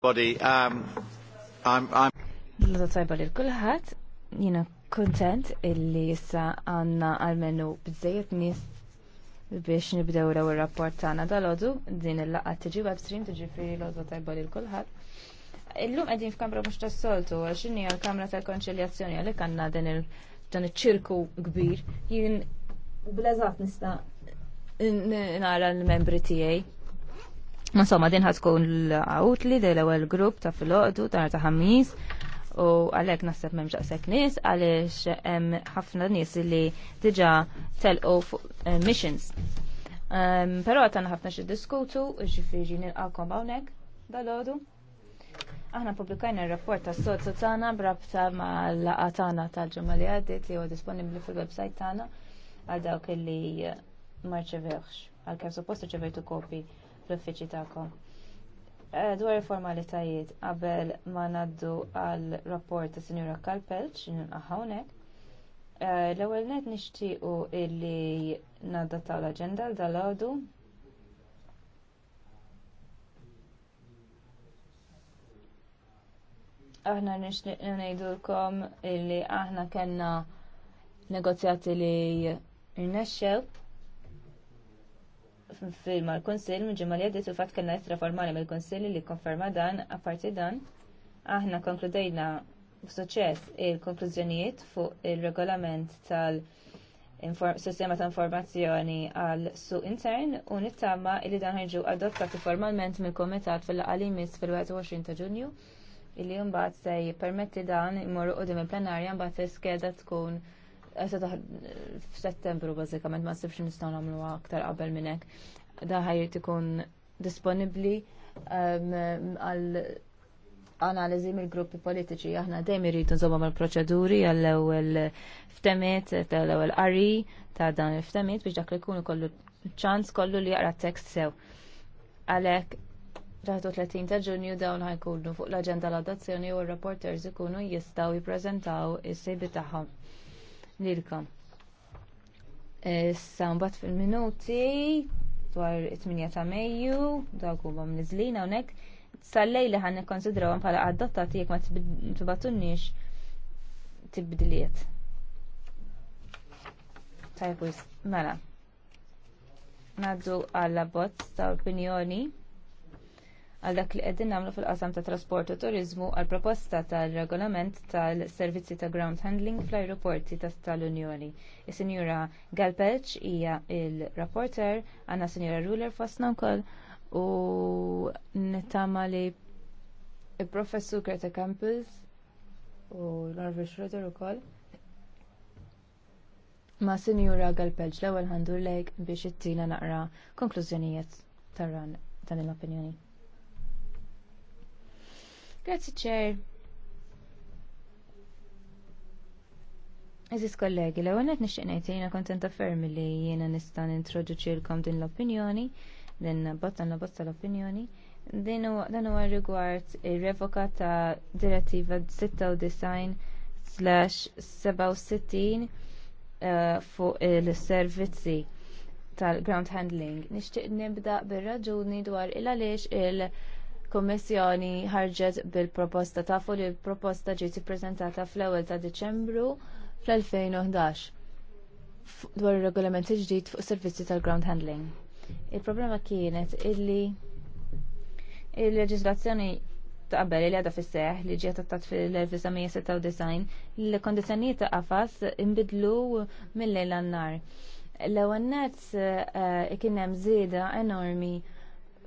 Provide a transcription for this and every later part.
Um, tajba jina kontent illi jissa għanna għalmenu bżejiet nis biex nibdew raw il-rapport tagħna dal ħodu din il-laqgħa tiġi webstream tiġi firri l ħodu tajba li l-kulħadd. Illum qegħdin f'kamra mhux tas-soltu għal kamra tal-konċiljazzjoni għalli għandna din dan il ċirku kbir jien blażat nista' nara l-membri tiegħi Insomma, din ħatkun l-outli dell-ewwel grupp ta' filgħodu ta' ta' ħamis u għalhekk naħseb m'hemm ġaqsek nies għaliex hemm ħafna nies li diġà telqu fuq eh, missions. Ehm, però qed ħafna xi diskutu, ġifieri nilqakom hawnhekk dal-għodu. Aħna publikajna r-rapport ta' sod tagħna brabta ma' l tagħna tal-ġimgħa li għaddiet li huwa disponibbli fil-website tagħna għal dawk li marċevewx għal kemm suppost ċevejtu kopji l-uffiċi tagħkom. Eh, dwar il-formalitajiet, qabel ma naddu għal rapport ta' Sinjura Kalpelċ, hawnhekk, eh, l-ewwel net nixtiequ illi ta' l-aġenda dal-għadu aħna nixtieq ngħidulkom illi aħna kellna negozjati li rnexxew firma l-Konsil minn ġimma li għaddit u fatt kellna jitra formali mill konsil li konferma dan apparti dan aħna konkludejna b'suċċess il-konklużjonijiet fuq il-regolament tal- sistema ta' informazzjoni għal su intern u nittama li dan ħarġu adottati formalment mill-Komitat fil-qalimis fil-21 ta' Ġunju illi mbagħad se jippermetti dan imorru quddiem il-plenarja mbagħad skeda tkun Għeta taħ f'settembru bazzikament ma nsibx nistgħu nagħmluha aktar qabel minn hekk. Da ħajt ikun disponibbli um, għal analiżi mill-gruppi politiċi. Aħna dejjem irridu nżommhom mal-proċeduri għall-ewwel ftemiet tal-ewwel qari ta' dan il-ftemiet biex dak li jkunu kollu ċans kollu li jaqra t-tekst sew. Għalhekk 30 ta' ġunju dawn ħajkunu fuq l-aġenda l-adozzjoni u r-reporters ikunu jistgħu jippreżentaw is-sejbi tagħhom lilkom. Issa mbagħad fil-minuti dwar 8 ta' Mejju, dawk huma mniżlin hawnhekk. Sal-lejli ħan nikkonsidrawhom bħala adottati tiegħek ma tibatunniex tibdiliet. Tajbuż mela. Naddu għall-abbozz ta' opinjoni għal dak li qegħdin nagħmlu fil-qasam ta' trasport u turiżmu għal proposta tal-regolament tal-servizzi ta' ground handling fl-ajruporti tal-Unjoni. Is-Sinjura Galpelċ hija il-rapporter, għandna Sinjura Ruler fostna wkoll u nittama li il-professur Greta Campus u Norvi Schroeder ukoll. Ma Sinjura Galpelċ l-ewwel ħandur lejk biex ittina naqra konklużjonijiet tar-ran dan opinjoni Grazzi Chair. Eżis kollegi, l-għonet nixtiqnejt jiena kontenta fermi li jiena nista nintroduċilkom din l-opinjoni, din bottan la botta l-opinjoni, din dan huwa rigward ir-revoka ta' direttiva 96 slash 67 eh, fuq il-servizzi tal-ground handling. Nixtieq nibda bir-raġuni dwar il-għaliex il-, il Kommissjoni ħarġet bil-proposta tafu li l-proposta ġiet ippreżentata fl-ewwel ta' Diċembru fl-2011 dwar ir-regolamenti ġdid fuq servizzi tal-ground handling. Il-problema kienet illi il-leġislazzjoni ta' qabel li għadha fis-seħ li ġiet attat fil-1996 l kundizzjonijiet ta' qafas inbidlu mill-lejl għan-nar. L-ewwel nett eh, kien hemm żieda enormi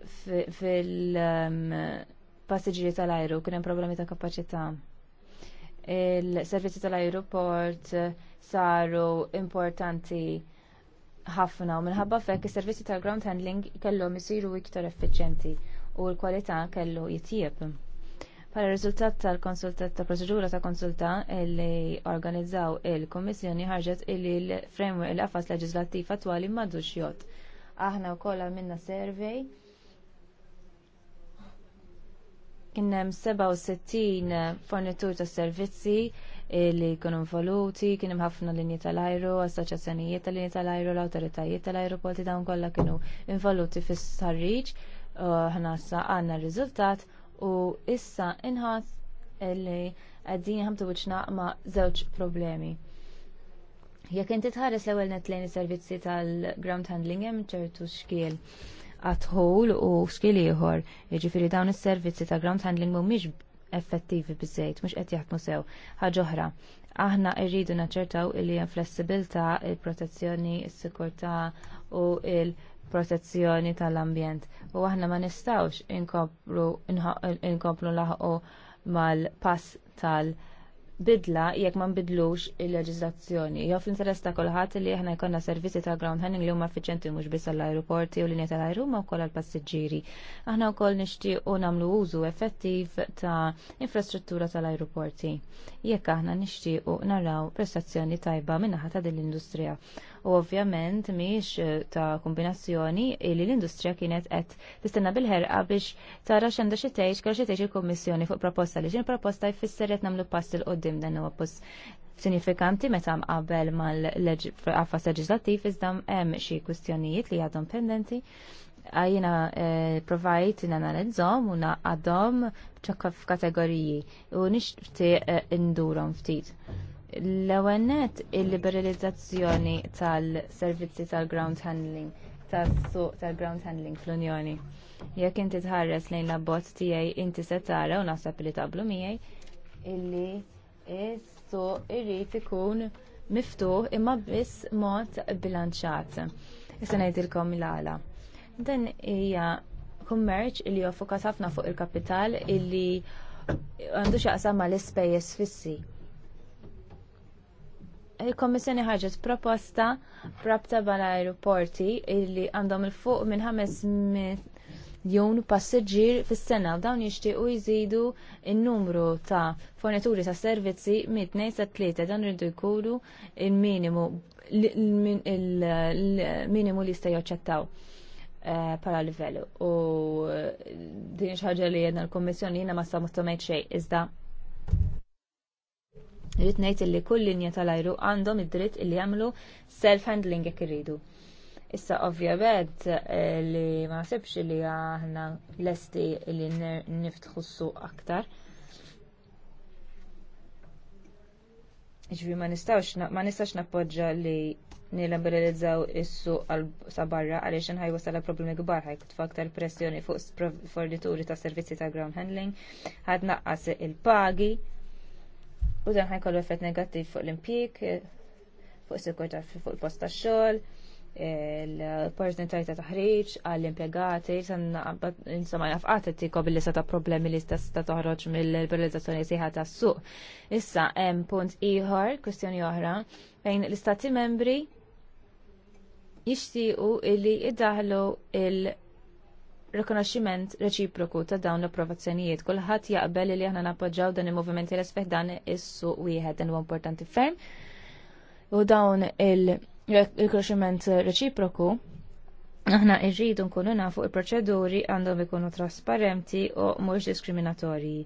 fil-passiġġieri um, tal-ajru kien hemm problemi ta' kapaċità. Il-servizzi tal-ajruport saru importanti ħafna u minħabba fekk is-servizzi tal-ground handling kellhom isiru iktar effiċjenti u l-kwalità kellu jitjieb. Para riżultat tal-konsultat ta' proċedura ta' konsulta li organizzaw il-Kommissjoni ħarġet illi l-framework il-qafas leġislattiv attwali m'għadux jgħod. Aħna wkoll minna survey kien hemm 67 eh, fornitur ta' servizzi eh, li kienu involuti, kien hemm ħafna linji tal-ajru, assoċjazzjonijiet tal-linji tal-ajru, l-awtoritajiet tal-ajruporti dawn kollha kienu involuti fis-sarriġ, ħna sa għandna r-riżultat u issa inħat li għaddin ħamtu wiċna ma' żewġ problemi. Jekk inti tħares l-ewwel net lejn is-servizzi tal-ground handling hemm ċertu xkiel għatħol u skili ieħor. Jiġifieri dawn is-servizzi ta' ground handling mhumiex effettivi bizzejt, mhux qed jaħdmu sew. Ħaġa oħra, aħna rridu naċċertaw li hemm flessibilità il-protezzjoni, il sikurtà u il protezzjoni tal-ambjent. U aħna ma nistawx inkomplu laħqu mal-pass tal-ambjent bidla jekk ma nbidlux il-leġiżlazzjoni. Jo fl-interess ta' kulħadd li aħna jkollna servizzi ta' ground handling li huma effiċjenti mhux biss għall-ajruporti u linja tal-ajru ma wkoll għall-passiġġieri. Aħna wkoll nixtiequ nagħmlu użu effettiv ta' infrastruttura tal-ajruporti. Jekk aħna nixtiequ naraw prestazzjoni tajba min-naħa ta' din l-industrija u ovvjament miex eh, ta' kombinazzjoni li l-industrija kienet qed tistenna bil-ħerqa biex tara x'għandha xi tgħix kemm xi tgħix il-Kummissjoni fuq proposta li xi proposta jfisser qed nagħmlu pass il qoddim dan huwa post sinifikanti meta mqabel mal-qafas leġislattiv iżda hemm xi kwistjonijiet li għadhom pendenti għajna ah, eh, provajt nanalizzom u naqadhom f'kategoriji u nixti eh, indurom ftit. L-ewwel nett il-liberalizzazzjoni tal-servizzi tal-ground handling tas-suq tal-ground handling fl-Unjoni. Jekk inti tħares lejn l-abbozz tiegħi inti se tara u naħseb li tablu miegħi illi is-suq irid ikun miftuħ imma biss mod bilanċat. Issa ngħidilkom l-għala. Dan hija kummerċ li joffokat ħafna fuq il-kapital illi għandu xaqsam mal ispejjeż fissi il-Kommissjoni ħarġet proposta rabta bħala aeroporti illi għandhom il-fuq minn 500 miljon passiġġier fis-sena u dawn jixtiequ jżidu n-numru ta' fornituri ta' servizzi minn 2 sa tlieta dan rridu jkunu il-minimu il-minimu li jista' jaċċettaw bħala eh, livellu. U din xi ħaġa li jedna l-Kummissjoni jiena ma sa mustomejt xejn iżda Rrit ngħid illi kull linja tal-ajru għandhom id-dritt illi jagħmlu self-handling jekk irridu. Issa ovvjament eh, li ma nasibx li aħna lesti li niftħu aktar. Ġifi ma nistax ma nistax nappoġġa li nil-liberalizzaw issu sa barra għaliex nħajwa sala problemi kbar ħaj kutfa aktar pressjoni fuq fornituri ta' servizzi ta' ground handling, ħad naqqas il-pagi U dan ħajkollu effett negattiv fuq l-impjik, fuq is-sikurtà fuq il-post tax-xogħol, l-opportunitajiet ta' taħriġ għall-impjegati insomma nafqat tikob billi sa ta' problemi li sta toħroġ mill-liberalizzazzjoni siħa tas-suq. Issa hemm punt ieħor, kwestjoni oħra, fejn l-istati membri jixtiequ illi iddaħlu il- rikonoxximent reċiproku ta' dawn l-approvazzjonijiet. Kulħadd jaqbel li aħna nappoġġaw dan il li l dan is-suq wieħed dan huwa importanti ferm. U dawn il-rikonoxximent reċiproku aħna irridu nkunu nafu il-proċeduri għandhom ikunu trasparenti u mhux diskriminatorji.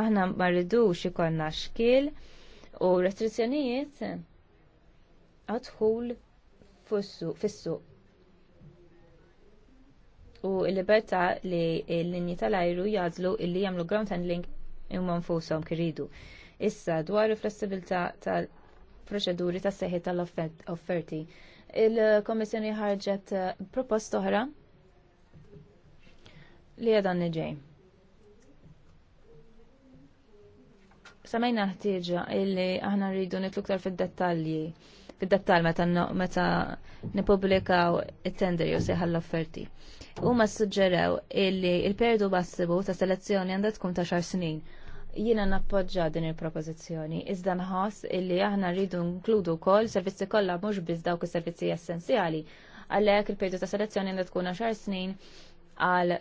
Aħna ma rridux ikollna xkil u restrizzjonijiet għadħul fissu u l-libertà li l-linji tal-ajru jazlu illi jagħmlu ground handling imma nfushom kiridu. Issa dwar il-flessibilità tal-proċeduri tas seħħi tal-offerti. Il-Komissjoni ħarġet eh, proposta oħra li għadan ġej. Samajna ħtieġa illi aħna rridu nitluktar fid-dettalji fid-dettal meta meta nipublikaw it-tender jew seħħa l-offerti. Huma suġġeraw illi il-periodu bassibu ta' selezzjoni għandha tkun ta' xar snin. Jiena nappoġġa din il-propożizzjoni, iżda nħoss illi aħna rridu nkludu wkoll servizzi kollha mhux biss dawk is-servizzi essenzjali. Għalhekk il-periodu ta' selezzjoni għandha tkun xar snin għal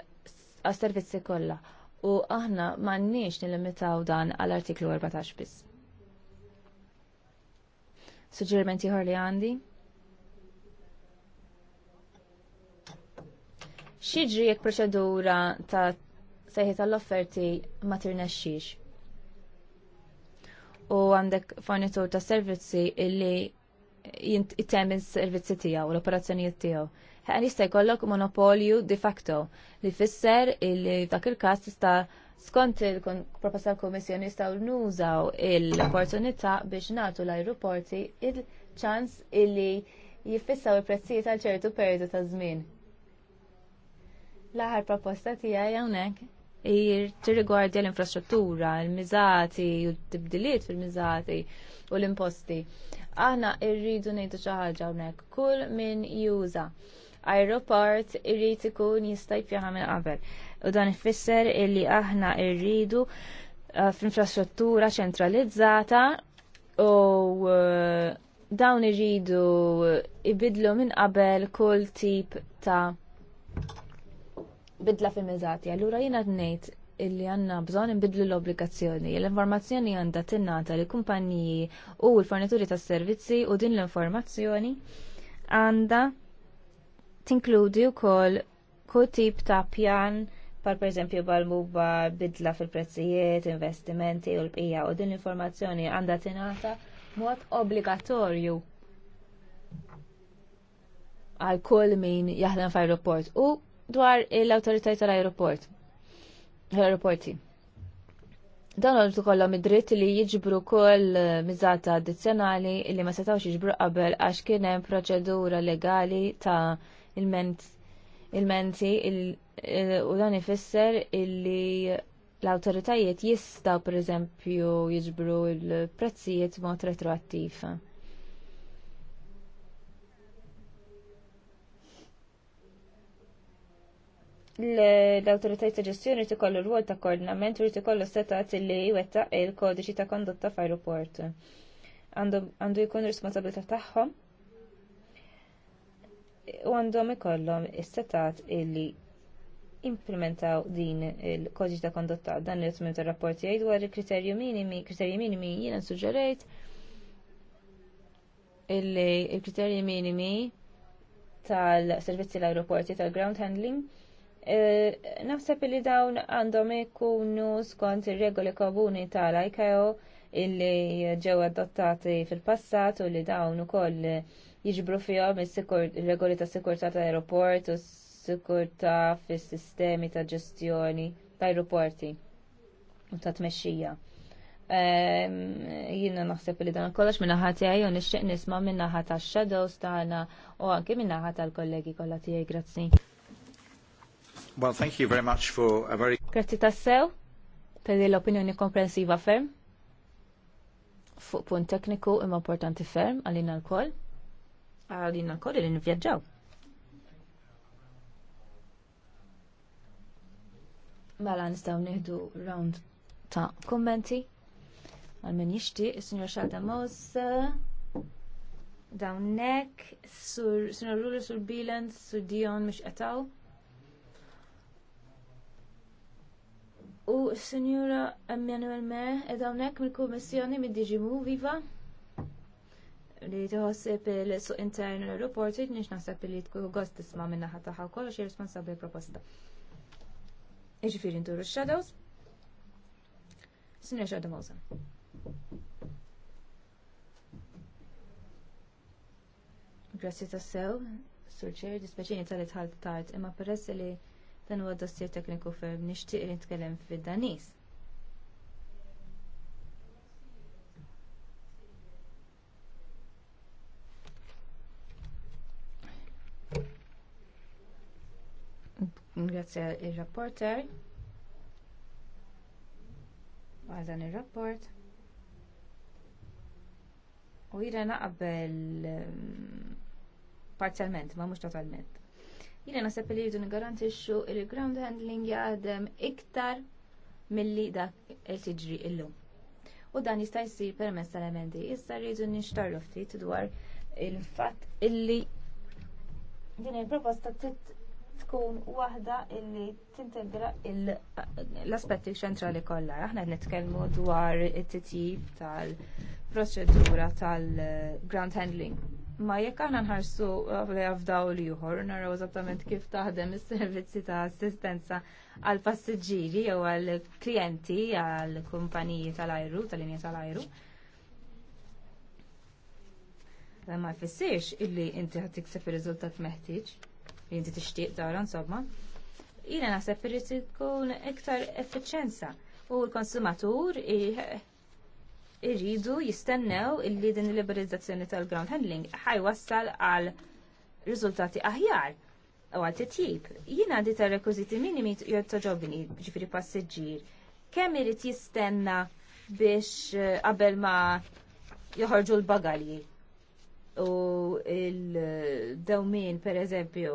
servizzi kollha. U aħna m'għandniex nilimitaw dan għall-artiklu 14 biss suġġerimenti ħor li għandi. Xieġri jekk proċedura ta' sejħi tal-offerti ma tirnexxix. U għandek fornitur ta' servizzi illi jintem il-servizzi tiegħu, l-operazzjonijiet tiegħu. Ħan jista' jkollok monopolju de facto li fisser illi dak il-każ tista' Skont il-proposta l-Komissjoni staw nużaw l-opportunità biex natu l-aeroporti il-ċans illi jiffissaw il-prezzijiet għal ċertu periodu ta' żmien. L-aħħar proposta tiegħi hawnhekk tirrigwardja l-infrastruttura, l-miżati, u t-tibdiliet fil-miżati u l-imposti. Aħna irridu ngħidu xi ħaġa hawnhekk. Kull min juża aeroport irrid ikun jista' jpjaħa minn qabel u dan ifisser illi aħna rridu uh, f'infrastruttura ċentralizzata u uh, dawn irridu ibidlu minn qabel kull tip ta' bidla fil mizati Allura jiena ngħid illi għanna bżon nbidlu l-obbligazzjoni. L-informazzjoni għandha tinnata li kumpaniji u l-fornituri ta' servizzi u din l-informazzjoni għanda tinkludi u kol kull tip ta' pjan par perżempju bal-muba bidla fil-prezzijiet, investimenti u l-bqija u din l informazzjoni għandha tingħata mod obbligatorju għal kull min jaħdem fl-aeroport u dwar l-awtoritajiet tal-aeroport. L-aeroporti. Dan għal kollhom id-dritt li jiġbru koll miżata addizzjonali li ma setawx jiġbru qabel għax kien hemm proċedura legali ta' il-ment il-menti u dan ifisser illi l-autoritajiet jistaw per eżempju jiġbru il-prezzijiet mod retroattiv. l-autoritajiet ta' ġestjoni ti kollu rwol ta' koordinament u ti kollu setat li jwetta il-kodiċi ta' kondotta f'ajruport. Għandu jkun responsabilità tagħhom u għandhom ikollhom is-setat illi implementaw din il-kodiċ ta' kondotta dan il-tmim ta' rapporti jgħid dwar il-kriterju minimi, kriterji minimi jiena suġġerejt il-kriterji minimi tal-servizzi l-aeroporti tal-ground handling eh, naħseb li dawn għandhom ikunu skont ir-regoli komuni tal-ICAO illi ġew adottati fil-passat u li dawn ukoll koll jiġbru fihom ir regoli ta' sikurtà ta' aeroport u sikurtà fis-sistemi ta' ġestjoni ta' aeroporti u ta' tmexxija. Jina naħseb li dan kollox minna ħati għaj u nixtieq nisma minna ħata shadows tagħna u anke minna ħata l-kollegi kollha tiegħi grazzi. Well, thank you very much for a very... Grazzi tassew per l-opinjoni komprensiva ferm fuq punt tekniku imma importanti ferm għalina l-koll għalina kolli li nivjaġġaw. Mela nistaw nieħdu round ta' kommenti għal min jixtieq is-Sinjor Xalda Moss dawnek sur Sinjor Ruler sur Bilan sur Dion mhux qetaw. U s-Sinjura Emmanuel Me, ed hawnhekk mill-Kummissjoni mid-Diġimu Viva li tħossib il-suq intern l-aeroport, nix naħseb li tkun għost tisma minna ħatta ħaw kollox irresponsabli proposta. Iġifiri nduru shadows Sinja Shadow Mawsan. Grazzi Sur surċer, dispeċini tal-itħalt tard, imma peress li dan huwa dossier tekniku ferm nixtieq li nitkellem fid-Danis Ngrazzja il-rapporter għal dan il-rapport. U jira naqbel mm, parzialment, ma mux totalment. Jira nasab li jridu nigarantixxu il-ground handling jgħadem iktar milli dak il-tiġri illum. U dan jista' jsir permezz tal-elementi. Issa rridu nixtarru ftit dwar il-fatt illi din il-proposta tit tkun waħda illi tintegra l-aspetti ċentrali kollha. Aħna qed nitkellmu dwar it-titjib tal-proċedura tal-ground handling. Ma jekk aħna nħarsu f'daw li juħor, naraw eżattament kif taħdem is-servizzi ta' assistenza għal passiġġieri jew għal klijenti għal kumpaniji tal-ajru, tal-linja tal-ajru. Ma jfissirx illi inti ħad tikseb ir-riżultat meħtieġ li inti tixtieq tara insomma. Jiena naħseb irrid ikun iktar effiċenza u l-konsumatur irridu jistennew illi din il-liberalizzazzjoni tal-ground handling ħajwassal għal riżultati aħjar u għal titjib. Jiena għandi ta' rekwiziti minimi jottaġobini ġifiri passiġġier. Kemm irid jistenna biex eh, qabel ma joħorġu l-bagalji u il-dawmin per eżempju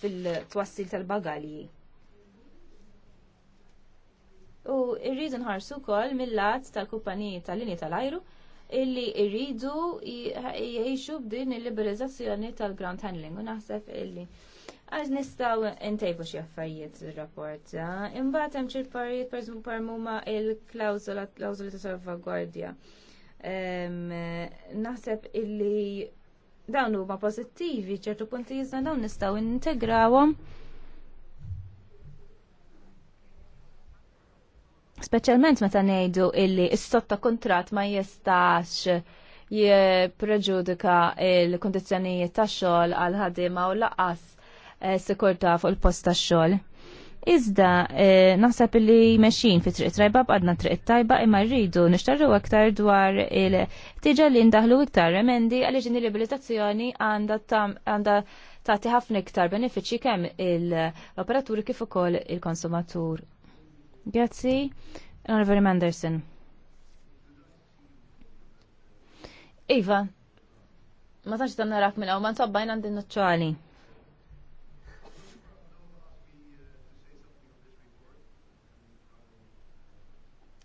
fil-twassil tal-bagalji. U irridu nħarsu kol mill-lat tal-kumpaniji tal-linji tal-ajru illi irridu jgħixu b'din il liberizzazzjoni tal-ground handling u naħseb illi għaz nistaw intejbu xie affarijiet il-rapport. Imbagħad hemm xi parijiet per muma il klawzola ta' salvagwardja naħseb illi dawn huma pożittivi ċertu punti iżda dawn nistgħu integrawhom Speċjalment meta ngħidu illi s-sott ta' kuntratt ma jistax jipreġudika l kundizzjonijiet tax xogħol għal ħaddiema u laqas eh, sikurta fuq il-post tax xogħol. Iżda eh, naħseb li meċin fi triq trajba b'għadna triq tajba imma rridu nishtarru aktar dwar il-tiġa li ndaħlu iktar remendi għaliex l-abilitazzjoni għandha tagħti ħafna iktar benefiċċji kemm il-operaturi kif ukoll il-konsumatur. Grazzi, Honorable Manderson. Iva, ma tantx dan naraf minn hawn ma ntobbajn għandi noċċali.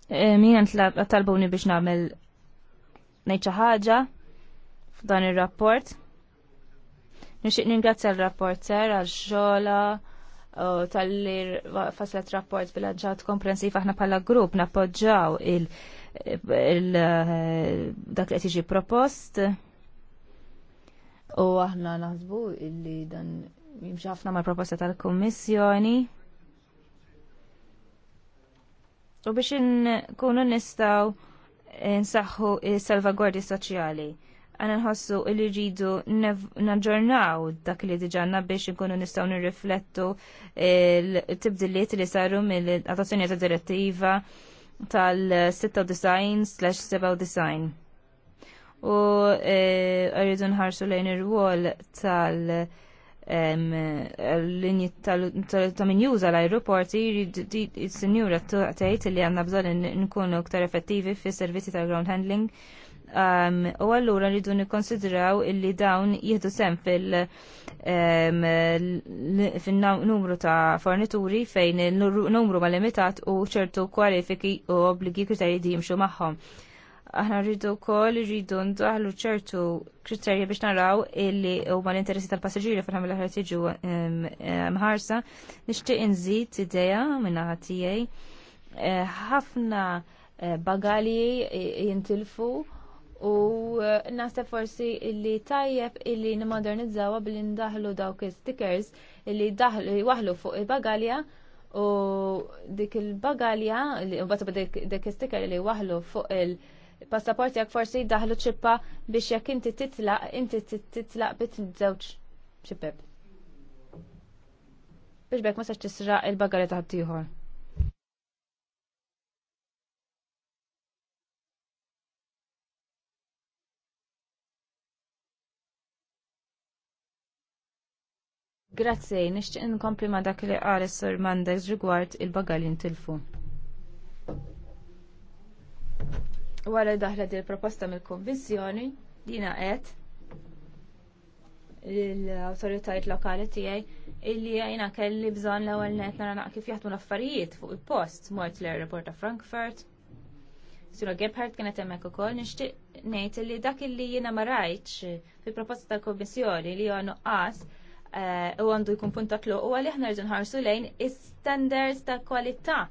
Eh, min talbuni biex namel nejċa ħaġa f'dan il-rapport. Nixiq ningrazzja l-rapporter għal xola tal-li faslet rapport bil-ġat komprensiv aħna pala grupp napoġġaw il- dak li tiġi propost u aħna naħsbu illi dan jimxafna ma' proposta tal-kommissjoni u biex nkunu nistaw nsaħħu il-salvaguardi soċjali. Għana nħossu li ġidu naġġornaw dak li diġanna biex nkunu nistaw nirriflettu il-tibdilliet li saru mill-adozzjoni ta' direttiva tal-96-97. U eh, rridu nħarsu lejn ir-wol tal- l-linji ta' min juża l s jrid-sinjura tgħid li għandna bżonn nkunu ktar effettivi fis-servizzi ta' ground handling. U allura rridu nikkonsidraw illi dawn jieħdu sem fil-numru ta' fornituri fejn il-numru ma' limitat u ċertu kwalifiki u obbligi kriterji di jimxu magħhom aħna rridu wkoll rridu ndaħlu ċertu kriterji biex naraw illi ma l-interessi tal passagġiri fil-ħamil aħra ġu mħarsa. Nixtieq inżid t-ideja minna tiegħi eh, ħafna eh, bagalji eh, jintilfu u nasta forsi illi tajjeb illi nimodernizzawa billi ndaħlu dawk stickers illi daħlu jwaħlu fuq il-bagalja u dik il-bagalja, u bata dik sticker li waħlu fuq il-bagalja passaporti jekk forsi daħlu ċippa biex jekk inti titlaq, inti titlaq bit żewġ ċippeb. Biex bekk ma sax il-bagari taħt tieħor. Grazie. nixtieq inkompli ma dak li qal is-Sur Mandez rigward il-bagalin tilfu. wara daħla il proposta mill-Kommissjoni dina qed l-autoritajiet lokali tiegħi illi jiena kelli bżonn l-ewwel net nara naq kif jaħdmu l-affarijiet fuq il-post mort l-aeroport ta' Frankfurt. Sura Gebhardt kienet hemmhekk ukoll nixtieq ngħid li dak illi jiena ma rajtx fil-proposta tal-Kummissjoni li huwa nuqqas eh, u għandu jkun punta tluq huwa li aħna rridu nħarsu lejn is-standards ta' kwalità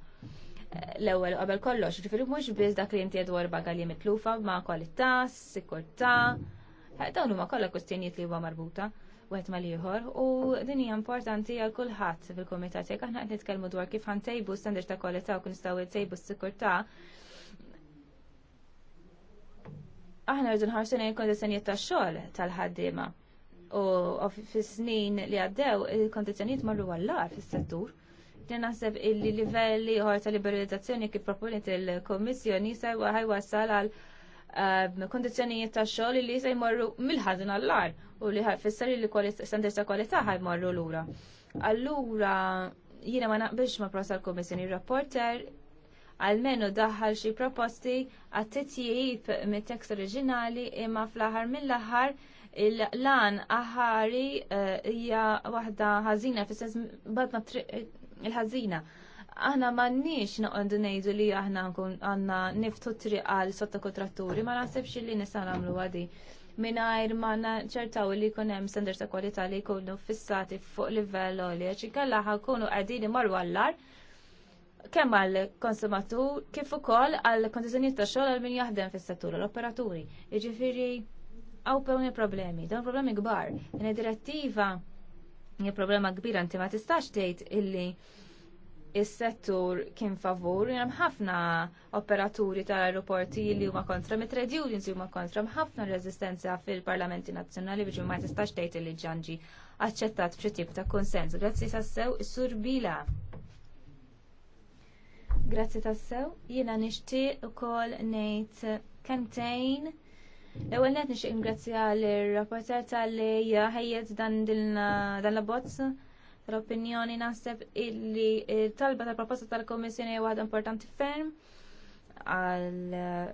l-ewwel qabel kollox, ġifieri mhux biss dak li inti dwar baga li mitlufa ma' kwalità, sikurtà, dawn huma kollha kwistjonijiet li huwa marbuta wieħed mal-ieħor u din hija importanti għal kulħadd fil komitat jekk aħna qed nitkellmu dwar kif ħantejbu standard ta' kwalità u kun nistgħu s-sikurtà aħna rridu nħarsu lejn kondizzjonijiet tax-xogħol tal-ħaddiema. U fis-snin li għaddew il-kondizzjonijiet marru għall-ar fis-settur naħseb illi livelli ħor ta' liberalizzazzjoni kif proponiet il-Kommissjoni sajwa wasal għal ehm, kondizjonijiet ta' xogħol li se jmorru mill-ħażin għall-ar u li ħafisser li standards ta' kwalità morru lura. Allura jiena ma naqbilx ma' prosa l-Kommissjoni rapporter għalmenu daħħal xi proposti għat-titjib mit-tekst oriġinali imma fl-aħħar mill-aħħar il-lan aħari eh, hija waħda ħażina fis-sens badna il-ħażina. Aħna m'għandniex noqgħod ngħidu li aħna għandna niftu triq għal kontratturi, ma naħsebx li nista' nagħmlu għadi minajr ma ċertaw li jkun hemm standards ta' kwalità li jkunu fissati fuq livell għolja, ċinkella ħakunu qegħdin imorru għallar kemm għall konsumatur kif ukoll għall kondizzjonijiet ta' xogħol għal min jaħdem fis-settur l-operaturi. Jiġifieri hawn problemi, dawn problemi kbar. Din id-direttiva hija problema kbira inti ma tistax tgħid illi is-settur kien favur, hemm ħafna operaturi tal-aeroporti li huma kontra mit-trade unions huma kontra ħafna reżistenza fil-parlamenti nazzjonali biex ma tistax tgħid illi ġanġi aċċettat b'xi tip ta' konsens. Grazzi tassew is-sur Bila. Grazzi tassew, jiena nixtieq ukoll ngħid kemtejn L-ewwel qed nixtieq ingrazzja l rapporter tal-li ħejjed dan l bozz tal-opinjoni naħseb illi talba tal-proposta tal-Komissjoni waħda importanti ferm għal uh,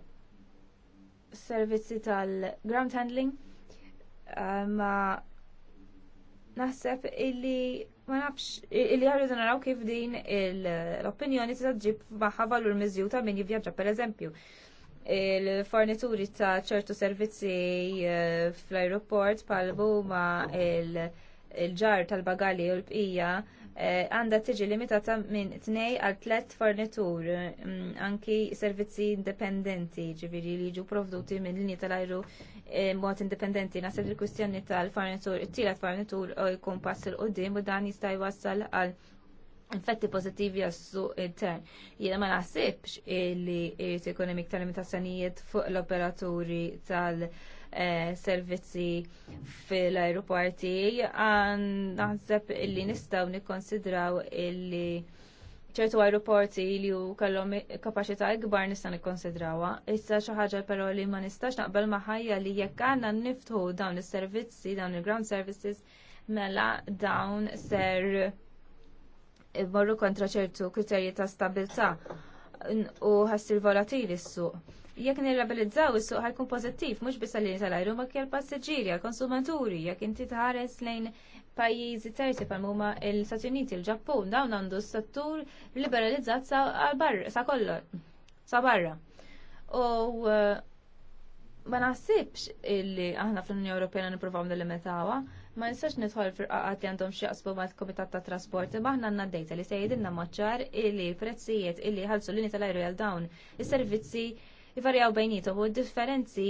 servizzi tal-ground handling uh, ma naħseb illi ma nafx illi għarridu naraw kif din l-opinjoni tista' ġib maħħa valur miżjuta minn min jivvjaġġa pereżempju il-fornituri ta' ċertu servizzi eh, fl ajruport pal huma il-ġar tal-bagali u l-bqija eh, għandha tiġi limitata minn tnej għal tliet fornitur mm, anki servizzi indipendenti ġifieri li ġu provduti minn linji tal-ajru eh, mod indipendenti naħseb il-kwistjoni tal-fornitur it-tielet fornitur jkun pass il qudiem u dan jista' jwassal għal infetti pozittivi su intern. Jena ma naħsibx li irrit ikun hemm iktar limitazzjonijiet fuq l-operaturi tal-servizzi eh, fil-aeroporti, għan naħseb li nistaw nikkonsidraw illi ċertu aeroporti li u kellhom kapaċità ikbar nista' nikkonsidrawha. Issa xi ħaġa però li ma nistax naqbel maħajja li jekk għandna niftħu dawn is-servizzi, dawn il-ground services, mela dawn ser morru kontra ċertu kriterji ta' stabilità u ħassir volatili s-suq. Jekk nirrabilizzaw is-suq ħajkun pożittiv mhux bis għal tal-ajru ma kien passiġġieri għall-konsumaturi jekk inti tħares lejn pajjiżi terzi bħal muma l-Stati Uniti, il-Ġappun, dawn għandu s settur liberalizzat sa barra sa kollu sa barra. U eh, ma naħsibx illi aħna fl-Unjoni Ewropea nippruvaw nillimitawha ma nistax nidħol fil-qaqat li għandhom xieqsbu mal komitat ta' trasport, imma aħna għandna dejta li sejjedinna maċċar illi prezzijiet illi ħalsu l-lini tal-ajru għal dawn is-servizzi jvarjaw bejnietu u differenzi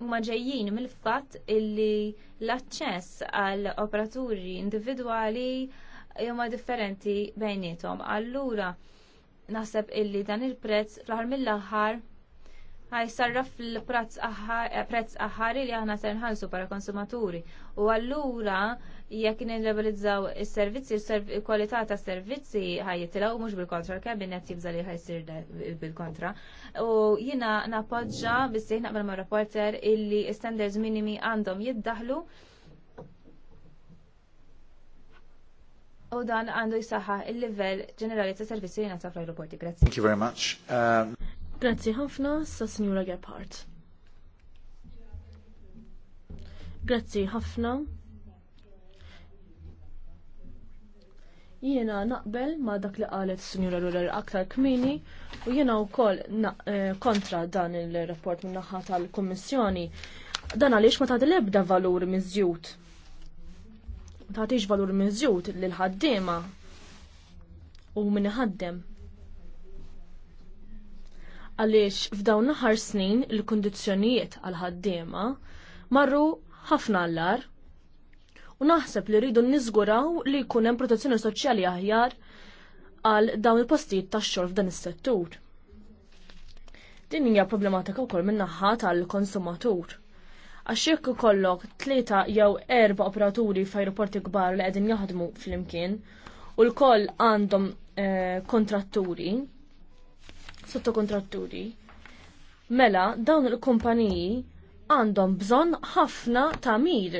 huma ġejjin mill-fatt illi l-aċċess għal operaturi individwali huma differenti bejnietom. Allura naħseb illi dan il-prezz fl-aħħar mill-aħħar sarraf l-prezz eh, aħħari li aħna ser nħallsu para konsumaturi. U allura jekk nilabilizzaw is-servizzi, il-kwalità ta' servizzi ħajjitilgħu u mhux bil-kontra, l-kabinet jibża li sir bil-kontra. U jiena bissi jina għamil ma' rapporter illi standards minimi għandhom jiddaħlu U dan għandu jisaħħa il-livell ġenerali ta' servizzi li ta' fl-aeroporti. Grazzi. Thank you very much. Um... Grazzi ħafna sa Signora Gephardt. Grazzi ħafna. Jiena naqbel ma dak li qalet Signora Ruler aktar kmini u jiena wkoll eh, kontra dan il-rapport minn naħa tal-Kummissjoni. Dan għaliex ma tagħti l-ebda valur miżjud. Ma tagħtix valur miżjud lil ħaddiema u min ħaddem għaliex f'dawn naħar snin il-kundizzjonijiet għal ħaddiema marru ħafna allar u naħseb li rridu niżguraw li jkun hemm protezzjoni soċjali aħjar għal dawn il-postijiet tax-xogħol f'dan is-settur. Din hija problematika wkoll min-naħa tal-konsumatur għax jekk ikollok tlieta jew erba operaturi f'ajruporti kbar li qegħdin jaħdmu fl-imkien u l-koll għandhom eh, kontratturi, sottokontratturi. Mela, dawn il-kumpaniji għandhom bżonn ħafna tamir.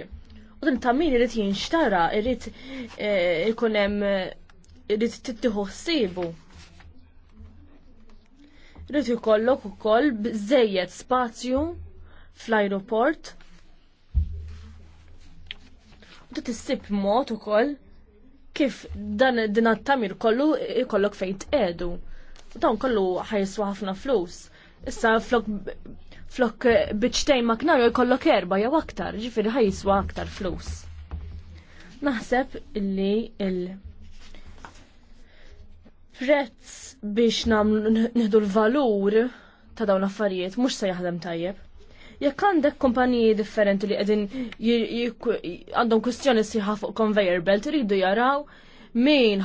U din tamir irid jinxtara, irid eh, ikun hemm irid tittieħu ħsiebu. Irid ikollok ukoll bżejjed spazju fl-ajruport. U tissib mod ukoll kif dan din tamir kollu ikollok fejn edu dawn kollu ħajsu ħafna flus. Issa flok flok biċtejn ma knaru jkollok erba jew aktar, ġifieri ħajsu aktar flus. Naħseb li il prezz biex namlu l-valur ta' dawn l-affarijiet mhux se jaħdem tajjeb. Jekk għandek kumpaniji differenti li qegħdin għandhom kwistjoni sħiħa fuq conveyor belt iridu jaraw min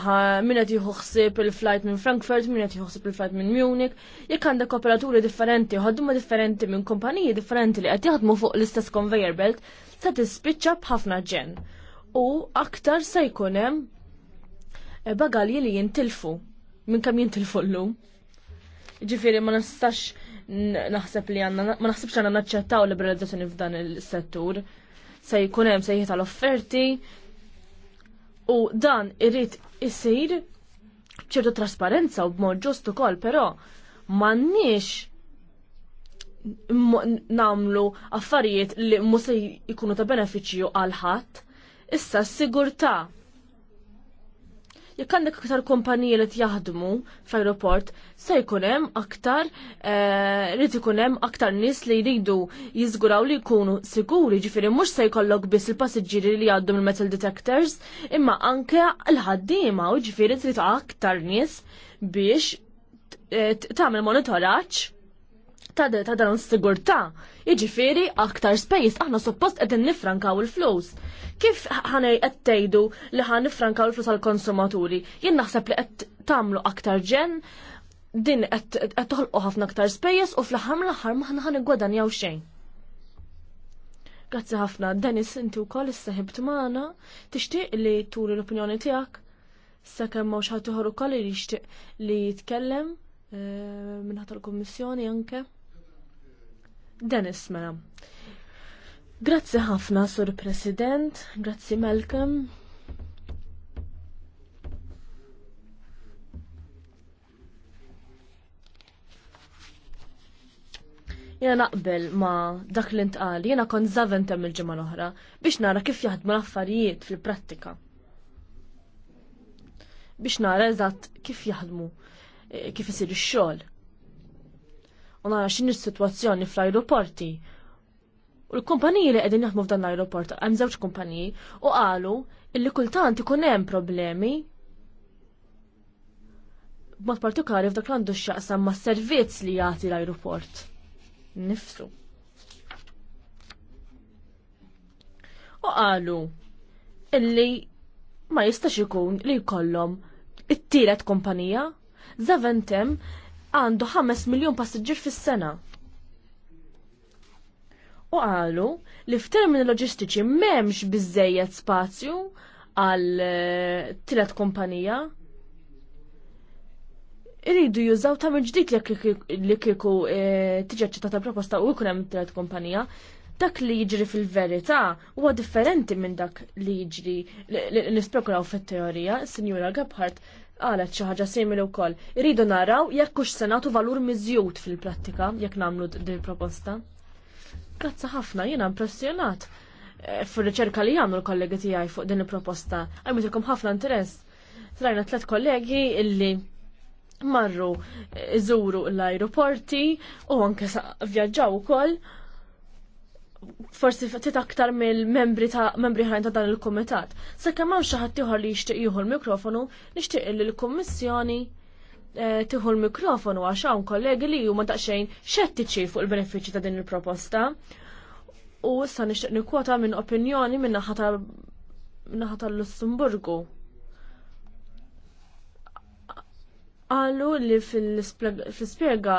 min qed jieħu ħsieb il-flight minn Frankfurt, min qed jieħu il-flight minn Munich, jekk għandek operaturi differenti, ħadduma differenti minn kumpaniji differenti li qed jaħdmu fuq l-istess conveyor belt, se tispiċċa b'ħafna ġen. U aktar se jkun hemm eh, bagalji li jintilfu minn kemm jintilfu llum. Ġifieri ma nistax naħseb li għanna, ma naħsibx għandna naċċettaw liberalizzazzjoni f'dan il-settur. Se jkun hemm sejħiet l offerti u dan irrit isir ċertu trasparenza u b'mod ġust ukoll, però m'għandniex namlu affarijiet li mhux se jkunu ta' benefiċċju għal ħadd. Issa s-sigurtà jekk għandek aktar kumpaniji li jaħdmu f'aeroport, se jkun hemm aktar eh, rid ikun hemm aktar nies li jridu jiżguraw li jkunu siguri, ġifieri mhux se jkollok biss il-passiġġieri li jgħaddu mill-metal detectors, imma anke l-ħaddiema u ġifieri trid aktar nies biex eh, tagħmel monitoraġġ ta' dan sigurtà Jiġifieri aktar space, aħna suppost qegħdin nifrankaw il-flus. Kif ħanej qed tgħidu li ħan nifrankaw il-flus għall-konsumaturi? Jien naħseb li qed tagħmlu aktar ġen din qed toħolqu ħafna aktar space u fl-aħħar mill-aħħar ma ħana jaw xejn. Grazzi ħafna, Dennis inti wkoll isseħibt magħna, tixtieq li turi l-opinjoni tiegħek sakemm mhux ħadd ukoll li jixtieq li jitkellem eh, minn ħadd l kummissjoni anke. Dennis mela. Grazzi ħafna, Sur President, grazzi Malcolm, jena naqbel ma dak li ntqal, jena kon zaven tem il ġimgħa l-oħra biex nara kif jaħdmu l-affarijiet fil-prattika. Biex nara eżatt kif jaħdmu, eh, kif isir ix-xogħol u nara x'in s sitwazzjoni fl-ajruporti. U l-kumpaniji li qegħdin jaħdmu f'dan l-ajruport, għem żewġ kumpaniji, u qalu illi kultant ikun hemm problemi b'mod partikolari f'dak l-għandu x'jaqsam ma' servizz li jagħti l-ajruport. Nifsu. U qalu illi ma jistax ikun li jkollhom it-tielet kumpanija. Zaventem għandu 5 miljon passiġġier fis-sena. U qalu li f'termini loġistiċi m'hemmx biżejjed spazju għal eh, tielet kumpanija. Iridu jużaw ta' ġdid li kieku eh, tiġi ċittata proposta u jkun hemm tielet kumpanija, dak li jiġri fil-verità huwa differenti minn dak li jiġri li nispekulaw fit-teorija, Sinjura Gebhardt qalet xi ħaġa simili wkoll. Iridu naraw jekk hux se nagħtu valur miżjud fil-prattika jekk nagħmlu din proposta. Grazzi ħafna, jiena impressjonat eh, fur riċerka li jagħmlu l-kollegi tiegħi fuq din il-proposta. Għajmitilkom ħafna interess. Trajna tliet kollegi illi marru eh, iżuru l-aeroporti u anke vjaġġaw ukoll. koll forsi ftit aktar mill-membri ta' membri ħajn ta' dan il-kumitat. Sakemm hemm xi ħadd ieħor li jixtieq jieħu l-mikrofonu, nixtieq li l-Kummissjoni eh, tieħu l-mikrofonu għax hawn kollegi li huma daqsxejn xettiċi fuq il-benefiċċji ta' din il-proposta. U issa nixtieq nikkwota minn opinjoni minn naħa tal-Lussemburgu. Għallu li fil spiega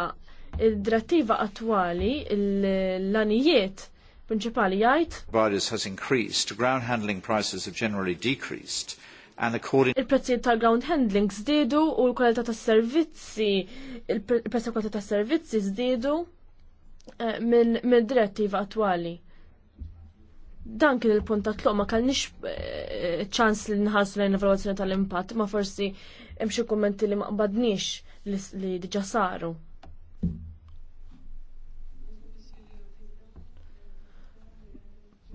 id-drattiva attwali l-lanijiet prinċipali jgħid. Providers has increased, ground handling prices have generally decreased. And according il prezzi tal-ground handling zdidu u l-kwalità tas-servizzi, il prezzi tal-kwalità tas-servizzi zdidu eh, minn direttiva attwali. Dan kien il-punt ta' tluq ma kellniex eh, ċans li nħassu lejn evalwazzjoni tal-impatt, ma forsi hemm xi kummenti li ma qbadniex li diġà saru.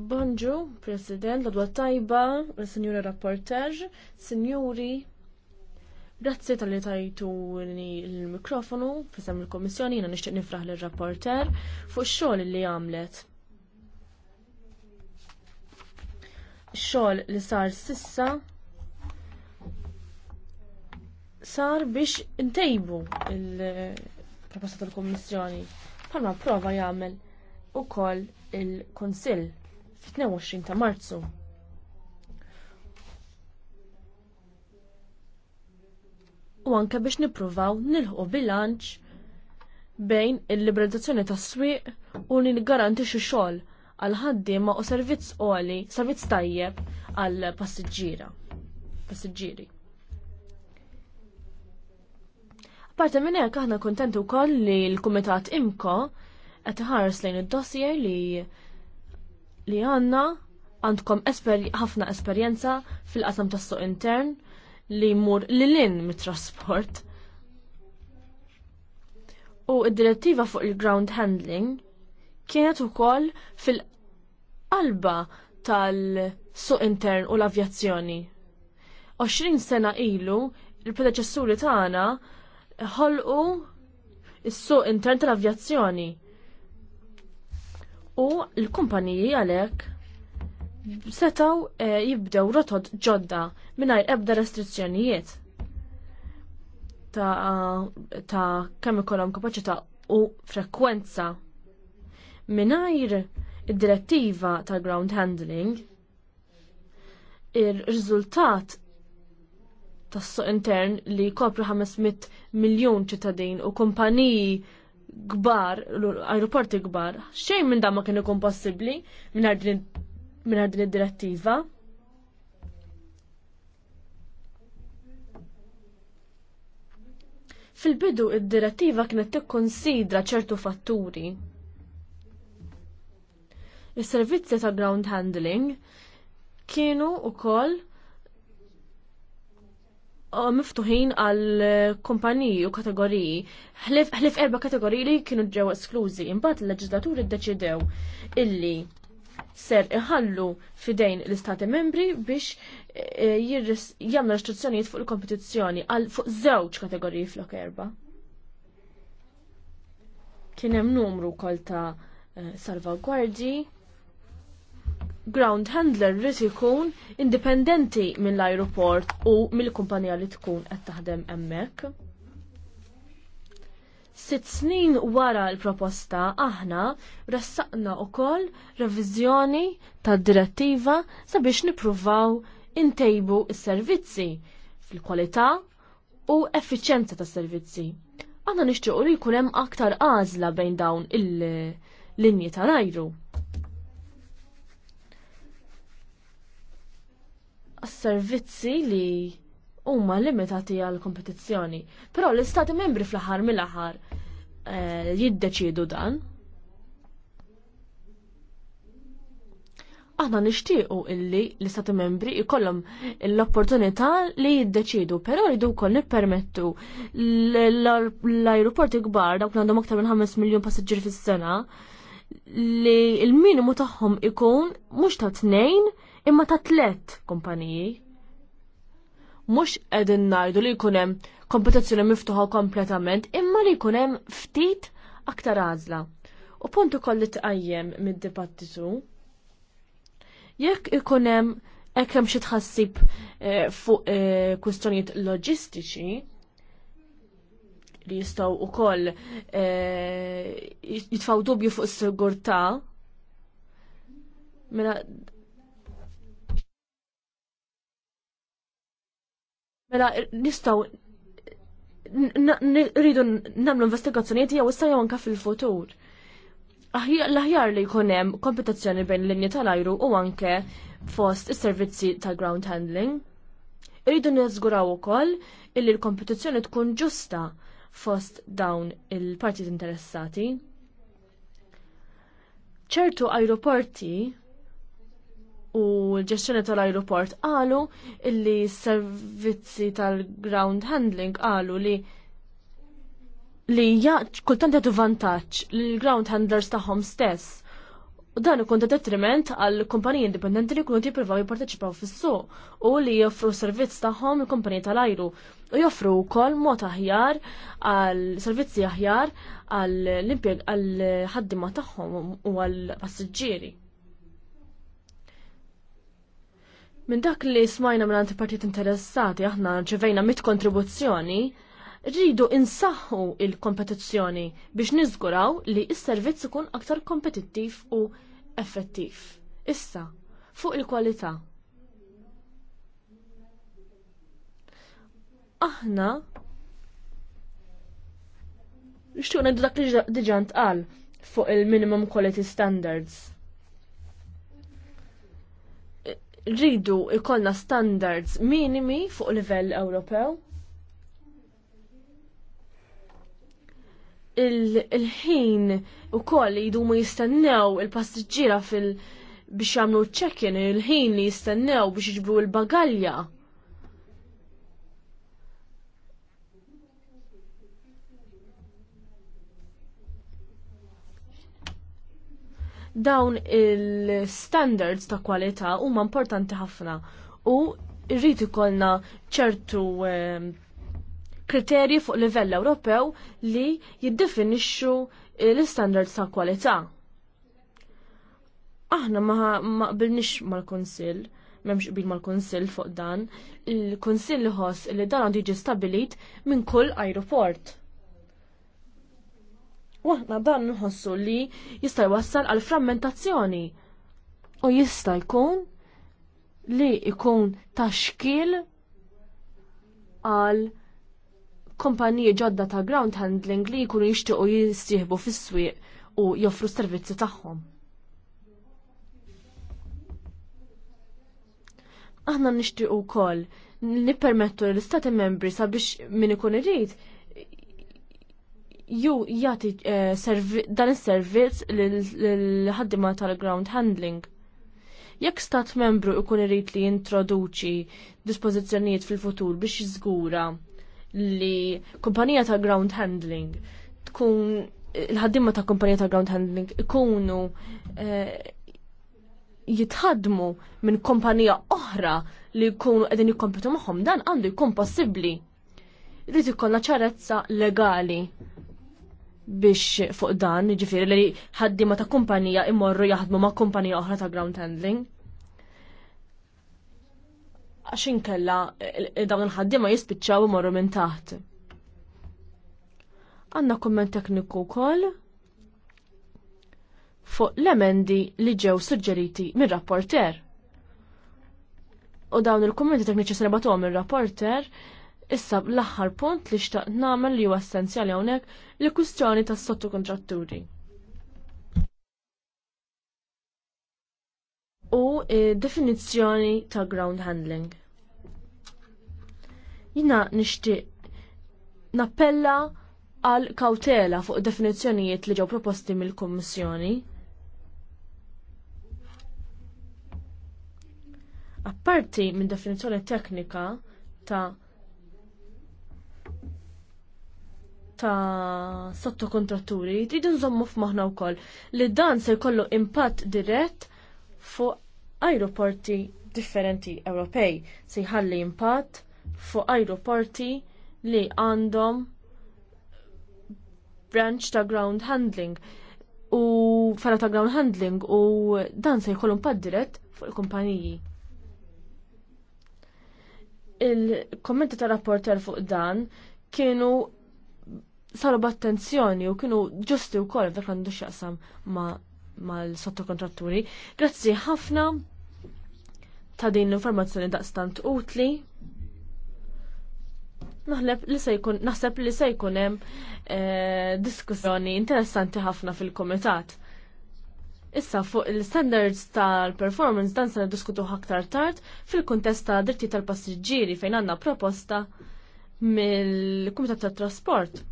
Bonġu, President, l adwa tajba, il-Senjura Rapporter, Senjuri, Grazzi tal-li tajtu l-mikrofonu, fissam il-Komissjoni, jina nishtiq nifraħ l-rapporter fuq xogħol li għamlet. Xogħol li sar sissa sar biex intejbu il-proposta tal-Komissjoni. Palma prova jagħmel ukoll il konsil f-22 ta' marzu. U anke biex nippruvaw nilħu bilanċ bejn il-liberalizzazzjoni tas swieq u li niggarantixxu xogħol għal ħaddiema u servizz għoli, servizz tajjeb għal passiġġiera. Passiġġieri. Parta minn hekk aħna kontenti wkoll li l-Kumitat Imko qed iħares lejn id-dossier li li għanna għandkom ħafna esperjenza fil-qasam tas-suq intern li jmur lilin mit-trasport. U id-direttiva fuq il-ground handling kienet ukoll fil-qalba tal-suq intern u l-avjazzjoni. 20 sena ilu il-predeċessuri tagħna ħolqu is-suq intern tal-avjazzjoni u l-kumpaniji għalhekk setaw eh, jibdew rotod ġodda mingħajr ebda restrizzjonijiet ta', ta kemm ikollhom kapaċità u frekwenza minnajr id-direttiva ta' ground handling ir-riżultat tas-suq intern li jkopru 500 miljun ċittadin u kumpaniji gbar, aeroporti gbar, xejn minn dan ma kien ikun possibbli mingħajr din id-direttiva. Fil-bidu id-direttiva kienet tikkonsidra ċertu fatturi. Is-servizzi ta' ground handling kienu ukoll miftuħin għal kumpaniji u kategoriji, ħlif erba kategoriji li kienu ġew esklużi, imbagħad il-leġislaturi ddeċidew illi ser iħallu fidejn l-istati membri biex e, jagħmlu restrizzjonijiet fuq il-kompetizzjoni għal fuq żewġ kategoriji flok erba. Kien hemm numru wkoll ta' e, salvagwardji ground handler rrit ikun indipendenti mill ajruport u mill-kumpanija li tkun qed taħdem hemmhekk. Sitt snin wara l-proposta aħna ressaqna wkoll reviżjoni tad-direttiva sabiex nippruvaw intejbu s-servizzi fil-kwalità u effiċenza tas-servizzi. Aħna nixtiequ li jkun hemm aktar għażla bejn dawn il-linji tal-ajru. servizzi li huma limitati għal kompetizzjoni. Però l-istati membri fl-aħħar mill-aħħar eh, jiddeċiedu dan. Aħna nixtiequ illi l-istati membri jkollhom l-opportunità li jiddeċiedu, però rridu wkoll nippermettu l-ajruporti kbar dawk li għandhom aktar minn 5 miljun passiġġier fis-sena li l-minimu tagħhom ikun mhux ta' tnejn imma ta' tlet kumpaniji. Mhux qegħdin ngħidu li jkun hemm kompetizzjoni miftuħa kompletament, imma li jkun hemm ftit aktar għażla. U puntu ukoll li tqajjem mid-dibattitu. Jekk ikun hemm xie xi tħassib eh, fuq eh, kwistjonijiet loġistiċi, li jistaw u koll eh, jitfaw dubju fuq s-sigurta. Mela, Mela, nistaw rridu namlu investigazzjonijiet jew issa jew anka fil-futur. L-aħjar li jkun hemm kompetizzjoni bejn l-linji tal-ajru u anke fost is-servizzi ta' ground handling. Irridu niżguraw ukoll illi l-kompetizzjoni tkun ġusta fost dawn il-partit interessati. ċertu ajruporti u l-ġestjoni tal-aeroport qalu li s-servizzi tal-ground handling qalu li li ja kultant vantaċ vantaġġ l-ground handlers tagħhom stess. U dan ikun ta' detriment għal kumpaniji indipendenti li jkunu jippruvaw jipparteċipaw fis-suq u li joffru servizz tagħhom il-kumpaniji tal-ajru u joffru wkoll mod aħjar għal servizzi aħjar għall impjeg għal ħaddima tagħhom u għall passiġġieri. Minn dak li smajna minn antipartit interessati, aħna ġivejna mit kontribuzzjoni, rridu insaħħu il-kompetizzjoni biex niżguraw li s-servizz ikun aktar kompetittiv u effettiv. Issa, fuq il-kwalità. Aħna nixtieq ngħidu dak li diġà ntqal fuq il-minimum quality standards. rridu ikollna standards minimi fuq livell Ewropew. Il-ħin u koll jidu ma jistennew il-passiġġiera fil- biex jagħmlu check-in il-ħin li jistennew biex jġbru l-bagalja. Dawn il-standards ta' kwalità huma importanti ħafna u rrid ikollna ċertu ehm, kriterji fuq livell Ewropew li jiddefinixxu eh, l-standards ta' kwalità. Aħna ma qbilniex mal-Kunsill memx qbil mal kunsill fuq dan, il kunsill ħoss li dan għandu jiġi stabilit minn kull ajruport. Waħna aħna dan nħossu li jista' jwassal għal frammentazzjoni. U jista' jkun li jkun taxkil għal kompaniji ġodda ta' ground handling li jkunu jixtiequ jistieħbu fis-swieq u joffru servizzi tagħhom. Aħna nixtiequ wkoll nippermettu l-istati membri sabiex min ikun irid ju jati eh, dan is-servizz l-ħaddima tal-ground handling. Jekk stat membru ikun irid li jintroduċi dispożizzjonijiet fil-futur biex jiżgura li kumpanija ta' ground handling tkun il-ħaddimma ta' kumpanija ta' ground handling ikunu eh, jitħadmu minn kumpanija oħra li jkunu qegħdin jikompetu magħhom dan għandu jkun possibbli. Rrid ikollna ċarezza legali biex fuq dan, ġifiri li ma ta' kumpanija immorru jaħdmu ma' kumpanija oħra ta' ground handling. Għaxin kella dawn il ma jispiċċaw immorru minn taħt. Għanna komment tekniku kol fuq l-emendi li ġew suġġeriti minn rapporter. U dawn il-kommenti tekniċi serbatuhom il-rapporter il rapporter Issa l-aħħar punt li xtaqt nagħmel li huwa essenzjali hawnhekk li kwistjoni tas-sottokontratturi. U eh, definizzjoni ta' ground handling. Jina nixtieq nappella għal kautela fuq definizzjonijiet li ġew proposti mill-Kummissjoni. Apparti minn definizzjoni teknika ta' ta' sottokontratturi, tridu nżommu f'maħna wkoll li dan se jkollu impatt dirett fuq ajruporti differenti Ewropej, se jħalli impatt fuq ajruporti li għandhom branch ta' ground handling u fara ta' ground handling u dan se jkollu impatt dirett fuq il-kumpaniji. Il-kommenti ta' rapporter fuq dan kienu saru b'attenzjoni u kienu ġusti wkoll dak għandu x'jaqsam mal-sottokontratturi. Ma Grazzi ħafna ta' din l-informazzjoni daqstant utli. Naħleb li sejkun, naħseb li se jkun hemm eh, diskussjoni interessanti ħafna fil-kumitat. Issa fuq il-standards tal-performance dan se diskutu ħaktar tard fil-kuntest ta' dritti tal-passiġġieri fejn għandna proposta mill-Kumitat tat-Trasport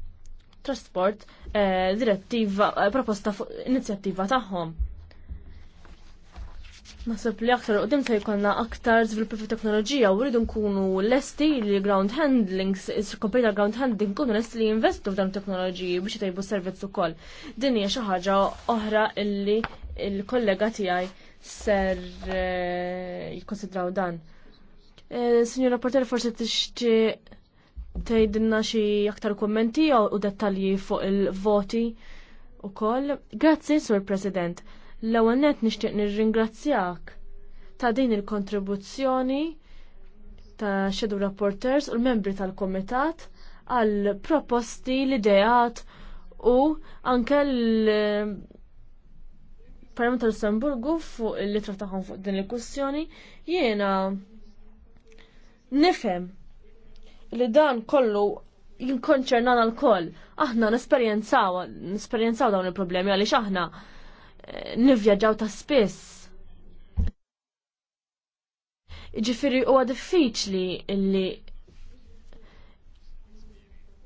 trasport eh, direttiva eh, proposta fuq inizjattiva tagħhom. Nasib li aktar qudiem se jkollna aktar żviluppi fi teknoloġija u rridu nkunu lesti li ground handling, computer ground handling nkunu lesti li jinvestu f'dan teknoloġiji biex jtajbu servizz ukoll. Din hija xi ħaġa oħra illi il-kollega tiegħi ser eh, jikkonsidraw dan. Signor rapporter forsi tixtieq Tejdinna xi aktar kummenti u dettalji fuq il-voti u koll. Grazzi, Sur President. L-ewwel net nixtieq nirringrazzjak ta' din il-kontribuzzjoni ta' Shadow Rapporters u l-membri tal-Komitat għal proposti, l-idejat u anke l-Parlament tal-Lussemburgu fuq il-litra tagħhom fuq din il kussjoni jiena nifhem li dan kollu jinkonċernana l-koll. Aħna nesperjenzaw, nesperjenzaw dawn il-problemi għaliex aħna eh, nivvjaġġaw ta' spiss. Ġifiri huwa diffiċli li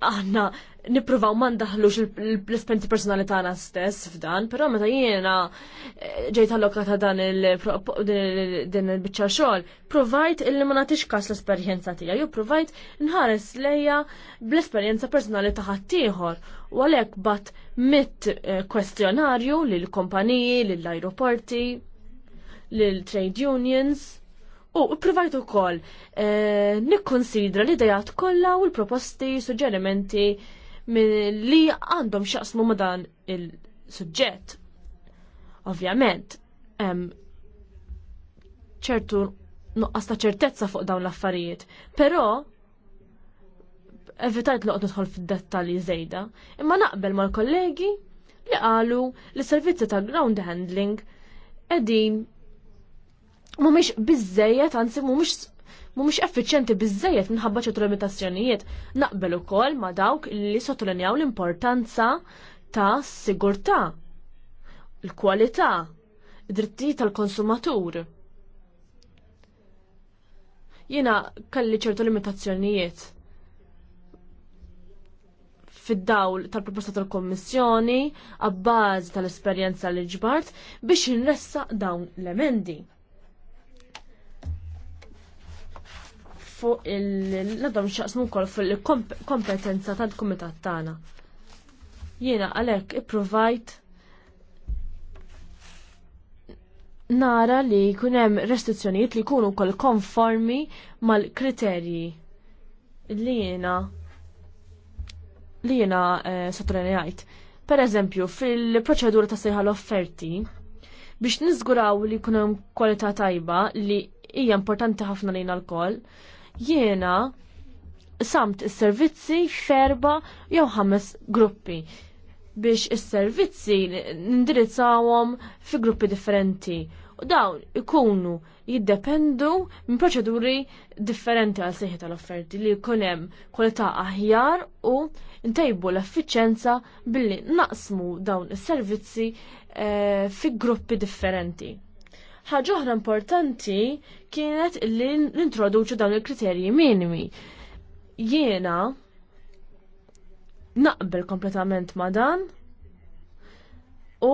aħna nippruvaw ma ndaħlux l-esperti personali tagħna stess f'dan, però meta jiena eh, ġejt allokata dan il-biċċa xogħol, provajt illi ma nagħtix kas l-esperjenza tija, ju provajt nħares lejja bl-esperjenza personali ta' ħaddieħor. U għalhekk bat mit eh, kwestjonarju l kompaniji, lill ajruporti l trade unions. U provajt ukoll eh, nikkonsidra l-idejat kollha u l-proposti, suġġerimenti li għandhom xaqsmu ma dan il-suġġett. Ovvjament, ċertu nuqqas ta' ċertezza fuq dawn l-affarijiet, però evitajt li nidħol fid-dettalji żejda, imma naqbel mal-kollegi li qalu li servizzi ta' ground handling edin mumiex bizzejet, għansi mumiex mhumiex effiċjenti biżejjed minħabba ċertu limitazzjonijiet. Naqbel ukoll ma' dawk li sottolinjaw l-importanza ta' sigurtà, l kwalità id-drittijiet tal-konsumatur. Jiena kelli ċertu limitazzjonijiet fid-dawl tal-proposta tal-Kommissjoni għabbażi tal-esperjenza li ġbart biex nressa dawn l-emendi. fuq il-nadom xaqsmu kol fuq il-kompetenza tal kumitat tagħna. Jiena i ipprovajt nara li jkun hemm restrizzjonijiet li jkunu wkoll konformi mal-kriterji li jiena li jiena eh, Per eżempju, fil-proċedura ta' sejħa offerti biex nizguraw li jkun hemm kwalità tajba li hija importanti ħafna lejna l-koll, jiena samt is-servizzi ferba jew ħames gruppi biex is-servizzi nindirizzawhom fi gruppi differenti. U dawn ikunu jiddependu minn proċeduri differenti għal seħħi tal-offerti li jkun hemm kwalità aħjar u ntejbu l-effiċenza billi naqsmu dawn is-servizzi eh, fi gruppi differenti. Ħaġa oħra importanti kienet li nintroduċu dawn il-kriterji minimi. Jiena naqbel kompletament ma dan u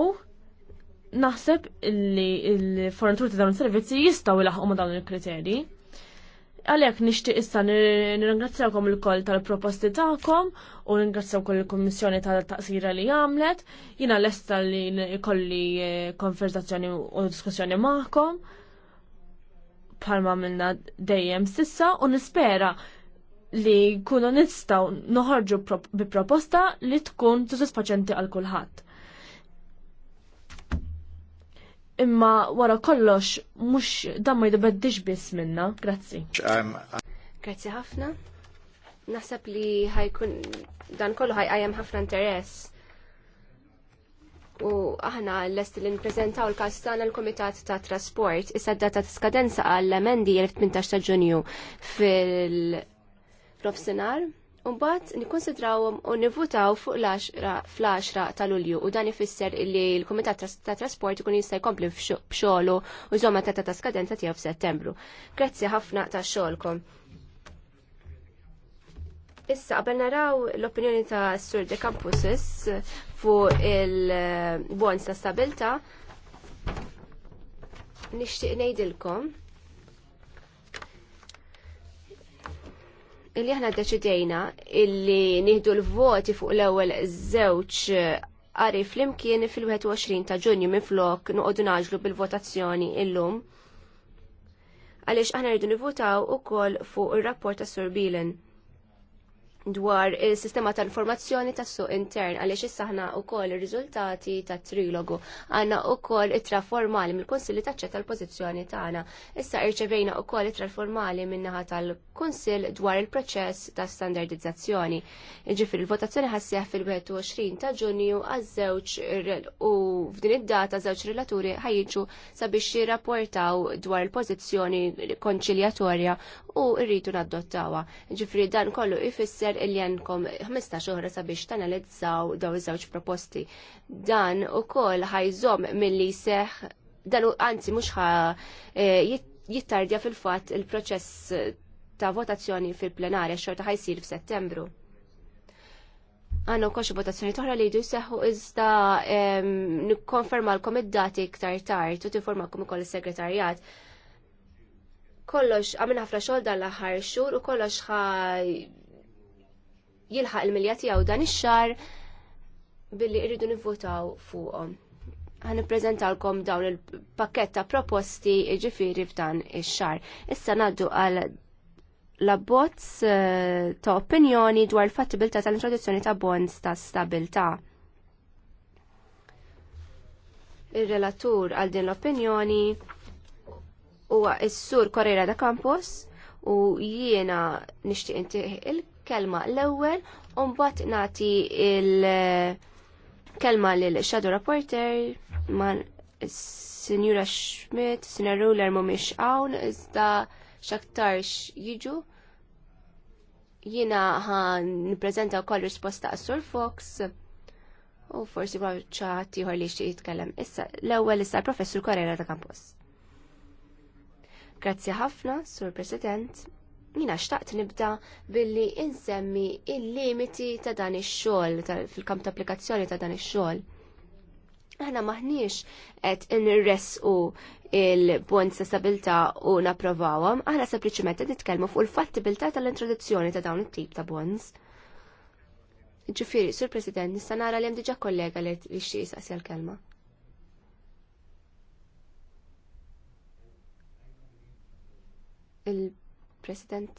naħseb li l-fornitur ta' dawn is-servizzi jistgħu ilaħqu ma' dawn il-kriterji. Għalek nishtiq issa nirringrazzjawkom il-koll tal-proposti ta'kom u nirringrazzjawkom il-Kommissjoni tal-taqsira li għamlet. Jina l-esta li kolli eh, konferzazzjoni u diskussjoni ma'kom palma minna dejjem sissa u nispera li kunu nistaw noħarġu bi proposta li tkun tisisfaċenti għal kulħadd. Imma wara kollox, mux dan ma bis biss minna. Grazzi. Grazzi ħafna. Naħseb li ħajkun dan kollu ħajqajem ħafna interess. U aħna l-est li nprezentaw l kastana l-Kumitat ta' Trasport issa data ta' skadenza għall-emendi 18 ta' Ġunju fil-Profsenar. Umbat nikkonsidrawhom u nivutaw fuq fl-10 tal-Ulju u dan ifisser li l-Kumitat ta' Trasport ikun jista' jkompli b'xogħlu u żomma ta' ta' skadenza tiegħu f'Settembru. Grazzi ħafna ta' xogħolkom. Issa qabel naraw l-opinjoni ta' Sur de Campuses fuq il-bonds ta' stabilta' nixtieq ngħidilkom li aħna deċidejna illi nieħdu l-voti fuq l-ewwel żewġ qari eh, flimkien fil-21 ta' Ġunju minflok noqogħdu naġlu bil-votazzjoni illum. Għaliex aħna rridu nivutaw ukoll fuq ir-rapport ta' Sur Bilen dwar il-sistema ta' informazzjoni tas suq intern għaliex issaħna u wkoll ir-riżultati ta' trilogu għandna wkoll itra formali mill-Kunsilli taċċetta l-pożizzjoni tagħna. Issa irċevejna wkoll itra formali min-naħa tal-Kunsill dwar il-proċess ta' standardizzazzjoni. Ġifir il-votazzjoni ħassieħ fil-21 ta' Ġunju għaż-żewġ u f'din id-data żewġ relaturi ħajġu sabiex jirrapportaw dwar il-pożizzjoni konċiljatorja u rridu naddottawa. Ġifri dan kollu ifisser il jenkom 15 oħra sabiex tanalizzaw daw iż-żewġ proposti. Dan ukoll ħajżom milli seħ dan anzi mhux ħa e, jittardja fil-fatt il-proċess ta' votazzjoni fil-plenarja xorta ħajsir f'Settembru. Għanna koċi votazzjoni toħra li jdu jseħħu iżda nikkonfermalkom id-dati iktar tard u tinformalkom ukoll is-segretarjat kollox għamil ħafna xogħol dan l-aħħar xhur u kollox ħaj jilħaq il-milja tiegħu dan ix-xar billi irridu nivvotaw fuqhom. Għan prezentalkom dawn il-pakketta proposti ġifiri f'dan ix-xar. Issa naddu għal la bots eh, ta' opinjoni dwar il fattibilta tal-introduzzjoni ta' bonds ta' stabilta. Il-relatur għal din l-opinjoni huwa s-sur Correra da Campos u jiena nixtieq intiħ il kelma l-ewwel u mbagħad nagħti il-kelma lil shadow reporter man Sinjura Schmidt, Sinjura Ruler mhumiex hawn, iżda x'aktarx jiġu. Jiena ħa nippreżenta wkoll risposta għasur sur Fox u forsi għu ċaħti ieħor li xtieq jitkellem. Issa l-ewwel issa l-Professur Korrera ta' Campos. Grazzi ħafna, Sur President. Jina xtaqt nibda billi insemmi il-limiti ta' dan ix-xogħol fil-kamp ta' applikazzjoni ta' dan ix-xogħol. Aħna maħniex qed inresqu il-bond ta' u napprovawhom, aħna sempliċiment qed nitkellmu fuq il-fattibilità tal-introduzzjoni ta' dawn it-tip ta' bonds. Ġifieri, Sur President, nista' nara li hemm diġà kollega li jixtieq jisaqsi l-kelma. il president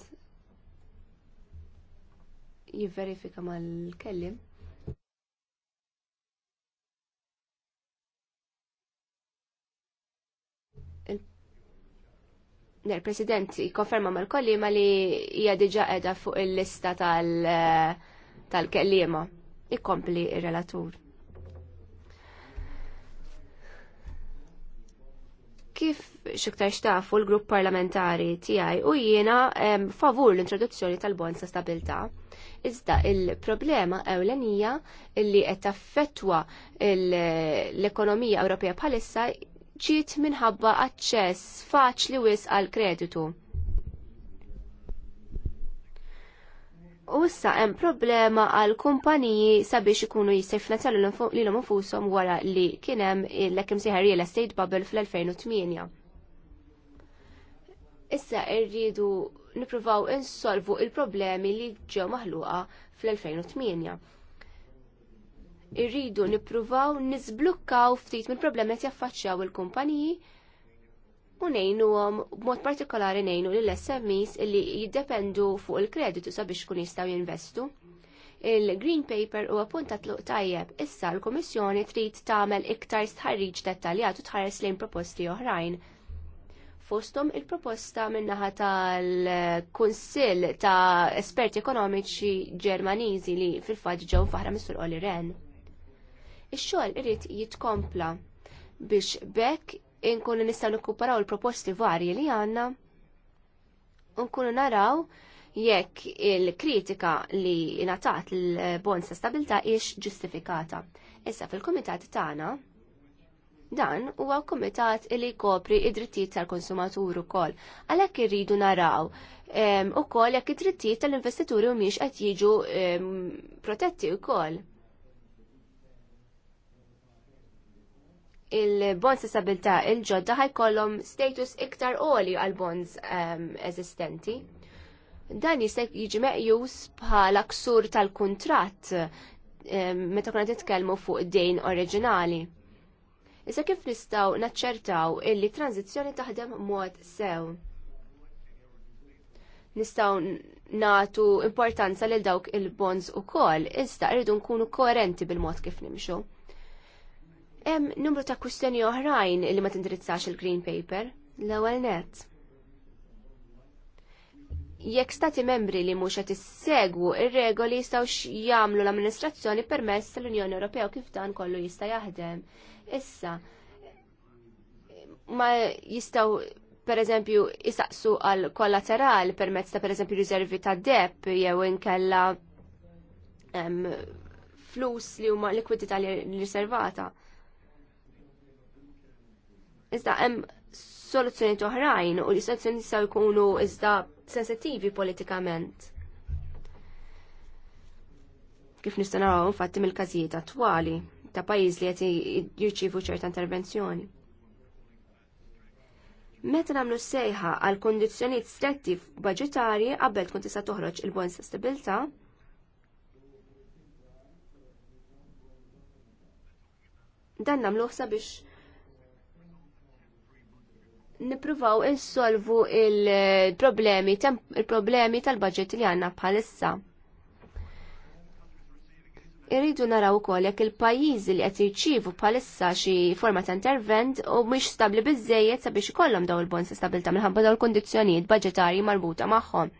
jivverifika mal-kellim. il-President jikkonferma mal-kollima li hija diġa edha fuq il-lista eh, tal-kellima. Ikkompli il relatur Kif xiktar xtafu l-grupp parlamentari tiegħi u jiena favur l-introduzzjoni tal-bond sa' stabilta' iżda il-problema ewlenija li qed taffettwa l-ekonomija Ewropea bħalissa ġiet minħabba aċċess faċli wis għal kreditu. U issa hemm problema għal kumpaniji sabiex ikunu jistgħu finanzjalu lilhom infushom wara li kien hemm l-ekim sieħer real estate bubble fl-2008. Issa rridu nippruvaw insolvu il-problemi li ġew maħluqa fl-2008. Irridu nippruvaw nisblukkaw ftit mill-problemi qed jaffaċċjaw il-kumpaniji u nejnu għom mod partikolari nejnu li l-SMEs li jiddependu fuq il-kreditu sabiex kun jistaw jinvestu. Il-Green Paper u appunta tluq tajjeb issa l-Komissjoni trid tagħmel iktar stħarriġ dettaljat u tħares lejn proposti oħrajn. Fostom il-proposta minnaħa tal-Kunsill ta' esperti ekonomiċi ġermaniżi li fil-fatt ġew faħra mis Oli Ren. Ix-xogħol irid jitkompla biex bekk inkunu nistgħu nikkuparaw il-proposti varji li għandna nkunu naraw jekk il-kritika li natat l bonsa stabilta ix ġustifikata. Issa fil-komitat tagħna dan huwa komitat li kopri id-drittijiet tal-konsumatur ukoll. Għalhekk irridu naraw ukoll jekk id-drittijiet tal-investituri mhumiex qed jiġu protetti wkoll. il-bonds stabilta il-ġodda ħajkollhom status iktar għoli għal-bonds ehm, eżistenti. Dan jista' jiġi meqjus bħala ksur tal-kuntratt ehm, meta kuna titkellmu fuq dejn oriġinali. Issa kif nistgħu naċċertaw illi tranzizzjoni taħdem mod sew. Nistgħu natu importanza lil dawk il-bonds ukoll, iżda rridu nkunu koerenti bil-mod kif nimxu. Hemm numru ta' kwistjoni oħrajn li ma tindrizzax il-Green Paper, l-ewwel net. Jekk stati membri li mhux qed issegwu ir-regoli jistgħux jagħmlu l-amministrazzjoni permezz tal-Unjoni Ewropea kif dan kollu jista' jaħdem. Issa ma jistgħu pereżempju isaqsu għal kollateral permezz ta' pereżempju riservi ta' depp jew inkella flus li huma likwidità li riservata. Li Iżda hemm soluzzjoni oħrajn u li soluzzjoni sa jkunu iżda sensittivi politikament. Kif nista' naraw infatti mill-każijiet attwali ta' pajjiż li qed jirċievu ċerta intervenzjoni. Meta nagħmlu sejħa għal kondizzjonijiet stretti budġetarji qabel tkun tista' toħroġ il-bond stabilta, dan namluħsa biex nipruvaw insolvu il-problemi il-problemi tal-budget li għanna bħalissa. Irridu naraw ukoll jekk il-pajjiżi li qed jirċievu bħalissa xi forma ta' intervent u mhix stabbli biżejjed sabiex ikollhom daw il-bonds stabilta minħabba daw il-kondizzjonijiet budġetarji marbuta magħhom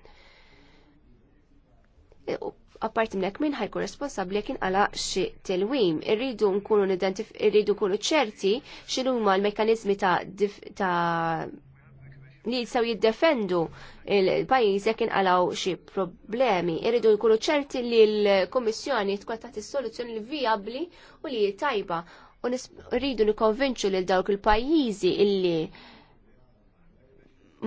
apparti mlek min ħajkun responsabli kien għala xi telwim. Irridu nkunu irridu nkunu ċerti x'inhu huma l-mekkaniżmi ta', ta li jistgħu jiddefendu il-pajjiż jekk inqalaw xi problemi. Irridu jkunu ċerti li l-Kummissjoni tkun taħt is-soluzzjoni vijabbli u li tajba. U rridu nikkonvinċu lil dawk il-pajjiżi illi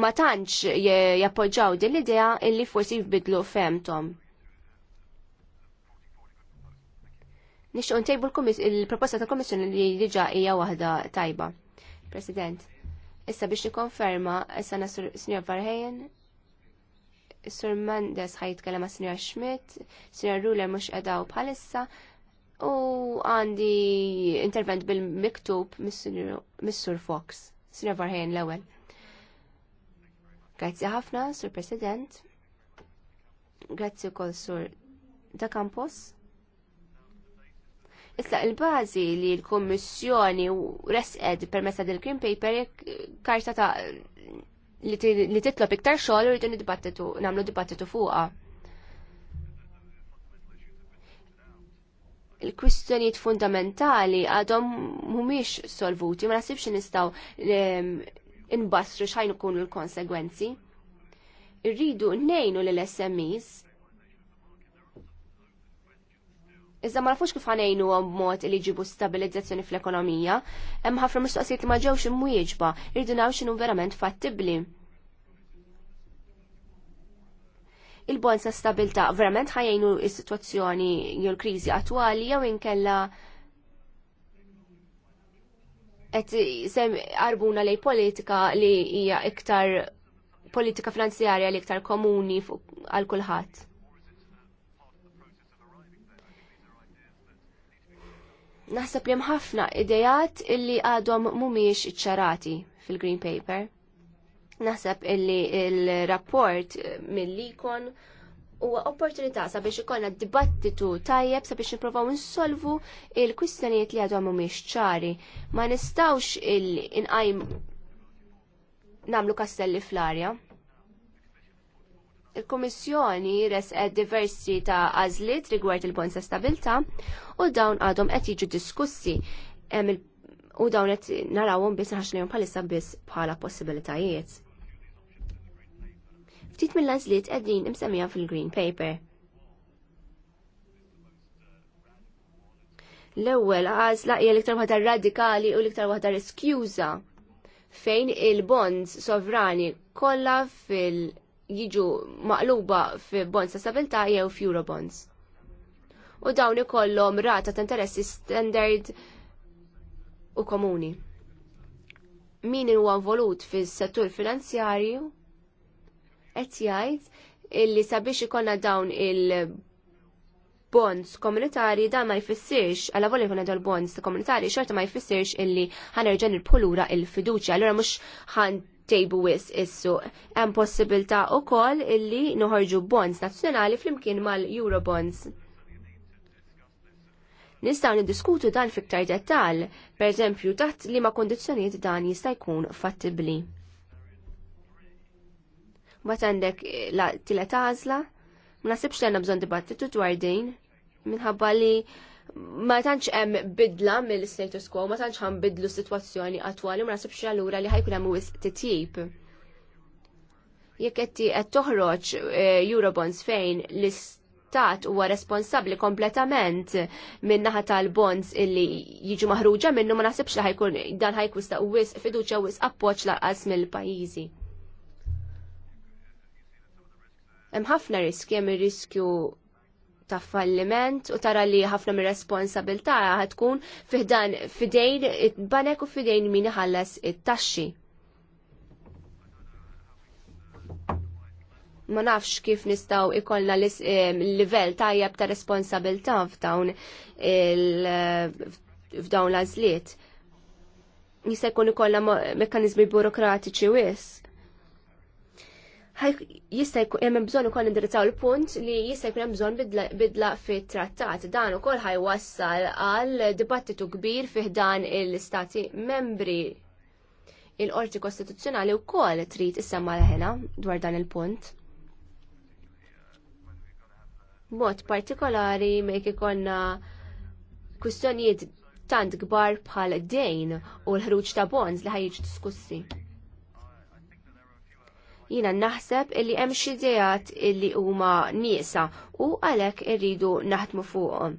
ma tantx jappoġġaw din l-idea illi forsi jbidlu femtom Nixqon tejbu il-proposta ta' komissjoni li diġa hija waħda tajba. President, issa biex nikonferma, issa na Sr. Varhejen, Sr. Mendes ħajitkellem ma' Sr. Schmidt, Sr. Ruler mux edaw bħalissa, u għandi intervent bil-miktub mis-Sur Fox, Sr. Varhejen l-ewel. Grazzi ħafna, Sur President, grazzi kol Sur Da Campos, Issa il-bażi li l-Kummissjoni resqed permezz din il-Green Paper eh, karta ta' li titlob iktar xogħol u rridu nidbattitu nagħmlu dibattitu fuqha. il-kwistjonijiet fundamentali għadhom mhumiex solvuti, ma nasibx nistgħu ehm, inbastru xajn ikunu l-konsegwenzi. Irridu nejnu lill smes Iżda ma nafux kif ħanejnu għom mod li ġibu stabilizzazzjoni fl-ekonomija, hemm ħafna mistoqsijiet li ma ġewx imwieġba, irridu naw xinu verament fattibbli. Il-bonds ta' stabilta verament ħajjejnu is-sitwazzjoni jew l-kriżi attwali jew inkella qed sem arbuna lej politika li hija iktar politika finanzjarja li iktar komuni għal kulħadd. naħseb li ħafna idejat illi għadhom mhumiex iċċarati fil-Green Paper. Naħseb illi il-rapport mill likon huwa opportunità sabiex ikollna dibattitu tajjeb sabiex nipprovaw insolvu il-kwistjonijiet li għadhom mhumiex ċari. Ma nistgħux il-inqajm namlu kastelli fl-arja il-Komissjoni resqed diversi ta' għażliet rigward il-bonds ta' stabilta u dawn għadhom qed jiġu diskussi u dawn qed narawhom biss naħaxlihom bħalissa biss bħala possibilitajiet. Ftit mill-għażliet qegħdin imsemmija fil-Green Paper. L-ewwel għażla hija l-iktar waħda radikali u l-iktar waħda riskjuża fejn il-bonds sovrani kollha fil- jiġu maqluba fi bonds ta' stabilta jew f'Eurobonds. U dawn ikollhom rata ta' interessi standard u komuni. Min huwa involut fis-settur finanzjarju qed jgħid illi sabiex ikollna dawn il- bonds komunitari dan ma jfissirx, għalla volli kuna dal bonds komunitari, xorta ma jfissirx illi ħanerġan il pulura il-fiduċja, allora mux ħan Tejbu wis issu. Hemm possibilità wkoll illi noħorġu bonds nazzjonali flimkien mal-Eurobonds. Nistgħu niddiskutu dan fiktar dettal, pereżempju taħt li ma kondizjoniet dan jista' jkun fattibbli. Mbagħad għandek eh, la tilet għażla, ma nasibx li għandna bżonn dibattitu dwar din minħabba li ma tantx hemm bidla mill-status quo, ma tantx ħan bidlu situazzjoni attwali, ma nasibx allura li ħajkun hemm wisq titjib. Jekk qed qed toħroġ eh, Eurobonds fejn l-istat huwa responsabbli kompletament minn naħa tal-bonds illi jiġu maħruġa minnu ma nasibx li ħajkun dan ħajkun sta' wisq fiduċja wisq appoġġ laqas mill-pajjiżi. Hemm ħafna riski hemm ir-riskju ta' falliment u tara li ħafna mir responsabilta ħatkun fiħdan fidejn it-banek u fidejn min iħallas it-taxxi. Ma nafx kif nistaw ikollna l-livell tajjeb ta' responsabilta f'dawn f'dawn l-azliet. Jista' jkun ikollna mekanizmi burokratiċi wis jista' jkun hemm bżonn ukoll indirizzaw il-punt li jista' jkun hemm bżonn bidla fit-trattat. Dan ukoll ħajwassal għal dibattitu kbir fih dan il-Stati membri. Il-Qorti Kostituzzjonali wkoll trid issemma leħena dwar dan il-punt. Mod partikolari mejk ikonna kwistjonijiet tant kbar bħal dejn u l-ħruġ ta' bonds li ħajġ diskussi. Jina naħseb illi hemm xi ideat illi huma nieqsa u għalhekk irridu naħdmu fuqhom.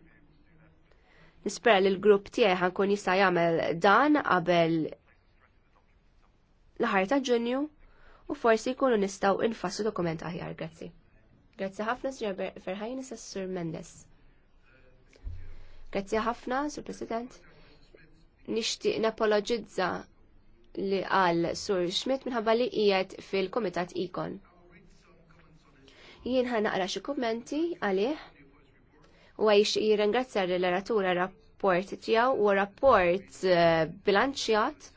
Nispera li l-grupp tiegħi ħankun jista' jagħmel dan qabel l-ħar ta' Ġunju u forsi jkunu nistgħu infassu dokument aħjar, grazzi. Grazzi ħafna Sir Ferħajn issa Sur Mendes. Grazzi ħafna, Sur President. Nixtieq napologizza li għal Sur Schmidt minħabba li qiegħed fil-Kumitat Ikon. Jien ħa naqra xi kummenti għalih u għajx jirringrazzja l-relatura rapport tiegħu u rapport eh, bilanċjat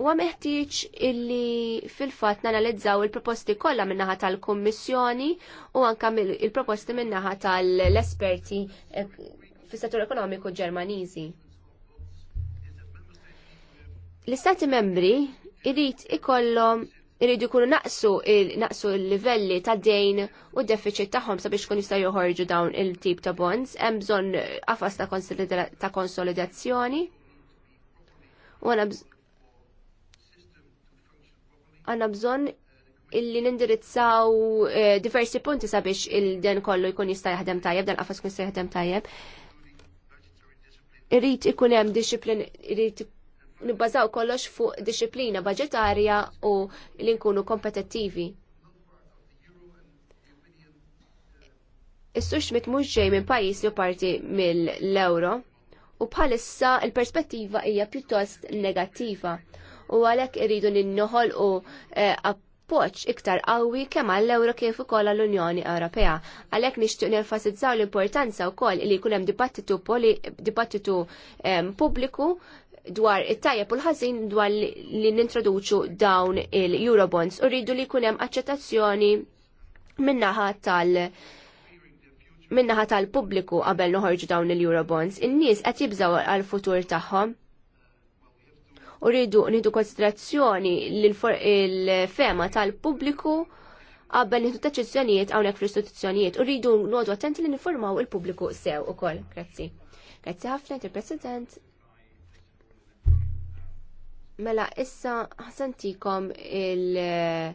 huwa meħtieġ illi fil-fatt nanalizzaw il-proposti kollha min-naħa tal-Kummissjoni u anke il-proposti min-naħa tal-esperti eh, fis-settur ekonomiku Ġermaniżi l-istati membri irrit ikollom irridu kunu naqsu il naqsu il livelli ta' dejn u deficit tagħhom sabiex kun jistgħu joħorġu dawn il-tip ta' bonds, hemm bżonn qafas ta' konsolidazzjoni. U għandna bżonn illi nindirizzaw eh, diversi punti sabiex il-den kollu jkun jista' jaħdem tajjeb, dan qafas kun jista' jaħdem tajjeb. Irrid ikun hemm discipline, irrid nibbażaw kollox fuq disciplina budgetarja u li nkunu kompetittivi. Is-sux mit mhux ġej minn pajjiż li parti mill-euro u bħalissa il-perspettiva hija pjuttost negattiva u għalhekk irridu ninnoħol u eh, appoġġ iktar qawwi kemm għall-euro kif ukoll għall-Unjoni Ewropea. Għalhekk nixtieq nerfasizzaw l-importanza wkoll li jkun hemm dibattitu dibattitu eh, pubbliku dwar it-tajjeb u l-ħażin dwar li nintroduċu dawn il-Eurobonds u rridu li kunem aċċettazzjoni minnaħa tal- minnaħa tal-pubbliku qabel noħorġu dawn il-Eurobonds. In-nies qed jibżaw għal-futur tagħhom. U rridu nieħdu konsiderazzjoni l-fema tal-pubbliku qabel nieħdu deċiżjonijiet hawnhekk fl-istituzzjonijiet u rridu nodu attenti li nifurmaw il-pubbliku sew ukoll. Grazzi. Grazzi ħafna, President. Mela, issa ħasantikom il-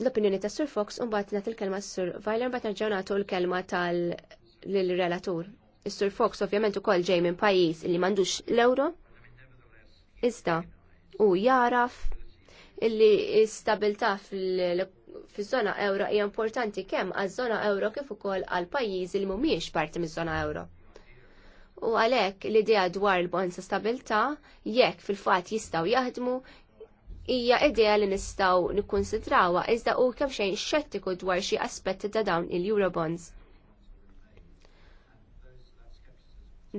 l-opinjoni ta' Sur Fox un bat nat il-kelma Sur Vajler bat nagħtu l-kelma tal-relatur. Sur Fox ovvjament ukoll ġej minn pajjiż li m'għandux l-euro. Iżda, u jaraf illi stabilta fil-żona euro hija importanti kemm għaż-żona euro kif ukoll għal pajjiżi li mhumiex parti miż-żona euro. U għalhekk l-idea dwar il-bonds ta' stabilta jekk fil-fatt jistgħu jaħdmu hija idea li nistgħu nikkunsidrawha iżda hu kemm xejn xettiku dwar xi aspetti ta' dawn il-Eurobonds.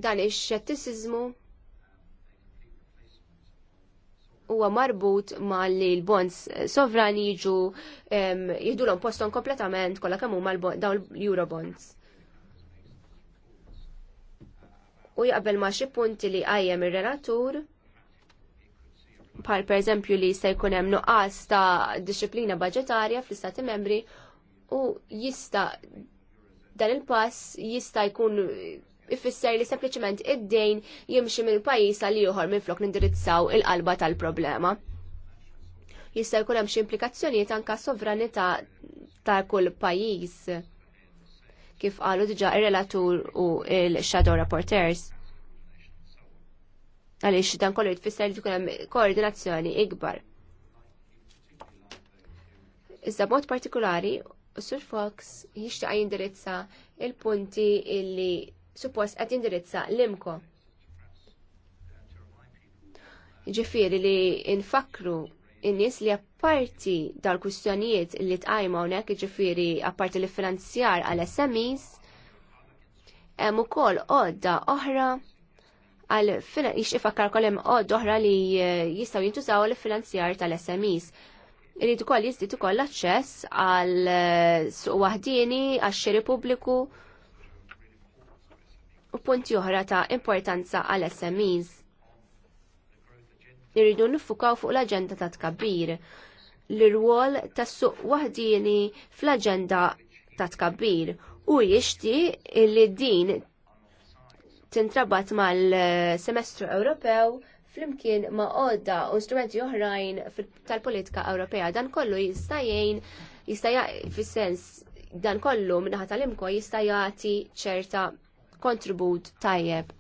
Dan ix-xettiżmu huwa marbut ma li l-bonds sovrani jiġu jidulhom posthom kompletament kollha kemm huma dawn l-Eurobonds. u jaqbel ma xi punti li qajjem ir-relatur par pereżempju li se jkun hemm nuqqas ta' disciplina budgetarja fl-istati membri u jista' dan il-pass jista' jkun ifisser li sempliċement id-dejn jimxi mill pajjiż għal ieħor minflok nindirizzaw il-qalba tal-problema. Jista' jkun hemm xi implikazzjonijiet anke sovranità ta' kull pajjiż kif qalu diġa ir-relatur u l-shadow reporters. Għaliex dan kollu jitfisser li tkun hemm koordinazzjoni ikbar. Iżda mod partikolari, Sur Fox jixtieq jindirizza il-punti illi suppost qed jindirizza l-imko. Ġifieri li infakru in-nies li apparti dal-kwistjonijiet li tqajma hawnhekk jiġifieri apparti li finanzjar għal SMEs hemm ukoll għodda oħra għal ix ifakkar hemm għodda oħra li eh, jistgħu jintużaw li finanzjar tal-SMEs. Irid ukoll jiżdied ukoll aċċess għal eh, suq waħdieni għax-xiri pubbliku u punti oħra ta' importanza għal SMEs irridu nifukaw fuq l-aġenda ta' tkabbir. L-rwol tas-suq waħdieni fl-aġenda ta' tkabbir u jixti li din tintrabat mal-semestru Ewropew flimkien ma' għodda u strumenti oħrajn tal-politika Ewropea. Dan kollu jista' jgħid jista' fis-sens dan kollu minnaħa tal-imko jista' jagħti ċerta kontribut tajjeb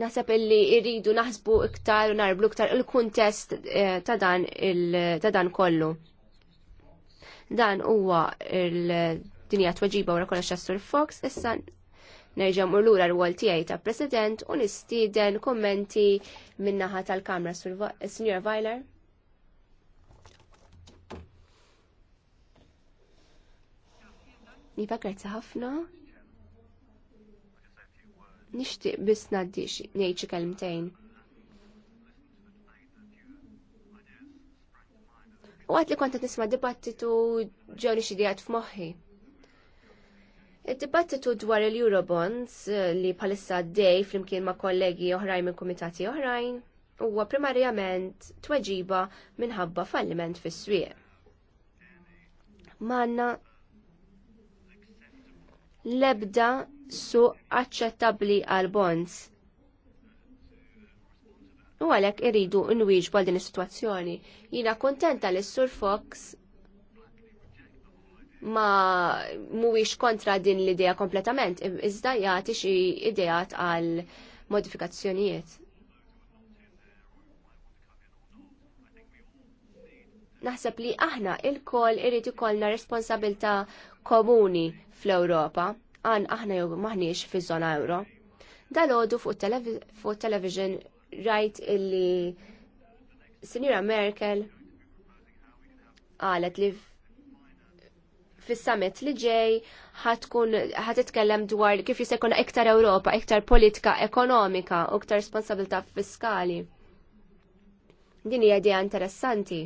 Naħseb illi irridu naħsbu iktar u narblu iktar il-kuntest eh, ta' dan, il dan kollu. Dan huwa il-dinja tweġiba wara kollox Sur Fox, issa nerġa' mur lura r-wol tiegħi ta' President u nistieden kommenti min-naħa tal-Kamra Sinjor Weiler. Iva, grazzi ħafna nixtieq biss ngħaddi ngħid xi kelmtejn. U għat li kont nisma' dibattitu ġoni xi dijat f'moħħi. Id-dibattitu dwar il-Eurobonds eh, li bħalissa dej flimkien ma' kollegi oħrajn minn kumitati oħrajn huwa primarjament tweġiba minħabba falliment fis-swieq. Manna l-ebda Su aċċettabbli għal bonds. U għalhekk iridu nwieġbu għal din is-sitwazzjoni. Jiena kuntenta li sur Fox ma mhuwiex kontra din l-idea kompletament, iżda jagħti xi ideat għal modifikazzjonijiet. Naħseb li aħna il-koll irrid ikollna responsabilta komuni fl-Ewropa għan aħna jew maħniex fi żona euro. Dalodu fuq television rajt illi Sinjura Merkel qalet li fis-summit li ġej ħatkun ħatitkellem dwar kif jista' jkollna iktar Ewropa, iktar politika ekonomika u iktar responsabilità fiskali. Din hija idea interessanti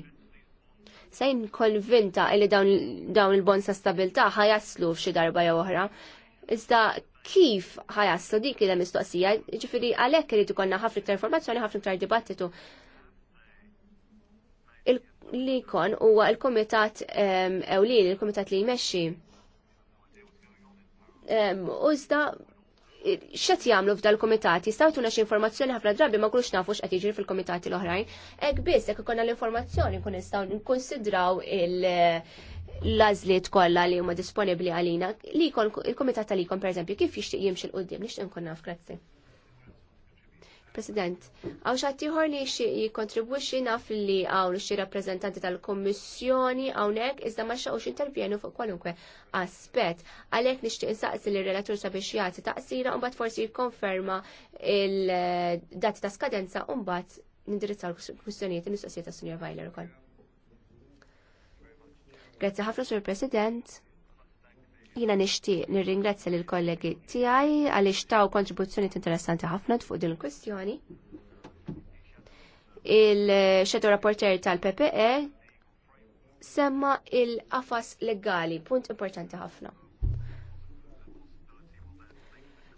sejn konvinta li dawn, il-bonsa stabilta ħajaslu f'xi darba jew oħra, Iżda kif ħajaslu dik li l-mistoqsija, ġifiri għalhekk irid tukonna ħafna ktar informazzjoni, ħafna ktar dibattitu. Li kon huwa l-kumitat ewlin, il-kumitat li jmexxi. Iżda, xet jagħmlu f'dal kumitat jistgħu tuna xi informazzjoni ħafna drabi ma kulux nafux x'qed jiġri fil-kumitati l-oħrajn. ek biss jekk ikollna l-informazzjoni kun nistgħu nkonsidraw il- l kollha li huma disponibbli għalina. Li Likon il-kumitat tal-ikon pereżempju kif jixtieq jimxi l-qudiem nixtieq nkun naf grazzi. President, għaw xattiħor li jikontribuċi naf li għaw xie rappresentanti tal-Kommissjoni għawnek, iżda ma xaqux intervjenu fuq kwalunkwe aspet. Għalek nishtiq insaqsi li relatur sabiex jgħati taqsira, unbat forsi jikonferma il-dati ta' skadenza, unbat nindirizzaw l-kustjonijiet, nistoqsijiet ta' Sunja Vajler u Grazzi ħafna sur President. Jina nixtieq nirringrazzja lil kollegi tiegħi għaliex taw kontribuzzjoni interessanti ħafna fuq din il-kwestjoni. Il-xedu rapporter tal-PPE semma il-qafas legali, punt importanti ħafna.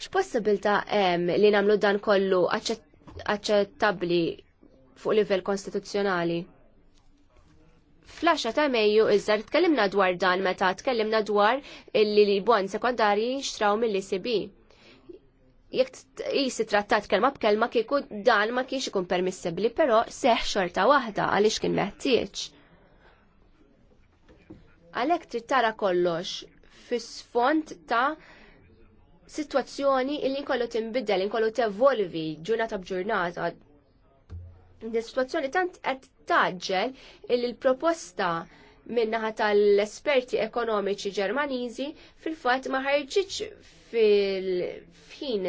X'possibilità hemm li nagħmlu dan kollu aċċettabbli fuq livell konstituzzjonali? Flasha ta' Mejju iżżar tkellimna dwar dan meta tkellimna dwar illi li bon sekondarji xtraw mill-ECB. Jekk jisi trattat kelma b'kelma kieku dan ma kienx ikun permissibli, però seħ xorta waħda għaliex kien meħtieġ. Għalhekk trid tara kollox fis-sfond ta' situazzjoni illi nkollu timbidel, nkollu tevolvi ġurnata b'ġurnata, Di situazzjoni tant qed taġġel il l-proposta minnaħa tal-esperti ekonomiċi ġermaniżi fil-fatt ma ħarġitx fil-ħin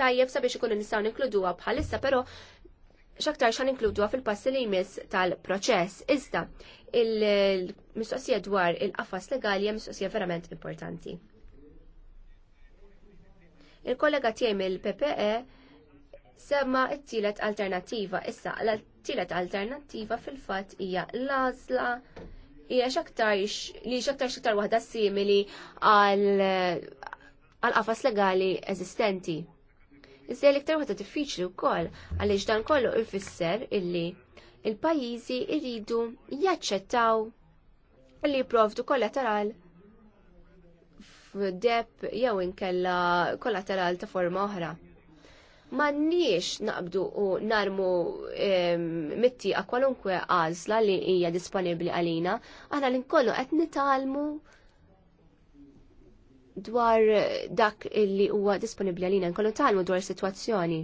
tajjeb sabiex ikunu nistgħu ninkluduha bħalissa, però xaktar xan inkluduha fil-passi li jmiss tal-proċess. Iżda, il-mistoqsija dwar il-qafas legali hija mistoqsija verament importanti. Il-kollega tiegħi mill-PPE semma t-tielet alternattiva. Issa, l-tielet alternattiva fil-fatt hija l-għażla hija xaktar li xaktar xaktar waħda simili għal qafas legali eżistenti. Iżda l-iktar waħda diffiċli wkoll għaliex dan kollu ifisser illi il-pajjiżi iridu jaċċettaw li jipprovdu kollateral f'deb jew inkella kollateral ta' forma oħra. Mannix naqbdu u narmu mitti a kwalunkwe għazla li hija disponibli għalina, aħna l-inkollu qed nitalmu dwar dak li huwa disponibli għalina, nkollu talmu dwar situazzjoni.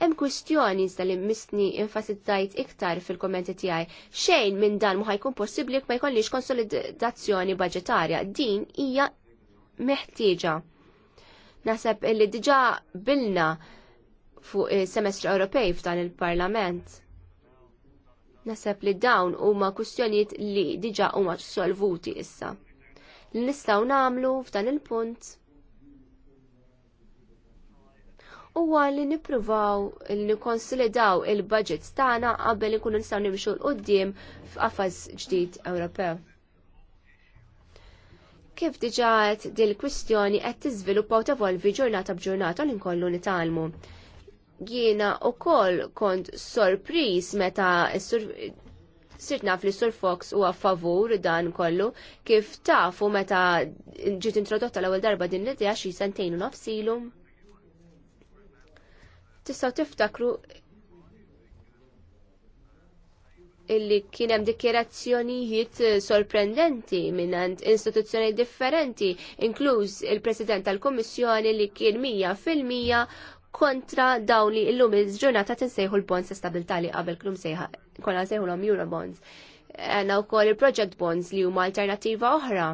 Hemm kwistjoni iżda li misni enfasizzajt iktar fil-kommenti tiegħi xejn minn dan ma ħajkun possibbli ma jkollix konsolidazzjoni budġetarja. Din hija meħtieġa. Naseb li diġà bilna fuq il-semestru Ewropej f'dan il-Parlament. Naseb li dawn huma kwistjonijiet li diġa huma solvuti issa. Li nistgħu nagħmlu f'dan il-punt huwa li nippruvaw li nikkonsolidaw il-budget tagħna qabel ikunu nistgħu nimxu l qudiem f'qafas ġdid Ewropew. Kif diġa qed dil-kwistjoni qed tiżviluppaw tevolvi ġurnata b'ġurnata li nkollu nitalmu jiena u koll kont sorpris meta sirt naf li Sir Fox huwa favur dan kollu kif tafu meta ġiet introdotta l-ewwel darba din l-idea xi sentejn u nofsilu. Tistgħu tiftakru illi kien hemm dikjerazzjonijiet sorprendenti minn istituzzjoni differenti, inkluż il-President tal-Kummissjoni li kien mija fil-mija kontra dawn li illum il-ġurnata tinsejħu l-bonds stabilta li qabel klum sejħa kolla sejħu l-om euro bonds. Għanna u koll il-project bonds li huma alternativa oħra.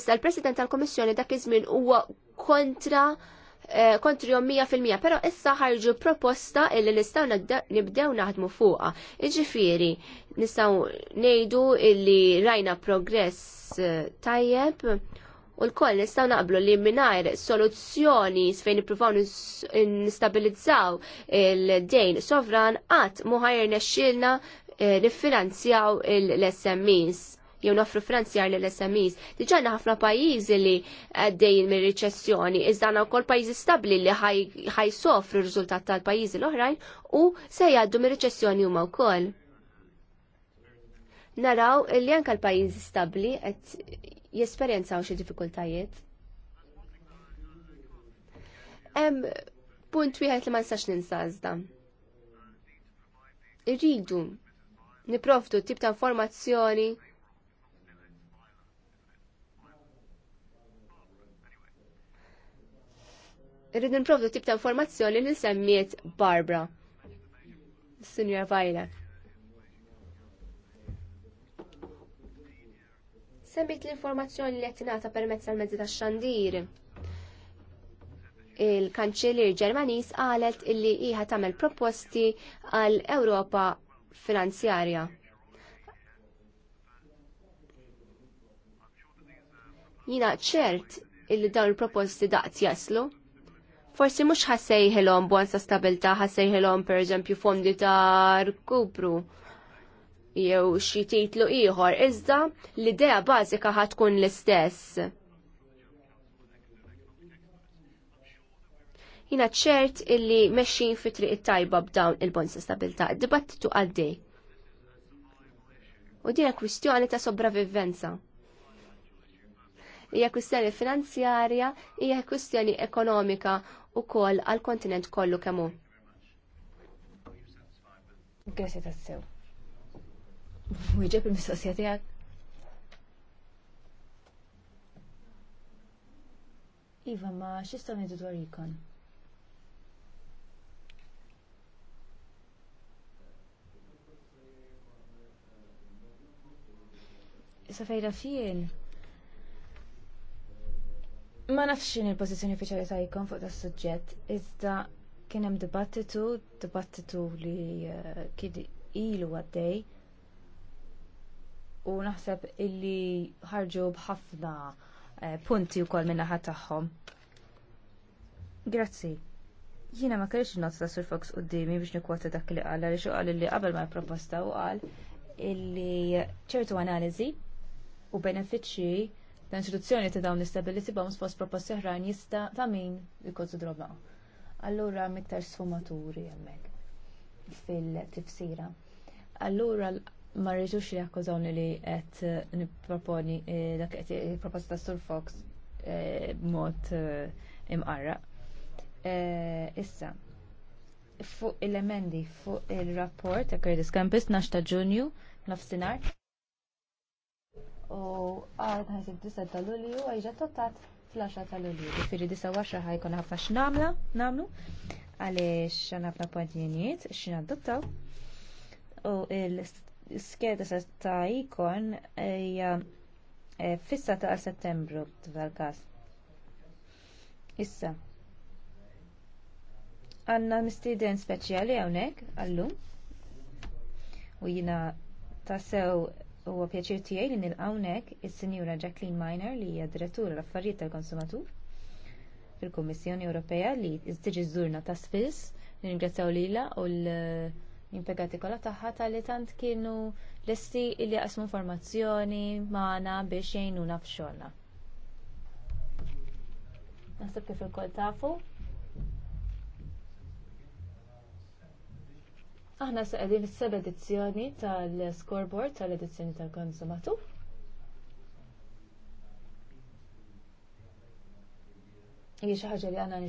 Issa l-President tal-Komissjoni dak iż-żmien huwa kontra eh, kontri jom 100%, pero issa ħarġu proposta illi nistaw nibdew naħdmu fuqa. Iġifiri, nistaw nejdu illi rajna progress eh, tajjeb U l-koll nistaw naqblu li minnajr soluzzjoni fejn niprufaw nistabilizzaw il-dejn sovran għat muħajr nexxilna eh, nifinanzjaw l-SMEs jew nofru finanzjar l-SMEs. Diġanna ħafna pajjiżi li għaddejn mir riċessjoni iżda u wkoll pajizi stabli li ħajsofru r-riżultat tal-pajjiżi l-oħrajn u se jgħaddu mir riċessjoni huma wkoll naraw li anka l pajizi stabli qed jesperjenzaw xi difficultajiet. Em, punt wieħed li ma nistax ninsa iżda. Irridu niprofdu tip ta' informazzjoni Irrid niprofdu tip ta' informazzjoni li semmiet Barbara. Sinjor Vajlek. Sembit l-informazzjoni li għettinata permezz tal-mezzi tax xandir il-kanċellir Ġermaniż qalet illi iħa tagħmel proposti għal Ewropa finanzjarja. Jina ċert illi dawn il-proposti daqt jaslu. Forsi mhux ħassejħilhom bonza stabilta, ħassejħilhom pereżempju fondi ta' rkupru jew xi titlu ieħor, iżda l-idea bażika ħad tkun l-istess. Jina ċert illi meċin fi triq tajba b'dawn il-bon stabilta, dibattitu għaddej. U dina kwistjoni ta' sobravivenza. Hija kwistjoni finanzjarja, hija kwistjoni ekonomika u kol għal-kontinent kollu kemmu. Grazie tassew. Wieġeb il-mistoqsija tiegħek. Iva, ma x'istgħu ngħidu dwar ikon? Issa fejda fien. Ma nafx x'in il pozizjoni uffiċjali ta' ikon fuq tas suġġett, iżda kien hemm dibattitu, dibattitu li eh, kien ilu għaddej u naħseb illi ħarġu bħafna eh, punti u kol minna taħħom. Grazzi. Jiena ma kellix nozz ta' Sir Fox dimi biex nikwota dak li qal għaliex qal li qabel ma proposta u għal illi ċertu analiżi u benefiċċji ta' introduzzjoni ta' dawn l-istability bombs fost proposti oħrajn jista' ta' min droba. Allura miktar sfumaturi hemmhekk fil-tifsira. Allura ma rridux li jakkużawni li qed eh, nipproponi eh, dak qed il-proposta eh, ta' Sur Fox b'mod imqarra. Issa, fuq il-emendi fuq il-rapport ta' Curtis Campus 12 ta' Ġunju nofsinhar. U għad ħasib disa ta' Lulju għajġa tottat fl-10 ta' Lulju. Ġifieri 19 ħajkun ħafna x'namla nagħmlu għaliex xan ħafna appointjenijiet x'inaddottaw u il skeda ta' ikon hija eh, fissata ta' settembru tal-każ. Issa. Għanna mistiden speċjali hawnhekk għallum. U jina tassew huwa pjaċir tiegħi li hawnhekk is-Sinjura Jacqueline Miner li hija direttura l-affarijiet tal-konsumatur fil-Kummissjoni Ewropea li tiġi żżurna ta' spiss, ningrazzjaw lilha u l- Jimpegati kollha taħħa tal-li tant kienu lesti illi qasmu informazzjoni magħna biex jgħinuna f'xogħolna. Naħseb kif il tafu. Aħna s-għedin s edizzjoni tal-scoreboard tal-edizzjoni tal konsumatu hija xi ħaġa li għandna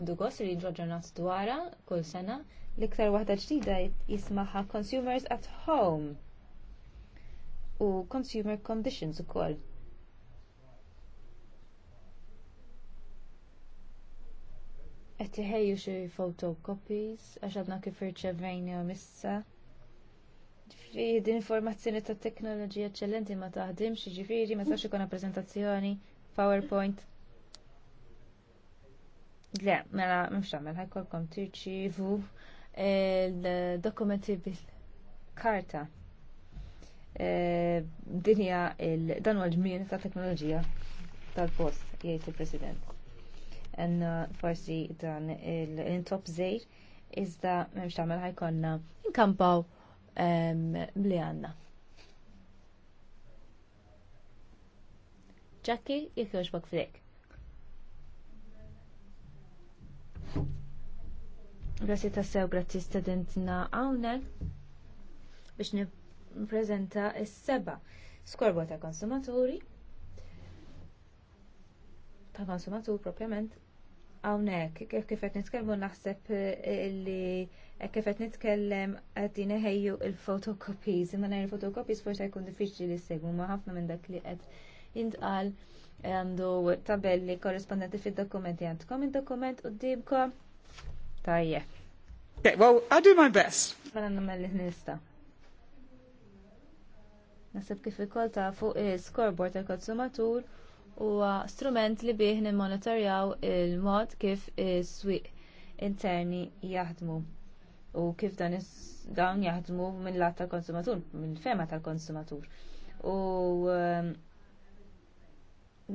nħdu gost li nġorġa nagħtu dwarha kull sena L-iktar waħda ġdida jismaha Consumers at Home u Consumer Conditions ukoll. Qed iħejju xi photocopies għax għandna kif irċevejna issa. Ġifieri din informazzjoni ta' teknoloġija eċċellenti ma taħdimx, ġifieri ma sax ikun preżentazzjoni PowerPoint. Le, mela, mux ħajkol ħajkolkom tirċivu il-dokumenti bil-karta. E, Dinja dan u l-ġmien ta' teknoloġija tal-post, jgħid il-President. Enna forsi dan il-top zejr, iżda memx tamel ħajkonna inkampaw li għanna. Jackie, jek joġbok flek. Grazzi ta' sew, grazzi studentna għawnek biex niprezenta s-seba skorbot ta' konsumaturi ta' konsumatur propjament għawnek, kifet nitkellmu naħseb eh, li eh, kifet nitkellem għaddin ħeju il-fotokopiz, Imma najn il-fotokopiz forse jkun diffiċli li s-segmu ma ħafna minn dak li qed jintqal eh, għandu tabelli korrespondenti fil-dokumenti għandkom il-dokument u d-dibkom Tajjeb. Okay, well, I'll do my best. Mela namel nista. Nasib kif ikoll ta' fuq il-scoreboard tal-konsumatur huwa strument li bih monitorjaw il-mod kif is-swieq interni jaħdmu u kif dan dawn jaħdmu minn lat tal-konsumatur, minn fema tal-konsumatur. U um,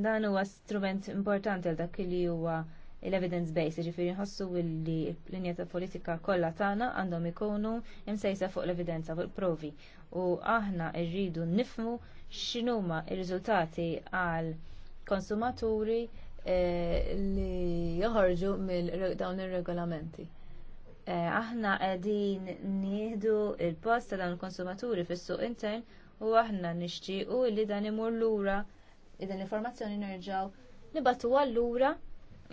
dan huwa strument importanti għal dak li huwa l-evidence base, ġifiri nħossu li l-linja ta' politika kollha tagħna għandhom ikunu imsejsa fuq l-evidenza fuq il-provi. U aħna rridu nifmu x'inhuma r-riżultati għal konsumaturi eh, li joħorġu mill dawn ir-regolamenti eh, aħna qegħdin nieħdu l post ta' dawn il-konsumaturi fis-suq intern u aħna nixtiequ li dan imur lura dan l-informazzjoni nerġaw nibatu lura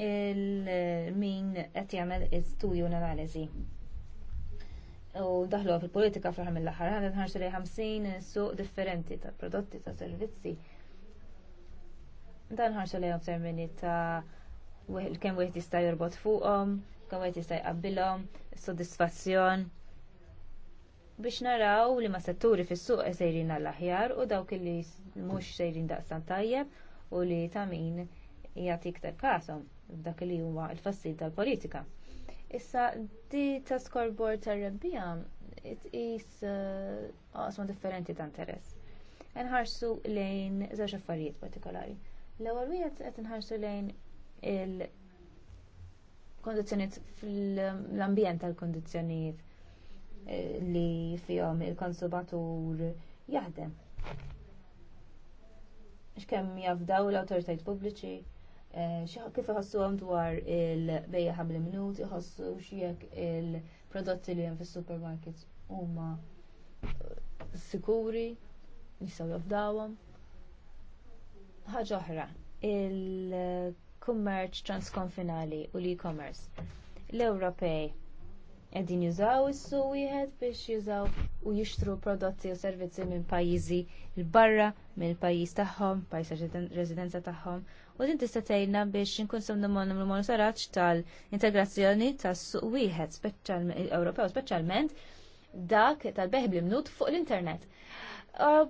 il-min qed jagħmel istudju analiżi. U daħlu fil-politika fl-ħar mill-aħħar għandna li 50 suq differenti ta' prodotti ta' servizzi. Dan ħarsu li termini ta' kemm wieħed jista' jorbot fuqhom, kemm wieħed jista' jqabbilhom, soddisfazzjon biex naraw li ma setturi fis-suq sejrin għall-aħjar u dawk li mhux sejrin daqsan tajjeb u li ta' min jagħti iktar kasom dak li huwa l-fassil tal-politika. Issa di ta' skorbord tar-rebbija tqis qasma uh, differenti ta' interess. Nħarsu lejn żewġ affarijiet partikolari. L-ewwel wieħed qed inħarsu lejn il kondizzjonijiet fl-ambjent tal-kondizzjonijiet eh, li fihom il-konsumatur jaħdem. X'kemm jafdaw l-awtoritajiet pubbliċi Eh, kif iħossu għam dwar il-bejja ħabli minut, iħossu xiek il-prodotti li għam fil-supermarket huma eh, sikuri, nistaw jafdawam. ħaġa oħra, il-kummerċ transkonfinali u l-e-commerce. L-Ewropej qegħdin jużaw issu wieħed biex jużaw u jixtru prodotti u servizzi minn pajjiżi l-barra, mill pajjiż tagħhom, pajjiż residenza tagħhom u din tista' tgħinna biex inkun semnu ma saratx tal-integrazzjoni tas-suq wieħed Ewropew speċjalment dak tal-beħ bl-imnut fuq l-internet.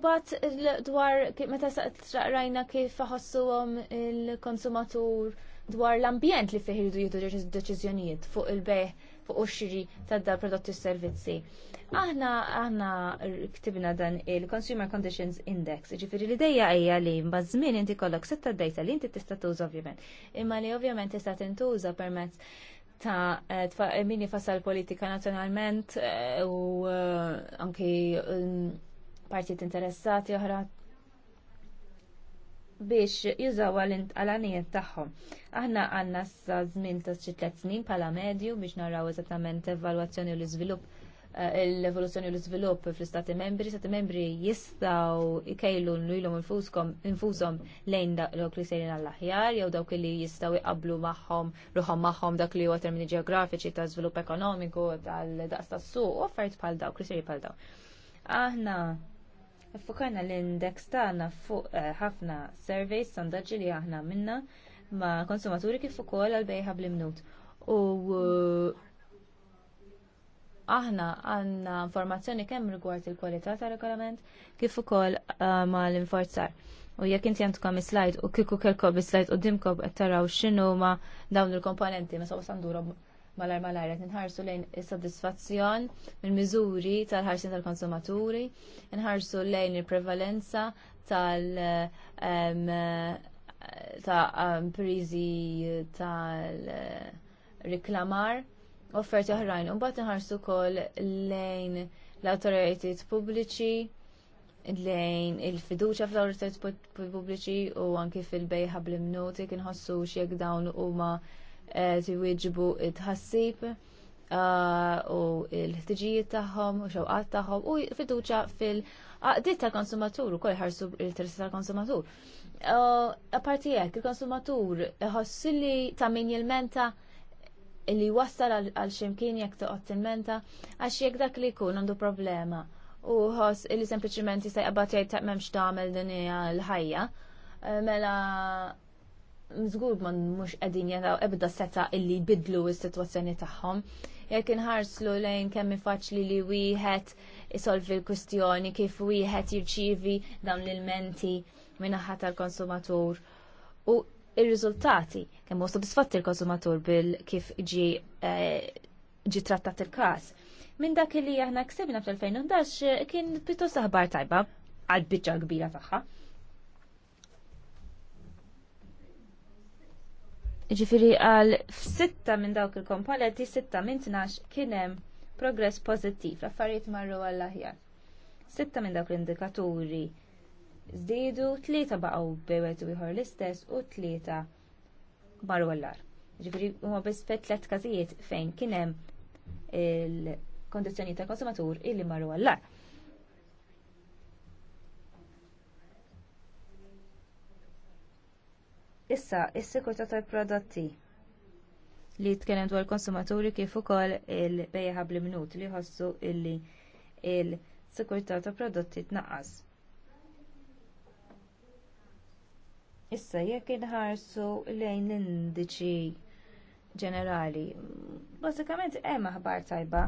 Bat dwar meta rajna kif ħossuhom il-konsumatur dwar l-ambjent li fih jridu jieħdu deċiżjonijiet fuq il-beħ fuq ux-xiri tad-dar prodotti u servizzi. Aħna aħna ktibna dan il-Consumer Conditions Index, ġifiri li dejja hija li mbażmin inti kollok setta dejta li inti tista' tuża ovvjament. Imma li ovvjament tista' tintuża permezz ta' eh, eh, min jifassal politika nazzjonalment eh, u anki mm, partijiet interessati oħra biex jużaw għal-għalanijiet tagħhom. Aħna għandna sa żmien ta' xi tliet snin bħala medju biex naraw eżattament evalwazzjoni u l-iżvilupp Eh, l-evoluzzjoni u l-izvilupp fl-istati membri, stati membri jistaw ikejlu nlujlom infużom lejn dawk li sejlin għall-aħjar, jew dawk li jistaw iqablu maħħom, ruħom maħħom dak li huwa termini ġeografiċi ta' żvilupp ekonomiku, tal-daqs ta' suq u offert pal dawk, li sejli pal daw. Aħna Fukajna l-index tagħna fuq eh, ħafna surveys, sondagġi li aħna minna ma' konsumaturi kif ukoll għal bejħa l imnut U Aħna għandna informazzjoni kemm rigward il-kwalità tar-regolament kif ukoll eh, mal-inforzar. U jekk inti għandkom is-slide u kieku kelkom is-slide qudiemkom qed taraw x'inhu ma dawn il-komponenti ma sewwa sandurhom malar malar qed inħarsu lejn is-sodisfazzjon mill-miżuri tal-ħarsin tal-konsumaturi, inħarsu lejn il-prevalenza tal- ta' prizi tal-riklamar offerti oħrajn. U mbagħad inħarsu wkoll lejn l-awtoritajiet pubbliċi lejn il-fiduċa fl-awtoritajiet pubbliċi u anki fil-bejħa bl-imnuti kien ħassu jekk dawn huma eh, tiwieġbu t ħassib eh, u l-ħtiġijiet tagħhom u xewqat tagħhom u fiduċa fil-qdiet tal-konsumatur u koll ħarsu l-interessi tal-konsumatur. Eh, Apparti jekk il-konsumatur ħossili ta' min jilmenta menta li wassal għal ximkien jekk toqgħod timmenta għax jekk dak li jkun għandu problema u ħoss li sempliċiment jista' jqabad jgħid ta' m'hemmx tagħmel din hija l-ħajja. Eh, mela mżgur ma mhux qegħdin jaraw ebda seta' illi jbidlu s-sitwazzjoni tagħhom. Jekk inħarslu lejn kemm faċli li wieħed isolvi l-kwistjoni kif wieħed jirċievi dawn l-ilmenti minaħħa tal-konsumatur. U ir-riżultati kemm hu sodisfatti l-konsumatur bil kif ġi eh, ġi trattat il-każ. Minn dak li aħna ksebna fl-2011 eh, kien pjuttost aħbar tajba għal biċċa kbira tagħha. Ġifiri għal f'sitta minn dawk il kompaleti sitta minn tnax hemm progress pożittiv l-affarijiet marru għall-aħjar. Sitta minn dawk l-indikaturi żdiedu, tlieta baqgħu bewet u ieħor l-istess u tlieta marru għallar. Ġifieri huma biss fet tliet każijiet fejn kien hemm il-kondizzjoni ta' konsumatur illi marru għallar. Issa, is-sikurtà tal-prodotti li jitkellem dwar konsumaturi kif ukoll il-bejja ħabli minut li jħossu illi il-sikurtà tal-prodotti tnaqqas. Issa jekk inħarsu lejn l-indiċi ġenerali, bażikament hemm aħbar tajba.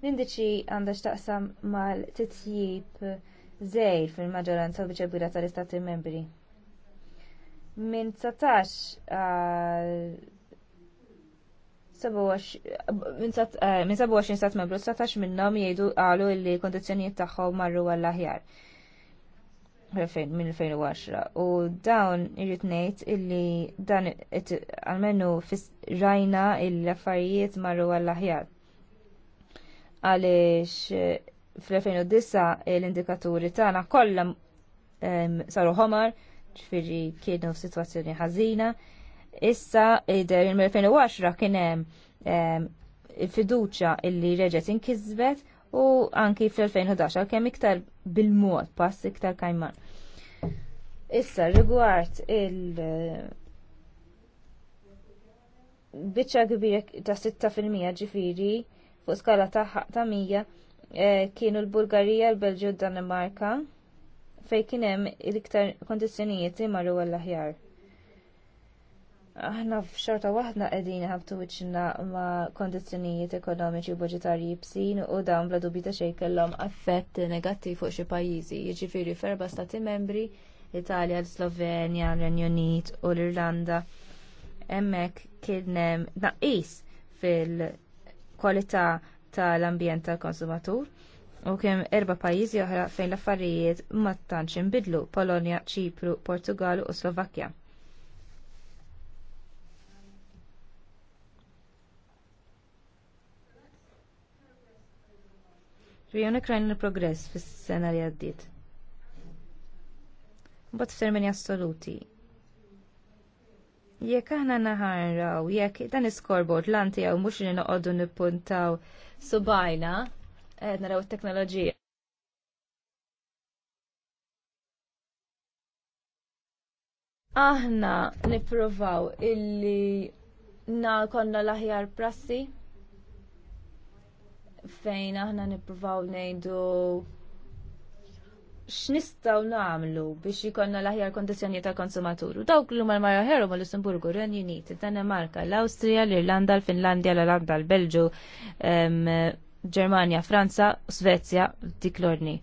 L-indiċi għandha x'taqsam mal-titjib żejr fil-maġġoranza u biċebira tal-Istati Membri. Minn 19 għal minn 27 stat membru, 19 minnhom jgħidu qalu li kundizzjonijiet tagħhom marru għall-aħjar minn 2010 u dawn irrit ngħid illi dan għalmenu rajna l-affarijiet marru għall-aħjar. Għaliex eh, fl-2009 l-indikaturi tagħna kollha saru ħomar, ġifieri kienu f'sitwazzjoni ħażina. Issa idher il-2010 kien hemm fiduċja illi reġgħet inkisbet u anki fl-2011 kemm iktar bil-mod pass iktar kajman. Issa rigward il- eh, biċċa kbira ta' 6% ġifiri fuq skala ta' ta' 100 eh, kienu l-Bulgarija, l-Belġju, d-Danimarka fej kien hemm l-iktar kondizzjonijiet immarru għall-aħjar aħna f'xorta waħda qegħdin ħabtu wiċċinna ma' kondizzjonijiet ekonomiċi u budġetarji bsin u dawn bla dubju ta' xejn kellhom affett negattiv fuq xi pajjiżi, jiġifieri f'erba' stati membri l-Italja, l-Slovenja, l-Renju Unit u l-Irlanda. Hemmhekk kien hemm naqis fil-kwalità tal-ambjent tal-konsumatur u kemm erba pajjiżi oħra fejn l-affarijiet ma tantx inbidlu Polonja, Ċipru, Portugal u Slovakkja. Rjonek rajn il-progress fis-sena li għaddiet. f-sermeni assoluti. Jekk aħna naħarraw, jekk dan l-anti għaw mhux li noqogħdu nippuntaw subajna qed naraw it-teknoloġija. Aħna nippruvaw illi na konna l-aħjar prassi fejn aħna nippruvaw ngħidu x'nistgħu nagħmlu biex jkollna l-aħjar kondizzjoni tal-konsumatur. Dawk li huma l-Marja ma Lussemburgu, Ren Uniti, Danimarka, l-Awstrija, l-Irlanda, l-Finlandja, l-Olanda, l-Belġu, Ġermanja, Franza, Svezja, dik l-ordni.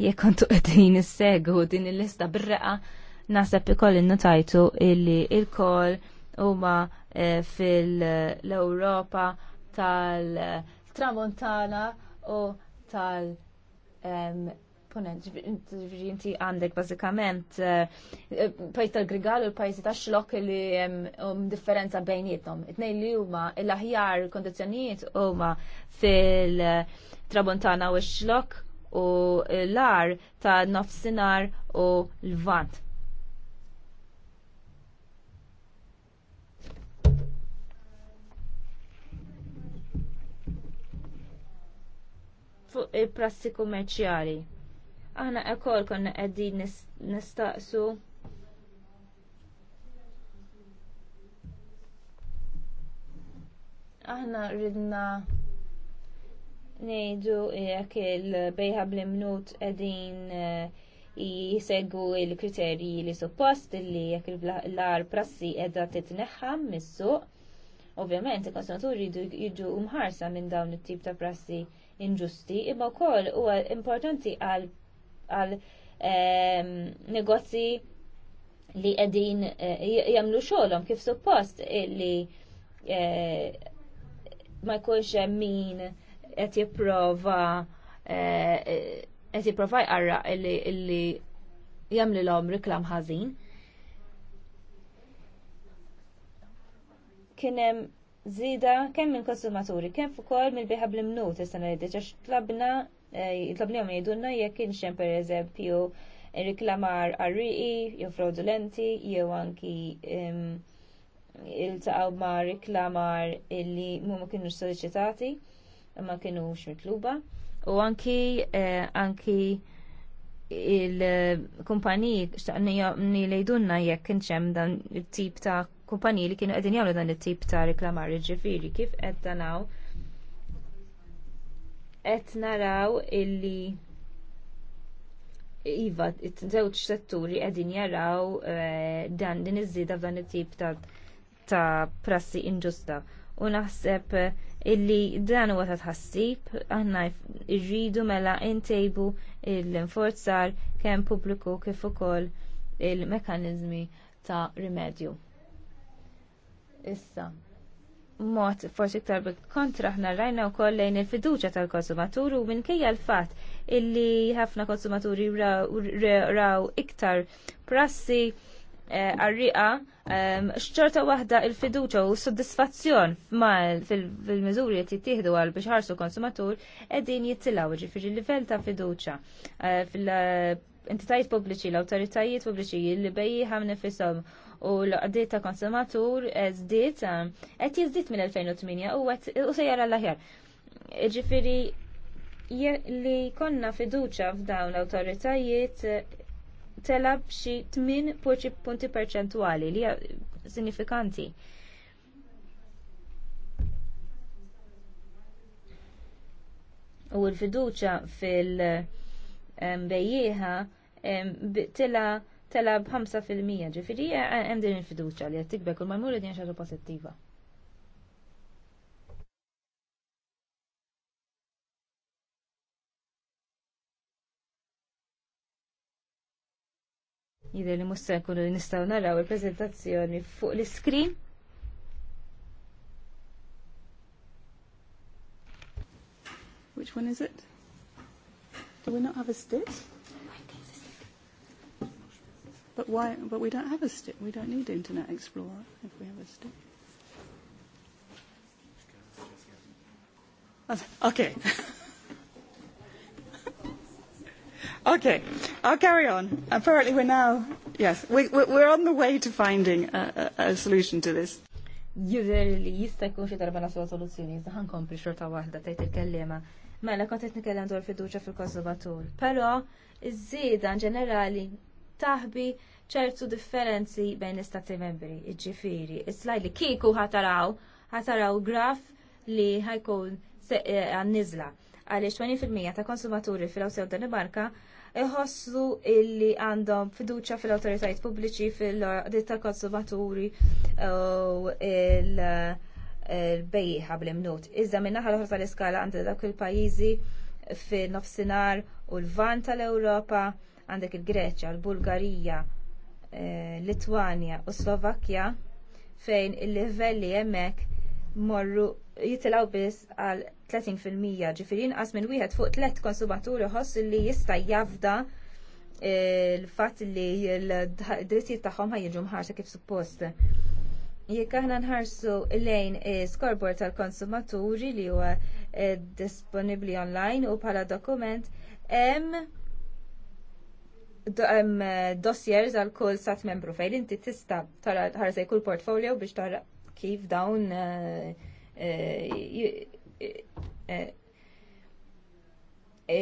Jekk kontu qegħdin issegwu din il-lista birreqa naħseb ikoll innotajtu illi il-koll huma eh, fil-Ewropa tal- tramontana u tal ponent, ġviri għandek bazzikament eh, pajz tal-Grigal u l-pajzi ta' xlok li um differenza bejnietom. Itnej li huma l-aħjar kondizjonijiet huma fil-Trabontana u xlok u l-ar ta' nofsinar u l-vant. fuq il-prassi kummerċjali. Aħna ekol konna qegħdin nistaqsu aħna ridna nejdu jekk il-bejħa bl-imnut edin eh, jisegu il-kriterji li suppost li jekk l-ar prassi edha titneħħam mis-suq. Ovvjament, il-konsumaturi jiddu umħarsa minn dawn it-tip ta' prassi inġusti, imma wkoll huwa importanti għal għal ehm, li qegħdin eh, jagħmlu xogħolhom kif suppost eh, li eh, ma jkunx hemm min qed jipprova qed jipprova jqarra li jagħmlilhom riklam ħażin. Kien zida kemm minn konsumaturi, kemm ukoll minn biħab l-imnut istana li deċa xtlabna, eh, għom jgħidulna jekk inxem per eżempju riklamar arriqi, jew fraudulenti, jew anki il-taqaw ma riklamar illi mu ma kienux solicitati, ma kienux mitluba, u anki eh, anki il-kumpaniji xtaqni li jdunna jek inxem dan il-tip ta' kumpaniji li kienu qegħdin jagħmlu dan it-tip ta' reklamar ġifieri kif qed danaw qed naraw illi Iva, żewġ setturi qegħdin jaraw eh, dan din iż-żieda f'dan it-tip ta' prassi inġusta. U naħseb illi dan huwa ta' tħassib aħna rridu mela ntejbu l-inforzar kemm pubbliku kif ukoll il-mekkaniżmi ta' rimedju. Issa, mod forsi iktar kontra ħna rajna u koll lejn il-fiduċa tal-konsumatur u minkejja l-fat illi ħafna konsumaturi raw iktar prassi eh, għarriqa ehm, xċorta wahda il-fiduċa u soddisfazzjon fil-mizuri li jittieħdu għal biex ħarsu konsumatur edin jittilaw ġifiri livell ta' fiduċa eh, fil entitajiet pubbliċi, l-autoritajiet pubbliċi li ħamne fissom u l-qdiet ta' konsumatur żdiet qed jiżdied minn 2008 u għet u sejjar l-aħjar. Ġifieri li konna fiduċa f'dawn l-awtoritajiet telab xi 8 punti perċentwali li sinifikanti. u l-fiduċa fil-bejjieħa tila tela b'5% ġifiri, għem e, e, din il fiduċa li qed tikber kull ma jmur din xaġa pozittiva. Jidher li musta jkunu nistgħu naraw il prezentazzjoni fuq l-iskrin. Which one is it? Do we not have a stick? But why? But we don't have a stick. We don't need Internet Explorer if we have a stick. Okay. okay, I'll carry on. Apparently we're now, yes, we, we're on the way to finding a, a, a solution to this. Jiver li jista jkun xi darba nasu soluzzjoni, iżda ħankompli xorta waħda tajt il-kellima. Mela kont qed nitkellem dwar fiduċja fil-Konservatur. Però iż-żieda ġenerali taħbi ċertu differenzi bejn l-istati membri, iġifiri. Is-slajd li kieku ħataraw, ħataraw graf li ħajkun eh, għannizla. Għalix 20% ta' konsumaturi fil-awsew Danimarka iħossu illi għandhom fiduċa fil autoritajt pubbliċi fil-audit ta' konsumaturi u il-bejħa bl-imnut. Iżda minnaħal oħra tal-iskala għandha dak il-pajizi fil-nofsinar u l-van tal-Ewropa għandek il-Greċja, l-Bulgarija, eh, Litwanja u Slovakkja fejn il-livelli hemmhekk morru jitilgħu biss għal 30% ġifieri inqas minn wieħed fuq tliet konsumaturi ħoss li jista' jafda il-fatt eh, li l-drittijiet tagħhom ħajjiġu mħarsa kif suppost. Jekk aħna nħarsu lejn scoreboard tal-konsumaturi li huwa eh, disponibbli online u bħala dokument hemm dossiers għal kull sat membru fejn inti tista tara ħarsa kull portfolio biex tara kif dawn eh, eh, eh,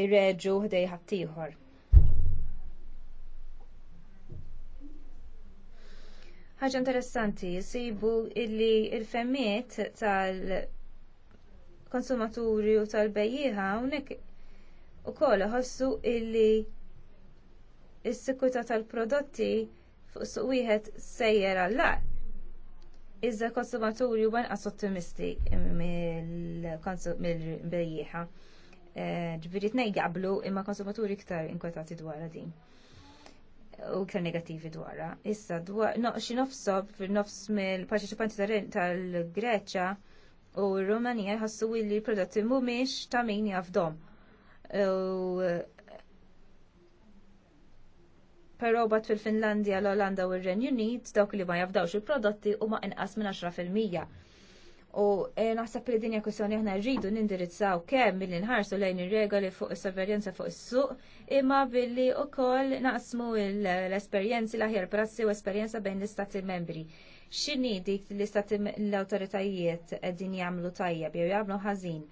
reġu ħdej ħattijħor. ħaġa interessanti, jisibu illi il-femmiet tal-konsumaturi u tal-bejjiħa unek u iħossu ħossu illi is-sikurtà tal-prodotti fuq suq wieħed sejjer għall-lar. Iżda konsumaturi huma inqas ottimisti mill-bejjieħa. Eh, ġifieri tnej jaqblu imma konsumaturi iktar inkwetati dwar din u iktar negattivi dwarha. Issa dwar xi nofsob fil-nofs mill-parċiċipanti tal-Greċja u r-Rumanija jħassu li l-prodotti mhumiex ta' min jafdom. Pero bat fil-Finlandja, l-Olanda u r-Renju Unit dawk li ma jafdawx il-prodotti huma inqas minn 10%. U eh, naħseb li dinja kwistjoni aħna rridu nindirizzaw kemm milli nħarsu lejn ir-regoli fuq is-sorveljanza fuq is-suq imma billi wkoll naqsmu l-esperjenzi l-aħjar prassi u esperjenza bejn l-istati membri X'inhi dik li l awtoritajiet qegħdin jagħmlu tajjeb jew jagħmlu ħażin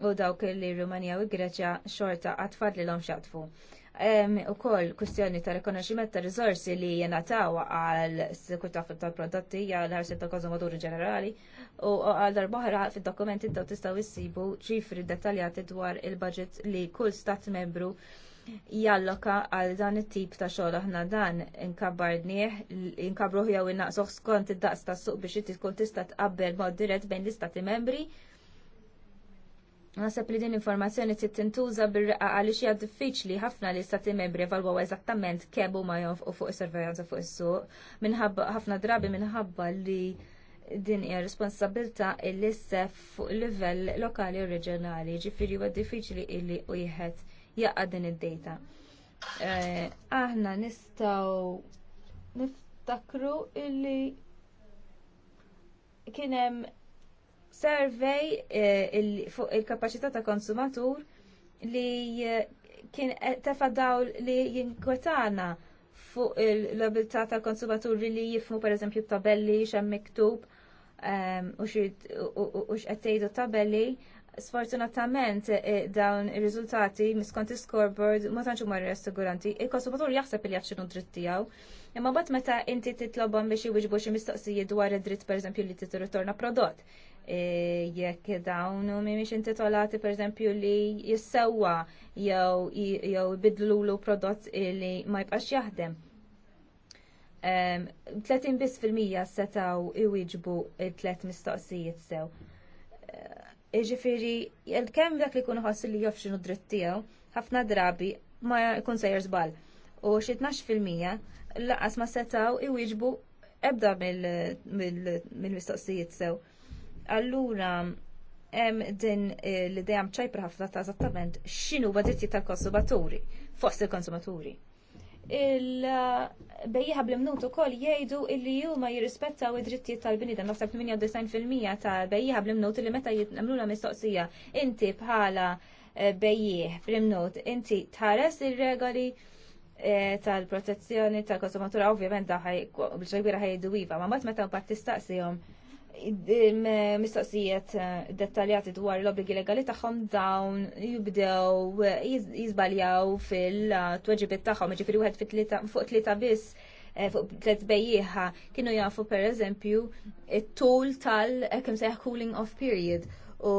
u dawk li Rumania u Greċja xorta għatfad li l-om xatfu. U kol kustjoni ta' rekonoximent ta' rizorsi li jenataw għal sekurta tal-prodotti għal ħarsin ta' konsumatur ġenerali u għal darbohra fil-dokumenti ta' tistaw issibu ċifri dettaljati dwar il-budget li kull stat membru jalloka għal dan it-tip ta' xogħol aħna dan inkabbarnieh inkabruh jew innaqsuh skont id-daqs tas-suq biex tkun tista' tqabbel mod dirett bejn l-istati membri Nasab li din informazzjoni trid tintuża bir-reqqa għaliex hija diffiċli ħafna li stati membri evalwaw eżattament kemm huma u fuq is servajanza fuq is-suq minħabba ħafna drabi minħabba li din hija responsabilta li ssef fuq livell lokali u reġjonali, ġifieri huwa diffiċli illi wieħed jaqa' din id-dejta. Eh, aħna nistgħu niftakru illi kien hemm survey eh, fuq il-kapacità ta' konsumatur li eh, kien eh, tefadaw li jinkwetana fuq l-abilità ta' konsumaturi li jifmu per eżempju tabelli xem miktub ehm, u xqettejdu tabelli sfortunatament dawn ir-riżultati miskonti is-scoreboard ma tanċu marri assiguranti. Il-konsumatur jaħseb li jaf dritt tiegħu. Imma bad meta inti titlobhom biex iwiġbu xi mistoqsijiet dwar id-dritt eżempju li titirritorna prodott. E, jekk dawn mhumiex intitolati perempju li jissewwa jew jew ibidlulu prodott li ma jibqax jaħdem. 30 biss fil-mija setaw iwieġbu tlet mistoqsijiet sew. Iġifiri, e, kemm dak li kun ħossi li jofxinu dritt tiegħu, ħafna drabi ma jkun sejjer zbal. U xie 12 fil-mija laqas ma setaw iwieġbu ebda mill-mistoqsijiet sew. Allura, hemm din eh, l-idea mċajpra ħafna ta' eżattament x'inhu diritti tal-konsumaturi fost il-konsumaturi. il bejjiħa bl-imnut ukoll jgħidu illi huma jirrispettaw id-drittijiet tal-bniedem naħseb 98% ta' bejjiħa bl-imnut li meta jitnamlula mistoqsija inti bħala eh, bejjiħ bl-imnut inti tħares ir-regoli eh, tal-protezzjoni tal-konsumatura ovvjament daħaj bil ġajbira ħajdu iva, ma mat meta mbagħad tistaqsihom mistoqsijiet eh, dettaljati dwar l obbligi legali tagħhom dawn jibdew eh, jizbaljaw fil-tweġibiet tagħhom, ġifiri wieħed fuq tlieta biss eh, fuq tliet bejjieħa kienu jafu pereżempju it-tul tal kem seħ cooling off period u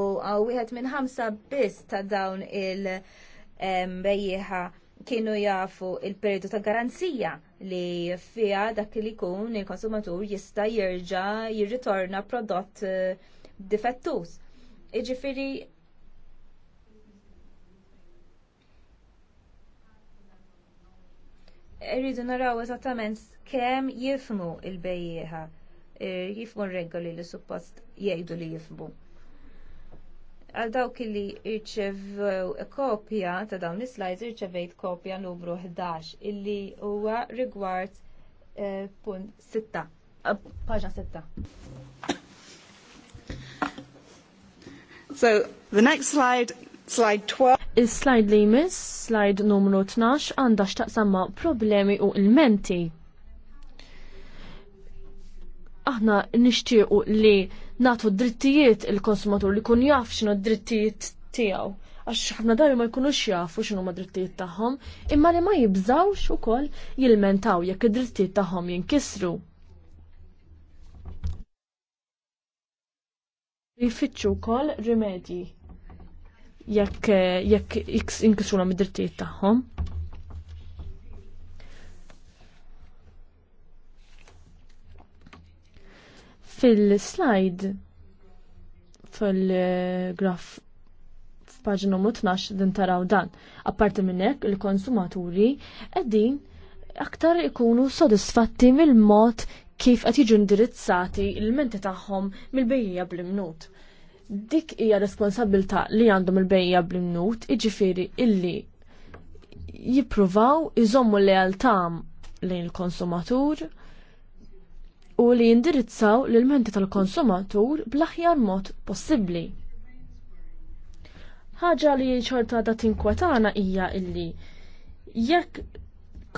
wieħed minn ħamsa biss ta' dawn il-bejjieħa kienu jafu il-periodu ta' garanzija li fiha dak li jkun il-konsumatur jista' jerġa' jirritorna prodott eh, difettuż. Jiġifieri irridu naraw eżattament kemm jifmu il-bejjeħa, eh, jifmu regoli li suppost jgħidu li jifmu għal dawk li irċevew kopja ta' dawn is-slides irċevejt kopja numru 11 illi huwa rigward eh, punt 6. Ah, paġna 6. So, the next slide, slide 12. Is-slide li jmiss, slide numru 12, għandha x'taqsamma' problemi u il-menti. Aħna nixtiequ li natu drittijiet il-konsumatur li kun jaf xinu drittijiet tijaw. Għax ħafna darbi ma jkunux jafu xinu ma drittijiet taħħom, imma li ma jibżawx u koll jilmentaw jekk id-drittijiet taħħom jinkisru. Jifittxu kol rimedji jekk jinkisru la mid drittijiet taħħom. Fil-slide, fil-graf f'paġna numru 12 din taraw dan. Apparti minn hekk il-konsumaturi qegħdin aktar ikunu sodisfatti mill-mod kif qed jiġu indirizzati il-menti tagħhom mill-bejja bl-imnut. Dik hija responsabilità li għandhom il-bejja bl-imnut, iġifieri illi jippruvaw iżommu lealtà lejn il-konsumatur u li jindirizzaw l-menti tal-konsumatur bl-aħjar mod possibbli. Ħaġa li ċorta da tinkwetana hija illi jekk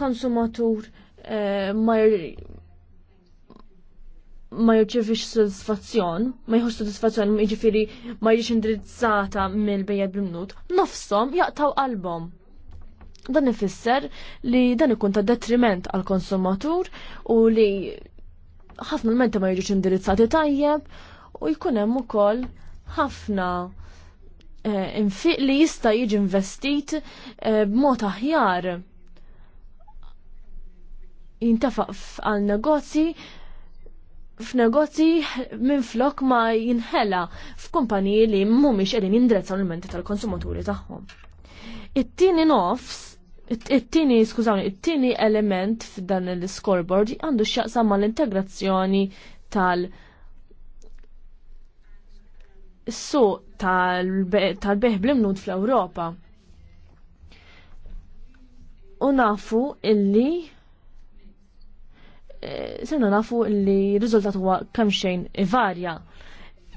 konsumatur eh, ma jirċivix sodisfazzjon, ma jħux sodisfazzjon, jiġifieri ma jiġix indirizzata mill-bejjed bimnut, nofsom jaqtaw qalbhom. Dan ifisser li dan ikun ta' detriment għal konsumatur u li ħafna l-menti ma jiġux indirizzati tajjeb u jkun hemm ukoll ħafna eh, infiq li jista' jiġi investit eh, b'mod aħjar jintafaq għal negozji f'negozji minn flok ma jinħela f'kumpaniji li mhumiex qegħdin jindrezzaw l-menti tal-konsumaturi tagħhom. It-tieni nofs it-tini, skużawni, it-tini element f'dan il scoreboard għandu x'jaqsam mal-integrazzjoni tal- su tal-beħ blimnud fl-Ewropa. U nafu illi eh, sena nafu illi riżultat huwa kemm xejn varja.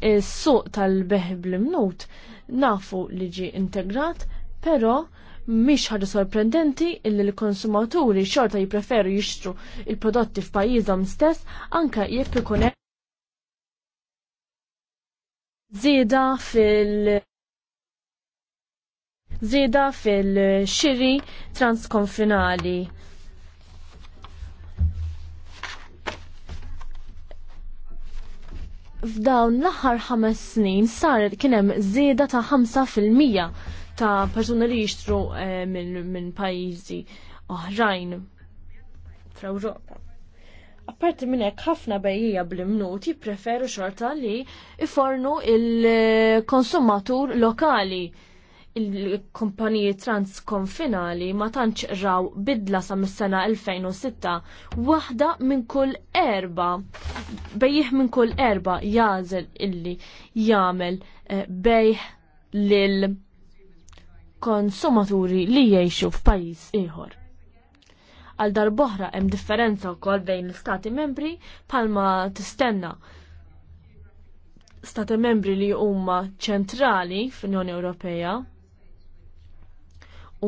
Is-suq tal-beħ blimnud nafu li ġi integrat, pero Mhix ħaġa sorprendenti illi l-konsumaturi xorta jippreferu jixtru il-prodotti f'pajjiżhom stess anke jekk ikun hemm żieda fil- Zida fil-xiri transkonfinali. F'dawn l-aħħar ħames snin saret kien hemm żieda ta' 5 fil-mija ta' persona li jixtru eh, minn pajjiżi oħrajn fl-Ewropa. Apparti minn hekk ħafna bejjija bl imnuti jippreferu xorta li ifornu il-konsumatur lokali il-kompaniji transkonfinali ma tantx raw bidla sa mis-sena 2006 waħda minn kull erba bejjih minn kull erba jażel illi jagħmel eh, bejħ lil konsumaturi li jgħixu f'pajjiż ieħor. Għal darboħra hemm differenza wkoll bejn l-istati membri palma tistenna stati membri li huma ċentrali fl-Unjoni Ewropea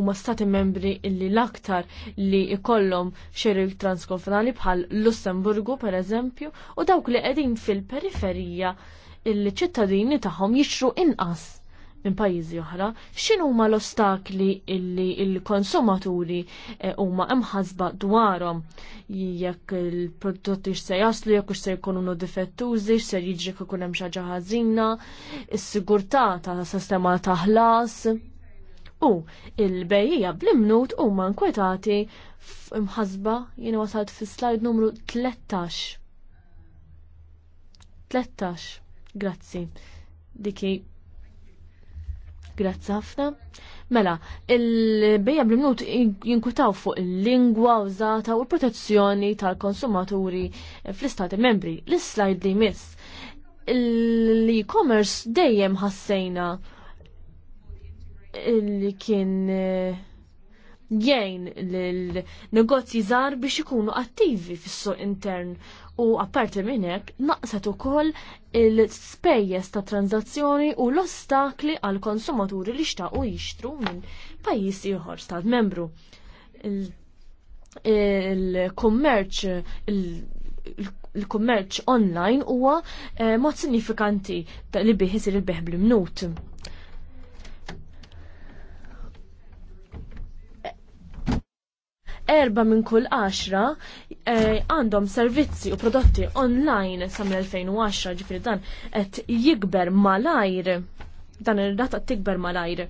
huma stati membri illi l-aktar li ikollhom xerik transkonfinali bħal Lussemburgu per eżempju u dawk li qegħdin fil-periferija il-ċittadini tagħhom jixru inqas minn pajjiżi oħra, x'inhu huma l-ostakli illi l-konsumaturi eh, huma ħasba dwarhom jekk il-prodotti x'se jaslu, jekk se jkunu difettużi, se jiġri kif ikun hemm xi ħaġa ħażina, is-sigurtà ta' sistema ta' ħlas. U il bejja bl-imnut huma nkwetati imħasba jiena wasalt fis slide numru 13. 13. Grazzi. Diki Grazzi ħafna. Mela, il-bejja bl-imnut jinkutaw fuq il-lingwa użata u l-protezzjoni tal-konsumaturi fl-istati membri. L-slide li miss. L-e-commerce dejjem ħassejna li kien eh, jgħin l-negozji żgħar biex ikunu attivi fis-suq intern u apparti minn hekk naqset ukoll il-spejjeż ta' tranzazzjoni u l-ostakli għal konsumaturi li xtaqu jixtru minn pajjiż ieħor stat membru. Il-kummerċ il-kummerċ online huwa eh, mod sinifikanti li bih isir il-beħ bl-imnut. erba minn kull għaxra eh, għandhom servizzi u prodotti online sa l 2010 ġifri dan qed jikber malajr dan ir-rata tikber malajr.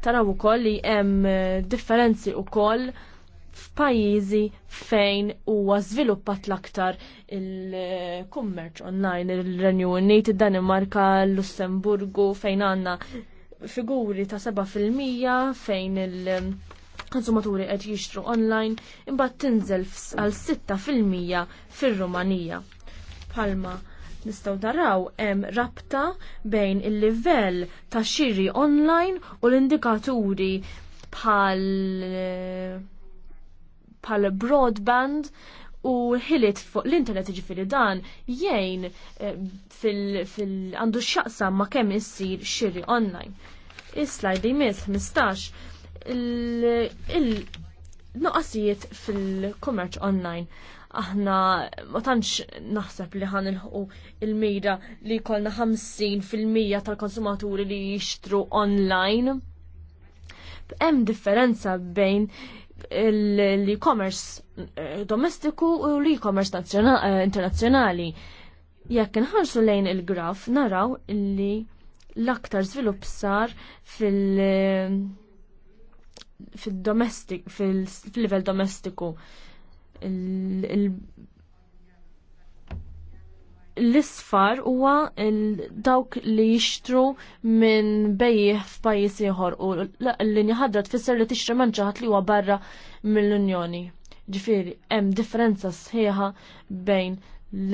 Taraw ukoll li hemm eh, differenzi koll f'pajjiżi fejn huwa żviluppat l-aktar il-kummerċ online il-Renju Unit, id-Danimarka, l-Lussemburgu fejn għandna figuri ta' 7% fejn il- konsumaturi qed jixtru online imbagħad tinżel għal 6% fir-Rumanija. Palma nistgħu daraw hemm rabta bejn il-livell ta' xiri online u l-indikaturi pal broadband u ħilit fuq l-internet ġifiri dan jgħin eh, fil għandu xaqsam ma' kemm issir xiri online. Is-slajd jmiss 15 il-noqasijiet fil-commerċ online. Aħna ma tantx naħseb li ħan ilħu il-mira li kolna 50% tal-konsumaturi li jixtru online. Hemm differenza bejn l-e-commerce eh, domestiku u l-e-commerce eh, internazzjonali. Jekk inħarsu lejn il-graf naraw li l-aktar żvilupp sar fil- fil-domestik, fil-level domestiku. L-isfar huwa dawk li jixtru minn bejjih f'pajjiż ieħor u l-linja ħadra tfisser li tixtri minn ġaħat li huwa barra mill-Unjoni. Ġifieri hemm differenza sħiħa bejn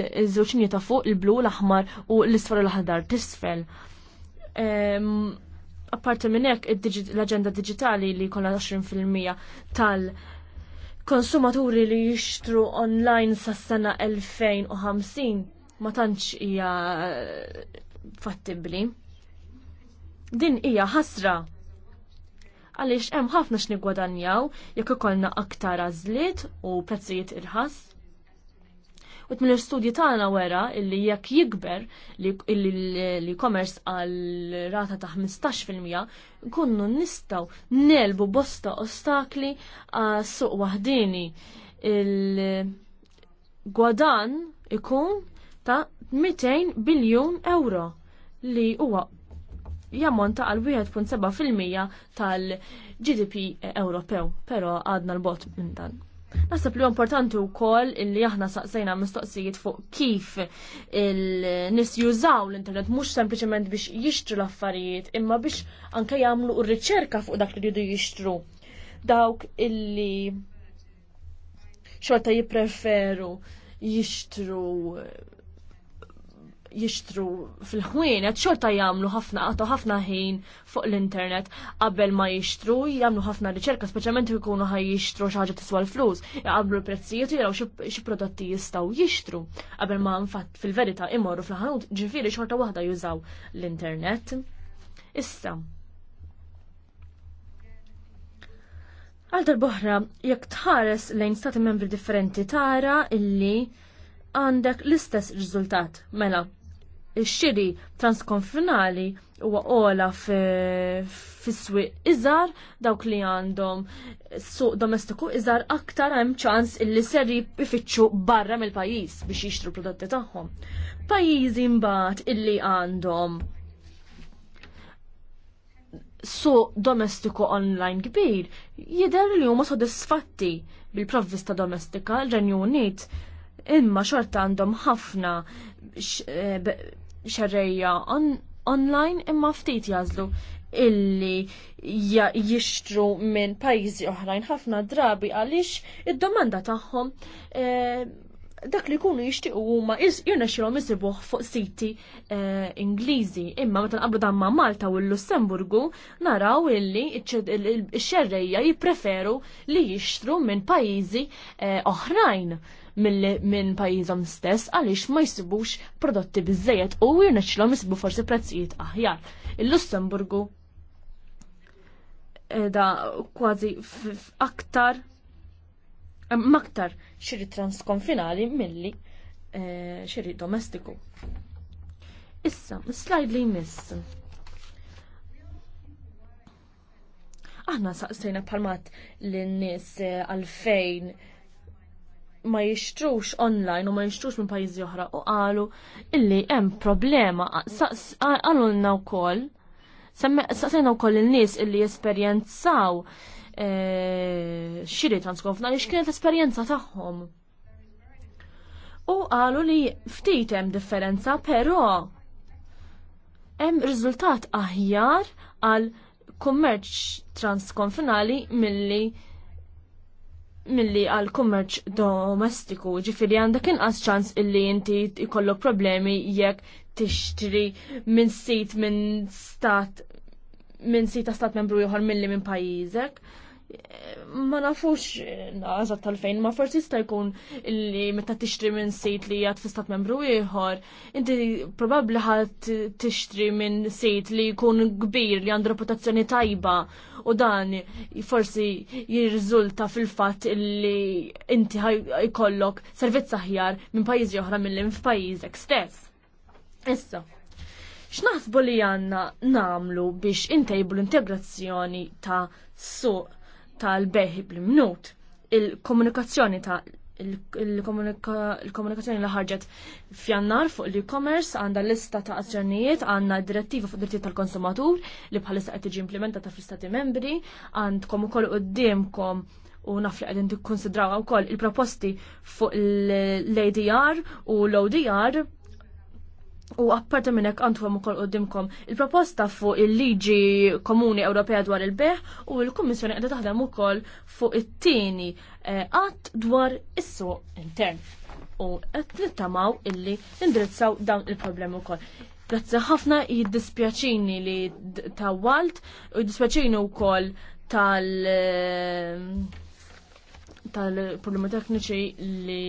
iż-żewġ ta' fuq il-blu l-aħmar u l-isfar l-aħdar tisfel. Ehm, Apparti minn hekk l-aġenda digitali li jkollha 20% tal- konsumaturi li jixtru online sas-sena 2050 ma tantx hija eh, fattibbli. Din hija ħasra għaliex hemm ħafna x'niggwadanjaw jekk ikollna aktar għażliet u prezzijiet irħas. U mill studji tagħna wera illi jekk jikber li commerce għal rata ta' 15% kunnu nistgħu nelbu bosta ostakli għas suq waħdini. Il-gwadan ikun ta' 200 biljun euro li huwa jammonta għal 1.7% tal-GDP Ewropew, pero għadna l-bot minn dan. Nasab li importanti wkoll illi aħna saqsejna mistoqsijiet fuq kif il-nis jużaw l-internet mhux sempliċement biex jixtru l-affarijiet imma biex anke jagħmlu r-riċerka fuq dak li jridu jixtru. Dawk illi xorta jippreferu jixtru jixtru fil-ħwien, xorta jamlu ħafna għatu ħafna ħin fuq l-internet qabel ma jixtru, jamlu ħafna riċerka, speċjalment jkunu ħaj jixtru xaħġa tiswa l-flus, jgħablu l-prezzijiet u xie xi prodotti jistaw jixtru, qabel ma nfat fil-verita imorru fl-ħanut, ġifiri xorta waħda jużaw l-internet. Issa, Għal boħra jekk tħares lejn stati membri differenti tara illi għandek l-istess riżultat mela ix-xiri transkonfinali huwa għola fis-swieq iżar dawk li għandhom suq domestiku iżar aktar hemm ċans illi ser ifittxu barra mill-pajjiż biex jixtru prodotti tagħhom. Pajjiżi mbagħad illi għandhom suq domestiku online kbir jidher li huma sodisfatti bil-provvista domestika l-Renju Unit imma xorta għandhom ħafna e, xerreja online imma ftit jazlu illi jixtru minn pajjiżi oħrajn ħafna drabi għaliex id-domanda tagħhom e, dak li jkunu jixtiequ huma jirna xilhom isibuh fuq siti e, Ingliżi imma meta nqablu dan ma' Malta u l-Lussemburgu naraw illi x xerreja jippreferu li jixtru minn pajjiżi oħrajn minn pajjiżhom stess għaliex ma jsibux prodotti bizzejet u jirnexxilhom jisibu forsi prezzijiet aħjar. Il-Lussemburgu eh, da kważi aktar maktar xiri transkonfinali milli eh, xiri domestiku. Issa, slajd li jmiss. Aħna saqsejna palmat l-nis eh, għalfejn ma jixtrux online u ma jixtrux minn pajjiżi oħra u qalu illi hemm problema. Għalunna wkoll saqsejna wkoll il nies illi jesperjenzaw eh, xiri transkonfna li x'kienet l-esperjenza tagħhom. U għalu li ftit hemm differenza, però hemm riżultat aħjar għal kummerċ transkonfinali milli milli għal kummerċ domestiku, ġifiri għandak inqas ċans illi inti ikollok problemi jekk tixtri minn sit minn stat minn sita stat membru ieħor milli minn pajjiżek ma nafux nażat tal-fejn, ma forsi sta' jkun li meta tixtri minn sejt li għad fistat membru ieħor, inti probabli ħad tixtri minn sejt li jkun kbir li għandu reputazzjoni tajba u dan forsi jirriżulta fil-fatt li inti jkollok servizz aħjar minn pajjiżi oħra mill f'pajjiżek stess. Issa, x'naħsbu li għandna nagħmlu biex intejbu l-integrazzjoni ta' suq tal-beħi bl-imnut, il-komunikazzjoni ta' il-komunikazzjoni il ħarġet f'jannar fuq l-e-commerce għandha lista ta' azzjonijiet, għandna direttiva fuq drittijiet tal-konsumatur li bħalissa qed tiġi implementata fl-Istati membri, għandkom ukoll qudiemkom u naf li qegħdin tikkonsidraw ukoll il-proposti fuq l-ADR u l-ODR U apparta minn hekk għandhom ukoll qudiemkom il-proposta fuq il-liġi komuni Ewropea dwar il-beħ u l-Kummissjoni qiegħda taħdem ukoll fuq it-tieni qatt eh, dwar is-suq intern. U qed nittamaw illi indrizzaw dawn il-problemi wkoll. Grazzi ħafna jiddispjaċini li ta' Walt u jiddispjaċini wkoll tal- eh, tal-problemi tekniċi li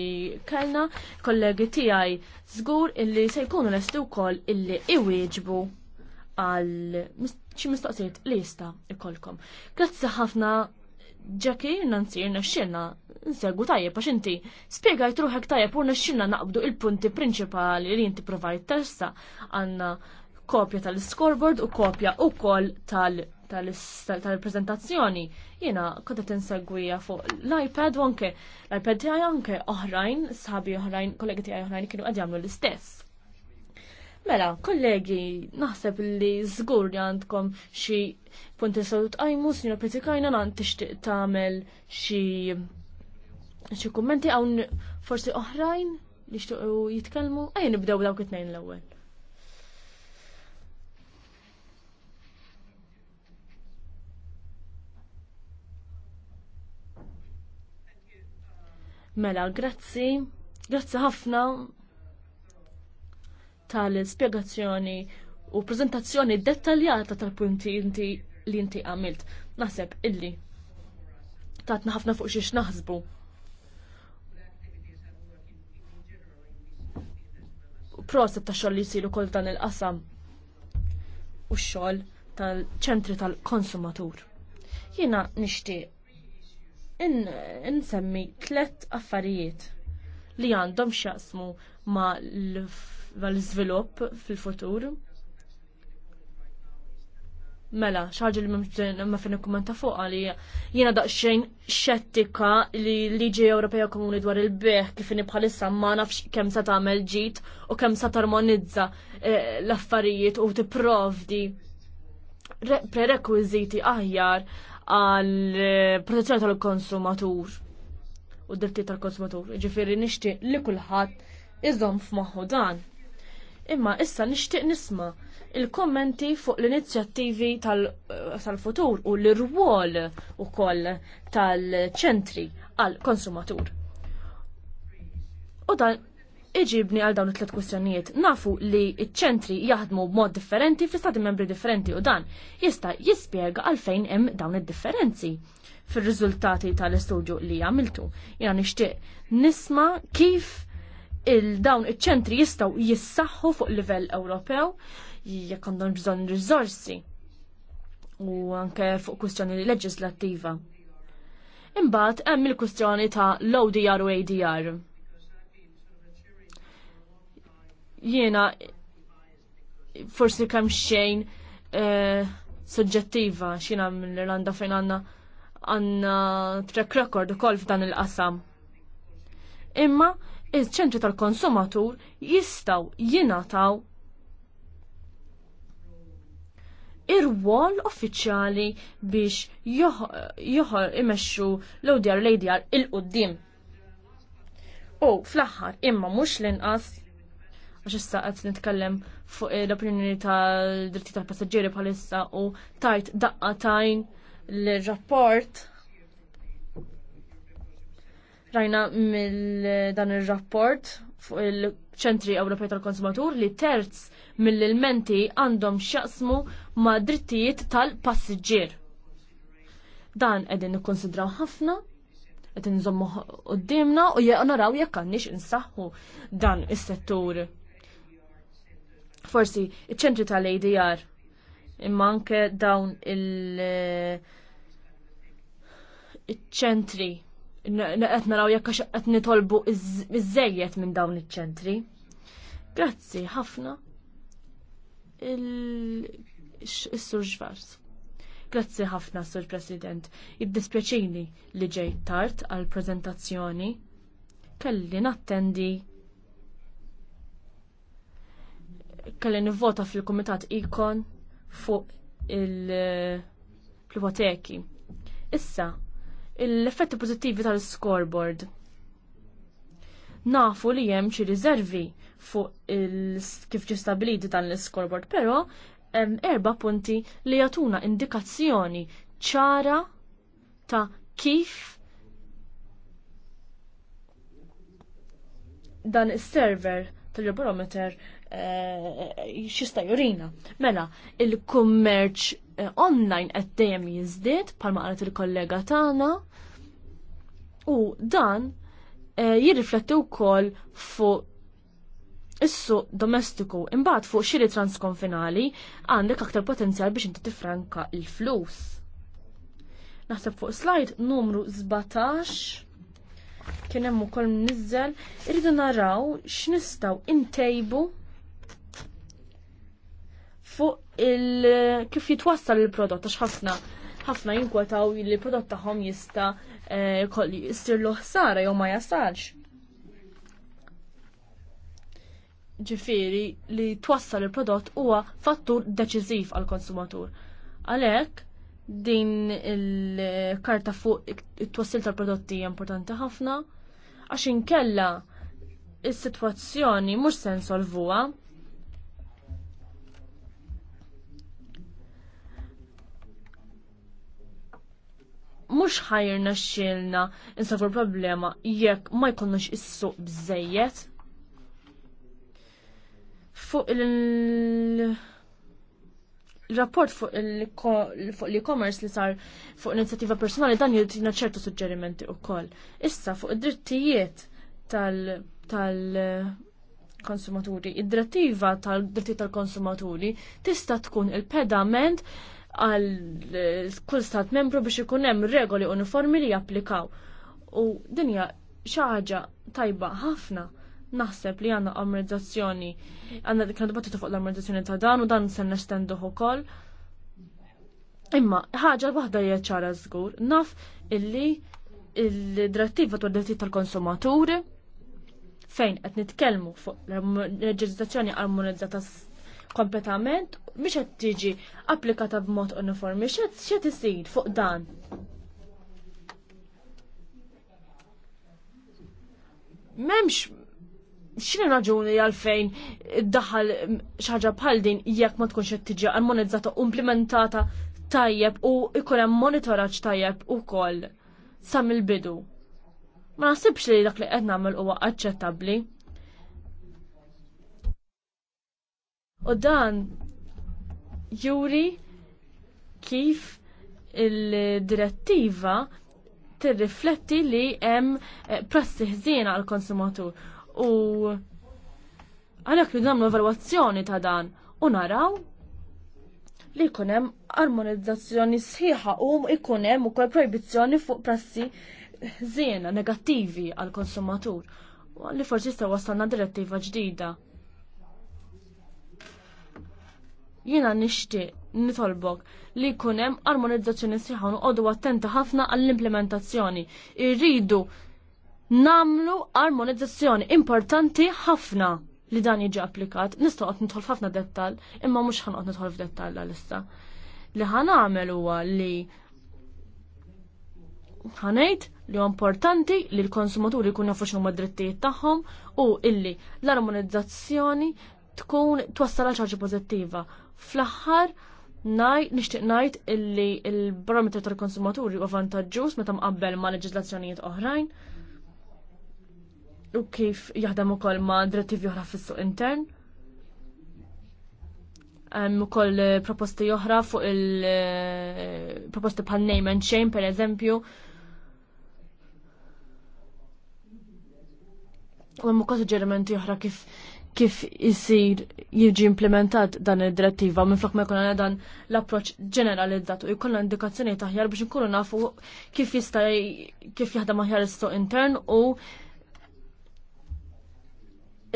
kellna, kollegi tiegħi żgur illi se jkunu lesti wkoll illi iwieġbu għal xi mistoqsijiet li jista' ikolkom. Grazzi ħafna Jackie, Nancy, naxxilna, nsegu tajjeb għax inti spiegajt ruħek tajjeb u naxxilna naqbdu il-punti prinċipali li inti provajt testa għanna kopja tal-scoreboard u kopja u kol tal-scoreboard tal-prezentazzjoni jiena kont qed insegwija fuq l-iPad u anke l-iPad tiegħi anke oħrajn, sabi oħrajn, kollegi tiegħi oħrajn kienu qed jagħmlu l-istess. Mela, kollegi, naħseb li żgur li għandkom xi punti salut qajmu, sinjor Pritikajna għand tixtieq tagħmel xi xi kummenti hawn forsi oħrajn li xtuqu jitkellmu, ejja nibdew dawk it-tnejn l-ewwel. Mela, grazzi, grazzi ħafna tal-spiegazzjoni u prezentazzjoni dettaljata tal-punti inti li inti għamilt. Naħseb illi tatna ħafna fuq xiex naħsbu. Proset ta' xoll li jisiru kol dan il-qasam u xoll tal-ċentri tal-konsumatur. Jena nishtiq insemmi tlet affarijiet li għandhom xjaqsmu ma l svilup fil-futur. Mela, xaġa li ma fin kommenta fuq li jiena daqsxejn xettika li liġi Ewropea Komuni dwar il-beħ kif bħalissa ma nafx kemm se tagħmel ġid u kemm se tarmonizza eh, l-affarijiet u tipprovdi prerekwiżiti aħjar għal eh, protezzjoni tal-konsumatur u d-dirti tal-konsumatur. Ġifiri nixtieq li kulħadd iżom f'maħu dan. Imma issa nixtieq nisma il-kommenti fuq l-inizjattivi eh, tal-futur u l-rwol u koll tal-ċentri għal konsumatur. U dan iġibni għal dawn it-tlet kwistjonijiet. Nafu li iċ-ċentri jaħdmu b'mod differenti fi stati membri differenti u dan jista' jispjega għalfejn hemm dawn id-differenzi fir-riżultati tal-istudju li għamiltu. Jina nixtieq nisma kif il-dawn iċ-ċentri jistgħu jissaħħu fuq livell Ewropew jekk għandhom bżonn riżorsi u anke fuq kwistjoni leġislattiva. Imbagħad hemm il-kwistjoni ta' l-ODR u ADR jiena forsi kemm xejn uh, soġġettiva xina mill-Irlanda fejn għanna għanna track record ukoll f'dan il-qasam. Imma il-ċentri tal-konsumatur jistaw jinataw ir-wol uffiċjali biex joħor imexxu l-ODR l-ADR il-qoddim. U fl-aħħar imma mhux l-inqas għax issa qed nitkellem fuq l-opinjoni tal-dritti tal-passaġġieri bħalissa u tajt daqqa tajn l-rapport rajna mill dan ir-rapport fuq il-ċentri Ewropej tal-Konsumatur li terz mill-elementi għandhom x'jaqsmu ma' drittijiet tal-passiġġier. Dan qegħdin nikkonsidraw ħafna qed nżommu qudiemna u naraw jekk għandniex insaħħu dan is-settur forsi iċ-ċentri tal-ADR imma anke dawn il- iċ-ċentri qed naraw jekk qed nitolbu iż minn dawn iċ-ċentri. Grazzi ħafna il-Sur Ġvars. Grazzi ħafna, Sur President. Jiddispjaċini li ġejt tard għal-prezentazzjoni kelli nattendi kelli nivvota fil-Kumitat Ikon fuq il-plivoteki. Issa, l-effetti pozittivi tal-scoreboard. Nafu li hemm xi riservi fuq kif ġi stabiliti dan l-scoreboard, però erba' punti li jagħtuna indikazzjoni ċara ta' kif dan is-server tal jobarometer Eh, xista jurina. Mela, il-kummerċ eh, online qed dejjem jiżdied bħalma qalet il-kollega tagħna u dan eh, jirrifletti wkoll fuq is-suq domestiku imbagħad fuq xiri transkonfinali għandek aktar potenzjal biex inti tifranka il-flus. Naħseb fuq slide numru 17 kien hemm ukoll nizzel irridu naraw x'nistgħu intejbu fuq il kif jitwassal il-prodott għax ħafna ħafna jinkwetaw li l-prodott tagħhom jista' jkolli eh, jsirlu ħsara jew ma jasalx. Ġifieri li twassal il-prodott huwa fattur deċiżiv għall konsumatur Għalhekk din il-karta fuq it-twassil tal-prodotti hija importanti ħafna għax inkella is-sitwazzjoni mhux se nsolvuha mhux ħajrna xilna l problema jekk ma jkollniex is-suq bżejjed. Fuq il rapport fuq l-e-commerce li sar fuq l inizjattiva personali dan jirtina ċertu suġġerimenti wkoll. Issa fuq id-drittijiet tal-konsumaturi, id-drittiva tal drittijiet tal-konsumaturi tista' tkun il-pedament għal eh, kull stat membru biex ikun hemm regoli uniformi li japplikaw. U dinja xi ħaġa tajba ħafna naħseb li għanna ammonizzazzjoni għandna dik dibattitu fuq l-armonizzazzjoni ta' dan u dan se nestenduh ukoll. Imma ħaġa waħda hija ċara żgur, naf illi il-direttiva tu diritti tal-konsumaturi fejn qed nitkellmu fuq l-leġiżlazzjoni armonizzata kompletament mhix qed tiġi applikata b'mod uniformi, x'qed isir fuq dan. M'hemmx x'inhi raġuni għalfejn iddaħħal xi ħaġa bħal din jekk ma tkunx qed tiġi armonizzata u implementata tajjeb u ikun hemm monitoraġġ tajjeb ukoll sa mill-bidu. Ma nasibx li dak li qed nagħmel huwa aċċettabbli. U dan juri kif il-direttiva tirrifletti li hemm eh, prassi ħżiena għal konsumatur u għalhekk li nagħmlu evalwazzjoni ta' dan u naraw li jkun hemm armonizzazzjoni sħiħa u jkun hemm ukoll proibizzjoni fuq prassi ħżiena negattivi għal konsumatur li forsi jista' wasalna direttiva ġdida. Jiena nixtieq nitolbok li jkun hemm siħan u noqogħdu attenti ħafna għall-implementazzjoni. Irridu namlu armonizzazzjoni importanti ħafna li dan jiġi applikat. Nistaw għat nidħol ħafna dettal, imma mhux nitolf dettal għal għalissa. Li ħanamel huwa li ħanajt li importanti li l-konsumaturi kun jafu x'huma drittijiet tagħhom u illi l-armonizzazzjoni tkun twassal ċarġi pożittiva Fl-aħħar nixtieq ngħid illi l-barometru tal-konsumaturi huwa vantaġġuż meta mqabbel ma' leġiżlazzjonijiet oħrajn u kif jaħdem ukoll ma' direttivi oħra fis-suq intern. Hemm ukoll proposti oħra fuq il-proposti bħal name and shame pereżempju. U hemm ukoll suġġerimenti oħra kif kif isir jiġi implementat dan id-direttiva minn flok ma jkun għana dan l-approċ ġeneralizzat u jkollna indikazzjoni taħjar biex nkunu nafu kif jista' kif jaħdem aħjar is intern u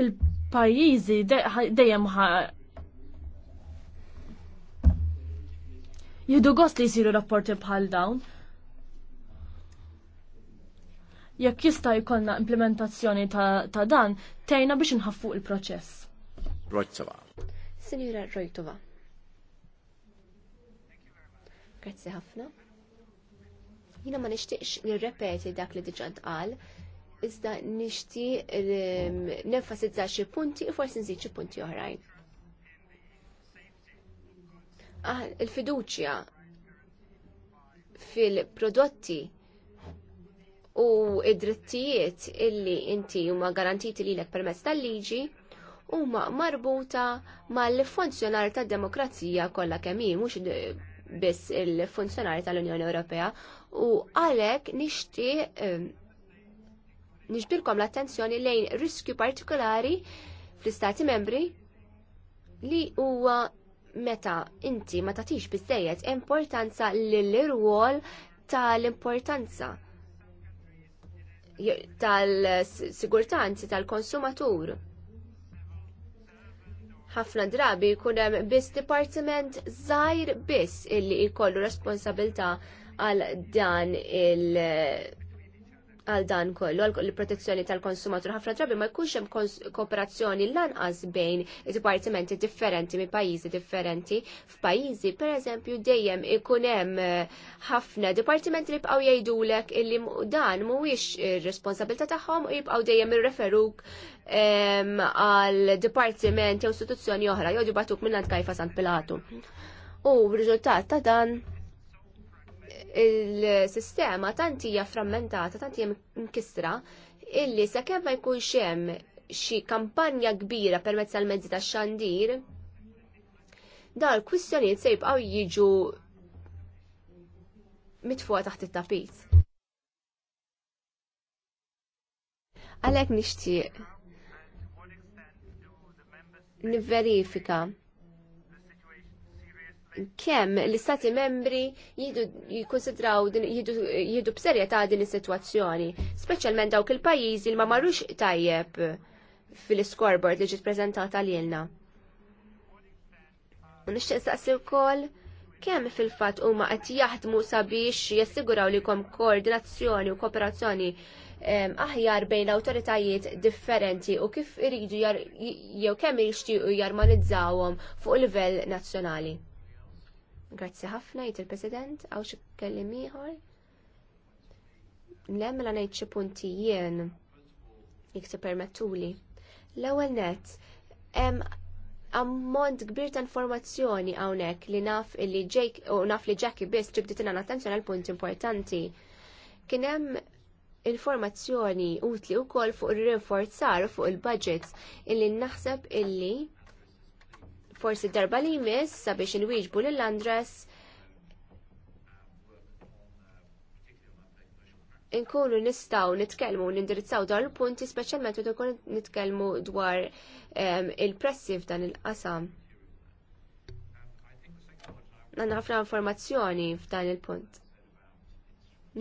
il-pajjiżi dejjem jidu gost li jisiru rapporti bħal dawn jekk jista' jkollna implementazzjoni ta', ta dan tejna biex nħaffu il-proċess. Rojtova. Sinjura Rojtova. Grazzi ħafna. Jina ma nixtieqx nirrepeti dak li diġà qal, iżda nishti nenfasizza xi punti u forsi nżid xi punti oħrajn. Ah, il-fiduċja fil-prodotti u id-drittijiet illi inti huma garantiti lilek permezz tal-liġi huma marbuta mal-funzjonar tad-demokrazija kollha kemm hi mhux biss il-funzjonar tal-Unjoni Ewropea u għalhekk nixtieq ehm, nixbirkom l-attenzjoni lejn riskju partikolari fl-istati membri li huwa meta inti ma tagħtix biżżejjed importanza lill-irwol tal-importanza tal sigurtanzi tal-konsumatur. Ħafna drabi jkun hemm biss dipartiment żgħir biss illi jkollu responsabilità għal dan il- għal dan kollu, għal protezzjoni tal-konsumatur. ħafna drabi ma jkunx hemm kooperazzjoni lanqas bejn dipartimenti differenti minn pajjiżi differenti. F'pajjiżi, pereżempju, dejjem ikun hemm eh, ħafna dipartimenti li jibqgħu jgħidulek illi dan mhuwiex ir-responsabilità tagħhom u jibqgħu dejjem irreferuk għal dipartiment jew istituzzjoni oħra jew dibatuk minn għand kajfa Sant Pilatu. U r-riżultat ta' dan il-sistema tant hija frammentata, tant hija mkisra, illi sakemm ma jkunx hemm xi kampanja kbira permezz tal-mezzi tax-xandir, dal kwistjonijiet se jibqgħu jiġu mitfuqa taħt it tapiz Għalhekk nixtieq nivverifika kemm l-istati membri jidu jikonsidraw jidu b'serjetà din is-sitwazzjoni, speċjalment dawk il-pajjiżi li ma marrux tajjeb fil-scoreboard li ġiet preżentata lilna. U nixtieq saqsi wkoll kemm fil-fatt huma qed jaħdmu sabiex jassiguraw li kom koordinazzjoni u kooperazzjoni aħjar bejn awtoritajiet differenti u kif iridu jew kemm jixtiequ jarmonizzawhom fuq livell nazzjonali. Grazzi ħafna, jgħid il-President, għaw xi kellim ieħor. Le mela ngħid xi punti jien jekk permettuli. L-ewwel net hemm ammont kbir ta' informazzjoni hawnhekk li naf li Jake u naf li Jackie biss ġibditina l-attenzjoni għal punti importanti. Kien hemm informazzjoni utli wkoll fuq ir-rinforzar fuq il-budgets illi naħseb illi Forsi darba li jmiss sabiex inwieġbu lill Andres inkunu nistaw nitkellmu u nindirizzaw dawn il-punti speċjalment meta nkun nitkellmu dwar il-pressi f'dan il-qasam. Għanna ħafna informazzjoni f'dan il-punt.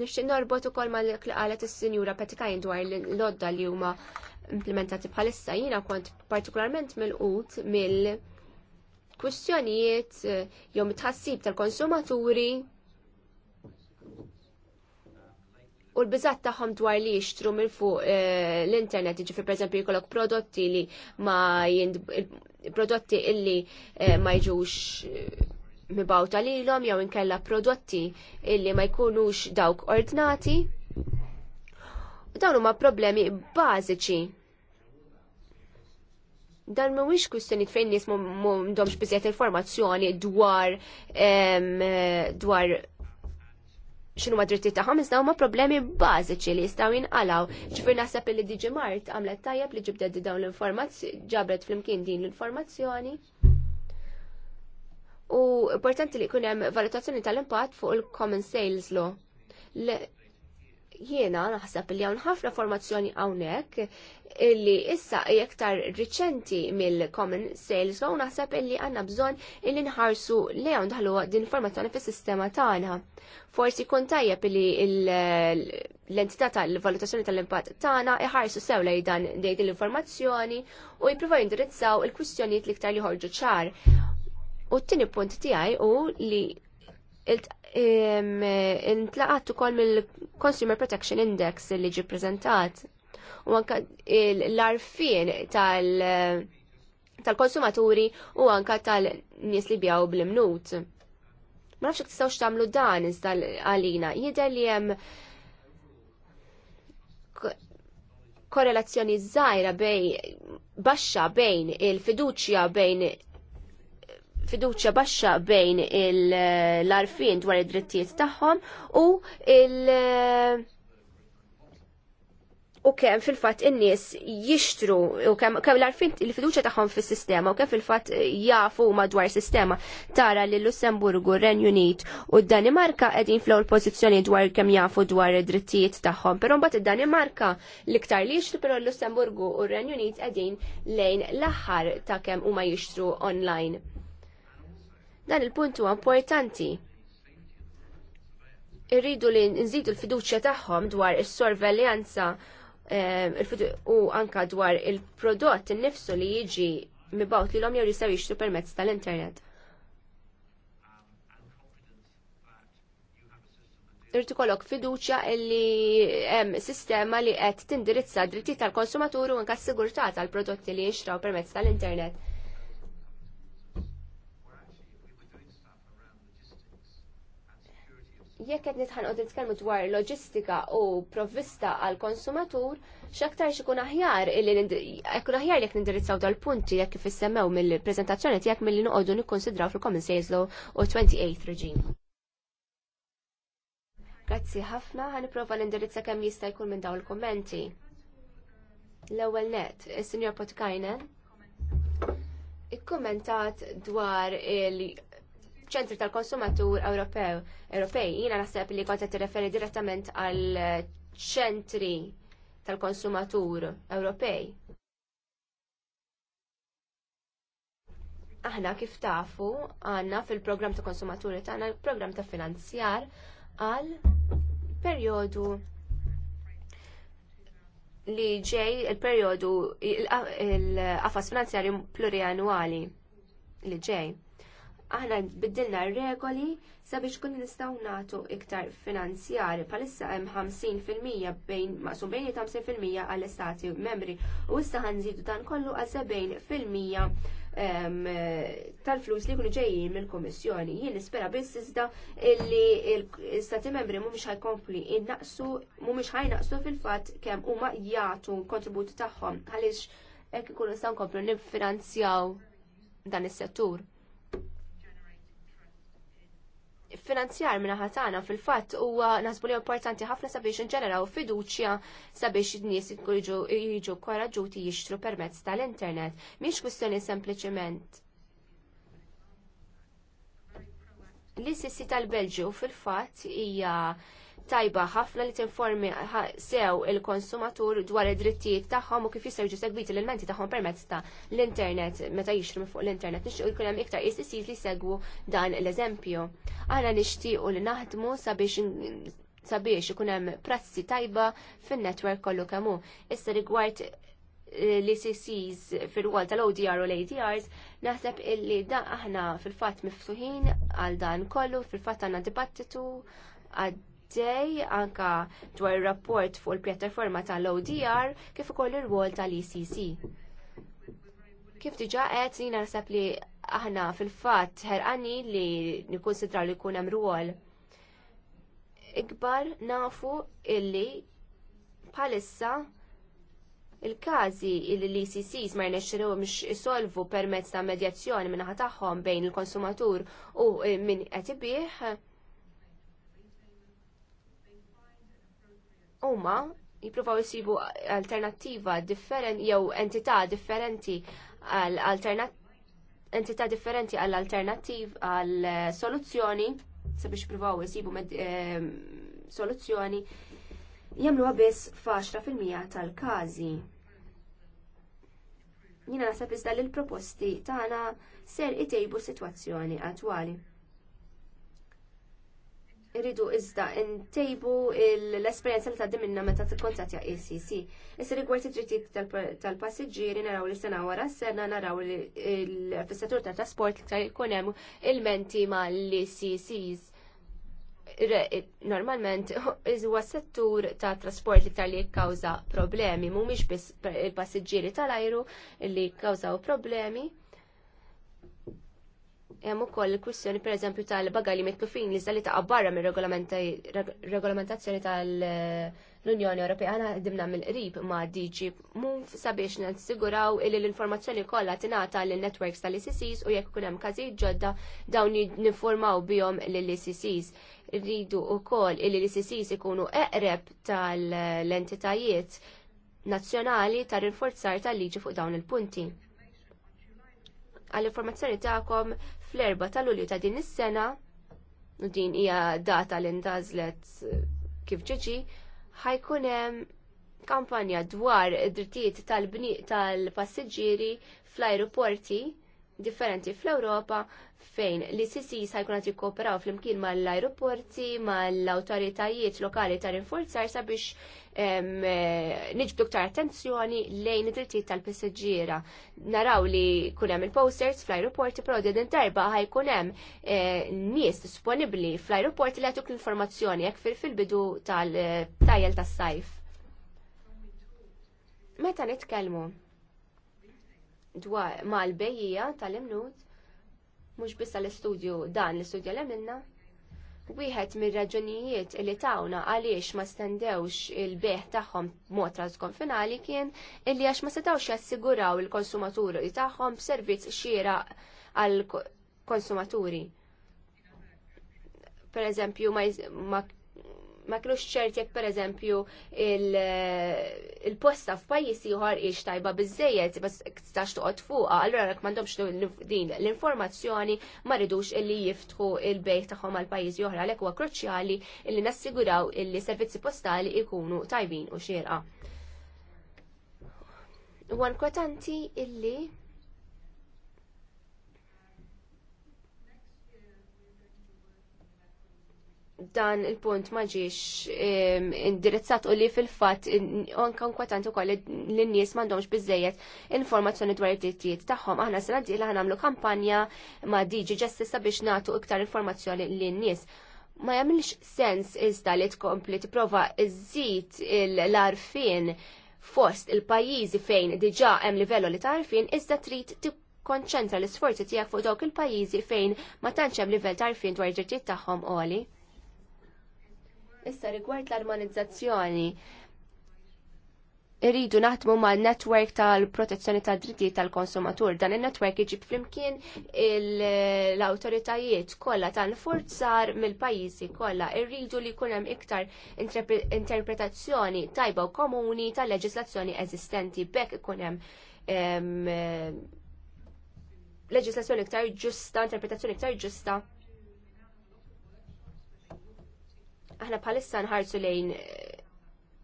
Nixtieq norbot ukoll ma qalet is-sinjura Petikajn dwar l-lodda li huma implementati bħalissa jiena kont partikolarment mill-qut mill-, -qut, mill kwistjonijiet eh, jew tħassib tal-konsumaturi u l-biżat tagħhom dwar li jishtru minn fuq eh, l-internet, per eżempju jkollok prodotti li ma prodotti illi eh, ma jġux mibawta lilhom jew inkella prodotti illi ma jkunux dawk ordnati. Dawn huma problemi bażiċi dan mhuwiex kwistjoni fejn nies m'għandhomx biżjed informazzjoni dwar eh, dwar xinu ma dritti taħħom, iżda huma problemi bażiċi li jistgħu jinqalaw. Ġifier naħseb li Digi Mart għamlet tajjeb li di dawn l-informazzjoni, ġabret flimkien din l-informazzjoni. U importanti li jkun hemm valutazzjoni tal-impatt fuq il-Common Sales Law jiena naħseb li hawn ħafna formazzjoni hawnhekk illi issa iktar riċenti mill-Common Sales Law naħseb illi għandna bżonn illi nħarsu lejn daħlu din informazzjoni fis-sistema tagħna. Forsi kun tajjeb illi l-entità tal-valutazzjoni tal-impatt tagħna iħarsu sew li dan din l-informazzjoni u jippruvaw jindirizzaw il-kwistjonijiet l-iktar li ħorġu ċar. U t-tieni punt tiegħi u li intlaqat ukoll mill-Consumer Protection Index li ġi prezentat u anka l-arfin tal- konsumaturi u anka tal-nies li bjaw bl-imnut. Ma nafx tistgħux tagħmlu dan iżda għalina. Jidher li hemm korrelazzjoni żgħira bej baxxa bejn il-fiduċja bejn fiduċja baxxa bejn l-arfin dwar id-drittijiet tagħhom u il- u kemm fil-fatt in-nies jixtru u kemm kemm l-arfin il-fiduċja tagħhom fis-sistema u kemm fil-fatt jafu madwar sistema tara li Lussemburgu, Renju Unit u d-Danimarka qegħdin fl-ewwel pożizzjoni dwar kemm jafu dwar id-drittijiet tagħhom. Però mbagħad id-Danimarka l-iktar li jixtru però Lussemburgu u Renju Unit qegħdin lejn l-aħħar ta' kemm huma jixtru online. Dan il-punt huwa importanti. Irridu li nżidu l-fiduċja tagħhom dwar is-sorveljanza eh, u anka dwar il-prodott innifsu li jiġi mibgħut lilhom jew jistgħu jixtru permezz tal-internet. irtu kollok fiduċja illi hemm sistema li qed tindirizza dritti tal-konsumatur u anke s-sigurtà tal-prodotti li jixtraw permezz tal-internet. jekk qed nitħanqod nitkellmu dwar loġistika u provvista għal konsumatur, x'aktar ikun aħjar ikun aħjar jekk nindirizzaw dal-punti jekk kif issemmew mill-preżentazzjoni tiegħek milli noqogħdu nikkonsidraw fil-Common Sales Law u 28 reġim. Grazzi ħafna, l nindirizza kemm jista' jkun minn dawn il-kummenti. L-ewwel net, is-Sinjor Potkajnen ikkummentat dwar il- ċentri tal-konsumatur Ewropew. Ewropej, jina naħseb li kont qed referi direttament għal ċentri tal-konsumatur Ewropej. Aħna kif tafu għanna fil-programm ta' konsumaturi tagħna il-programm ta' finanzjar għal perjodu li ġej il-perjodu il-qafas finanzjarju plurianwali li ġej. Aħna biddilna regoli sabiex kun nistgħu nagħtu iktar finanzjari bħalissa hemm 50% bejn maqsum bejn 50% għall-istati membri u issa ħanżidu dan kollu għal 70% ehm, tal-flus li jkunu ġejjin mill-Kummissjoni. Jien nispera biss iżda li l-istati membri mhumiex ħajkompli innaqsu mhumiex ħajnaqsu fil-fatt kemm huma jagħtu kontributi tagħhom għaliex hekk ikunu nistgħu nkomplu niffinanzjaw dan is-settur finanzjar minna ħatana fil-fatt huwa nasbu li importanti ħafna sabiex nġeneraw fiduċja sabiex id-nies jiġu korraġuti jixtru permezz tal-internet. Miex kwistjoni sempliciment l-sissi tal-Belġu fil-fatt hija tajba ħafna li tinformi sew il-konsumatur dwar id-drittijiet tagħhom u kif jistgħu jiġu segwiti l-menti tagħhom permezz ta' l-internet meta jixtru fuq l-internet nixtieq jkun hemm iktar istisid li segwu dan l-eżempju. Aħna nixtiequ li naħdmu sabiex sabiex ikun hemm prassi tajba fin-netwerk kollu kemm hu. Issa rigward eh, l-ICCs fil-wall tal-ODR u l-ADRs, naħseb illi da aħna fil fatt miftuħin għal dan kollu, fil fatt għandna dibattitu għad għaddej anka dwar rapport fuq il-pjattaforma tal-ODR kif ukoll ir-rwol tal-ECC. Kif diġa qed jien naħseb li aħna fil-fatt ħerqani li nikkunsidraw li jkun hemm rwol ikbar nafu illi bħalissa il-każi li l-ICC smar nexxiru isolvu permezz ta' medjazzjoni minna tagħhom bejn il-konsumatur u min qed ibih huma jippruvaw jisibu alternattiva differenti jew entità differenti għal alternat entità differenti għall alternativ għal soluzzjoni sabiex jippruvaw jisibu med, ehm, soluzzjoni jagħmluha biss faċra fil-mija tal-każi. Jiena naħseb iżda li l-proposti tagħna ser itejbu sitwazzjoni attwali. Irridu iżda ntejbu l-esperjenza li tgħaddi minnha meta tikkontattja ACC. Issa rigward id-drittijiet tal-passiġġieri naraw li sena wara sena naraw li l-fissatur tat-trasport iktar jkun hemm ilmenti mal-ACCs. Normalment huwa settur ta' trasport li iktar li jikkawża problemi, mhumiex biss il-passiġġieri tal-ajru li jikkawżaw problemi. Hemm ukoll il-kwistjoni pereżempju tal-bagali mitlufin li li ta' barra mir-regolamentazzjoni tal-Unjoni Ewropea aħna ħdimna mill-qrib ma' DG Move sabiex nassiguraw li l-informazzjoni kollha tingħata lil networks tal-ICCs u jekk ikun hemm każijiet ġodda dawn ninformaw bihom lill-ICCs. Rridu wkoll li l-ICCs ikunu eqreb tal-entitajiet nazzjonali tar-rinforzar tal-liġi fuq dawn il-punti għall-informazzjoni tagħkom fl-4 ta' Lulju ta' din is-sena, u din hija data li ndażlet eh, kif ġiġi, ħajkun hemm kampanja dwar id-drittijiet tal-passiġġieri fl-ajruporti differenti fl-Ewropa fejn li sissi jkun għad jikkooperaw fl-imkien mal-aeroporti, mal-autoritajiet lokali ta' rinforzar sabiex eh, niġbdu ktar attenzjoni lejn id-drittijiet tal-passiġġiera. Naraw li kunem hemm il-posters fl-aeroporti pro din darba ħajkun hemm eh, nies disponibbli fl-aeroporti li għatuk l-informazzjoni jekk fil-bidu tal-tajjel eh, tas-sajf. Meta nitkellmu dwar mal-bejjija tal-imnut, mhux biss l-istudju dan l-istudju li minna, wieħed mir-raġunijiet li tawna għaliex ma stendewx il-beħ tagħhom mod finali kien illi għax ma setawx jassiguraw il-konsumaturi tagħhom b'servizz xieraq għall konsumaturi Per eżempju, ma ma kienux ċert jekk pereżempju il-posta f'pajjiż ieħor hix tajba biżejjed bas tistax toqgħod fuqha, allura jekk m'għandhomx din l-informazzjoni ma ridux illi jiftħu il-bejt tagħhom għal pajjiżi oħra għalhekk huwa kruċjali illi nassiguraw illi servizzi postali jkunu tajbin u xierqa. Huwa importanti illi dan il-punt ma ġiex indirizzat u li fil-fat anka kwatant ukoll li l nies m'għandhomx biżejjed informazzjoni dwar id dittijiet tagħhom. Aħna se nagħdi ħan nagħmlu kampanja ma' DG Justice biex nagħtu iktar informazzjoni lin nies Ma jamilx sens iżda li tkompli tipprova iżid l-arfin fost il-pajjiżi fejn diġà hemm livello li tarfin iżda trid tikkonċentra l-isforzi tiegħek fuq dawk il-pajjiżi fejn ma tantx hemm livell tarfin dwar id-drittijiet tagħhom għoli. Issa rigward l-armonizzazzjoni, irridu naħdmu ma' netwerk tal-protezzjoni tad drittijiet tal-konsumatur. Dan il netwerk iġib flimkien l awtoritajiet kollha tan forzar mill-pajjiżi kollha. Irridu li jkun hemm iktar interpretazzjoni tajba u komuni tal-leġislazzjoni eżistenti bekk ikun hemm leġislazzjoni iktar ġusta, interpretazzjoni iktar ġusta Aħna bħalissa nħarsu lejn eh,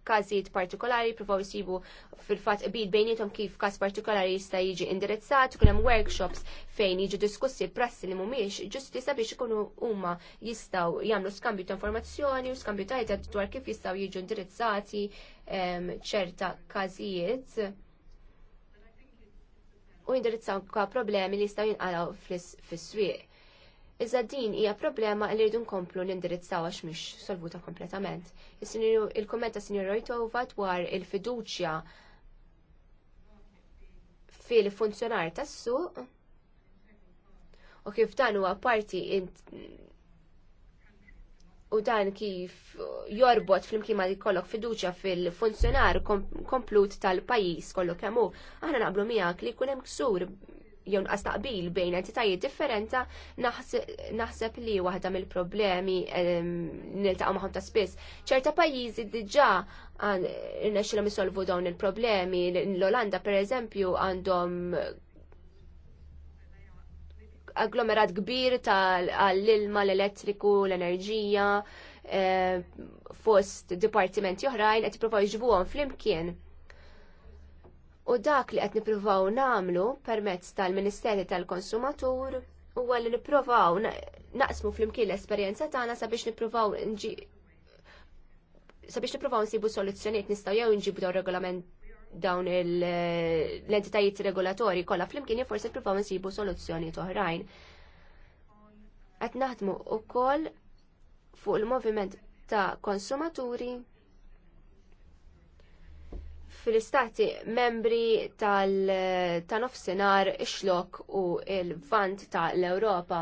każijiet partikolari, provaw jisibu fil-fat bid bejnietom kif każ partikolari jista' jiġi indirizzat, kunem hemm workshops fejn jiġi diskussi prassi li mhumiex ġusti sabiex ikunu huma jistgħu jagħmlu skambju ta' informazzjoni u skambju ta' idea dwar kif jistgħu jiġu indirizzati ehm, ċerta każijiet u indirizzaw ka problemi li jistgħu jinqalgħu fis-swieq Iżda din hija problema li rridu nkomplu nindirizzaw għax mhix solvuta kompletament. il kumenta ta' Sinjor Rojtova dwar il-fiduċja fil-funzjonar tas-suq u kif dan huwa parti u dan kif jorbot fl-imkien ma jkollok fiduċja fil-funzjonar komplut tal-pajjiż kollok kemm hu, aħna naqblu miegħek li jkun hemm ksur jew nqas taqbil bejn entitajiet differenta naħseb li waħda mill-problemi ehm, niltaqgħu magħhom ta' spiss. ċerta pajjiżi diġà irnexxilhom isolvu dawn il-problemi. L-Olanda pereżempju għandhom agglomerat kbir tal-ilma, l-elettriku, l-enerġija, ehm, fost dipartimenti oħrajn qed jippruvaw jiġbuhom flimkien U dak li qed nippruvaw nagħmlu permezz tal-Ministeri tal-Konsumatur huwa li nippruvaw naqsmu flimkien l-esperjenza tagħna sabiex nippruvaw nġi sabiex nippruvaw nsibu soluzzjonijiet nistgħu jew nġibu dawn regolament dawn l-entitajiet regolatori kollha flimkien jew forsi nippruvaw nsibu soluzzjonijiet oħrajn. Qed naħdmu wkoll fuq il-moviment ta' konsumaturi fil-istati membri tal-nofsinar ixlok u il-vant tal-Europa.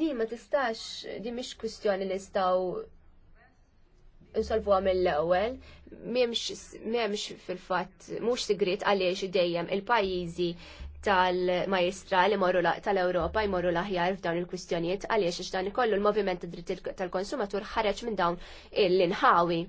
Di ma tistax, di mish kustjoni li staw insolvu għamil l-ewel, miemx fil-fat, mux sigrit għaliex dejjem il-pajizi tal majestra li morru tal-Europa jmorru laħjar f'dawn il-kwistjonijiet għaliex ix dan ikollu l-moviment dritti tal-konsumatur ħareġ minn dawn l-inħawi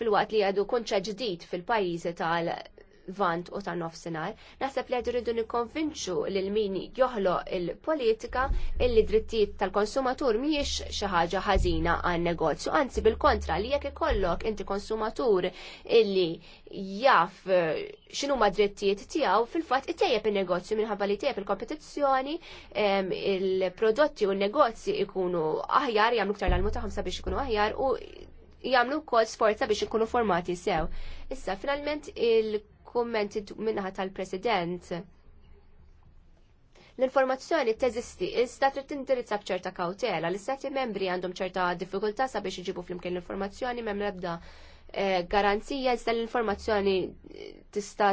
fil wat li għadu kunċa ġdid fil-pajizi tal-vant u ta' nofsinar, naħseb li għadu rridu nikonvinċu l-min joħlo il-politika illi drittijiet tal-konsumatur miex xaħġa ħażina għan negozju, anzi bil-kontra li jekk ikollok inti konsumatur illi jaf eh, xinu ma drittijiet tijaw fil-fat it-tejjeb il-negozju minħabba li tejjeb il-kompetizzjoni il-prodotti u il-negozji ikunu aħjar, jamlu ktar l-almu sabiex ikunu aħjar u jagħmlu wkoll sforza biex ikunu formati sew. Issa finalment il-kummenti minnaħa tal-President l-informazzjoni teżisti iżda trid tindirizza b'ċerta kawtela l istati membri għandhom ċerta diffikultà sabiex iġibu flimkien l-informazzjoni m'hemm l-ebda eh, garanzija iżda l-informazzjoni eh, tista'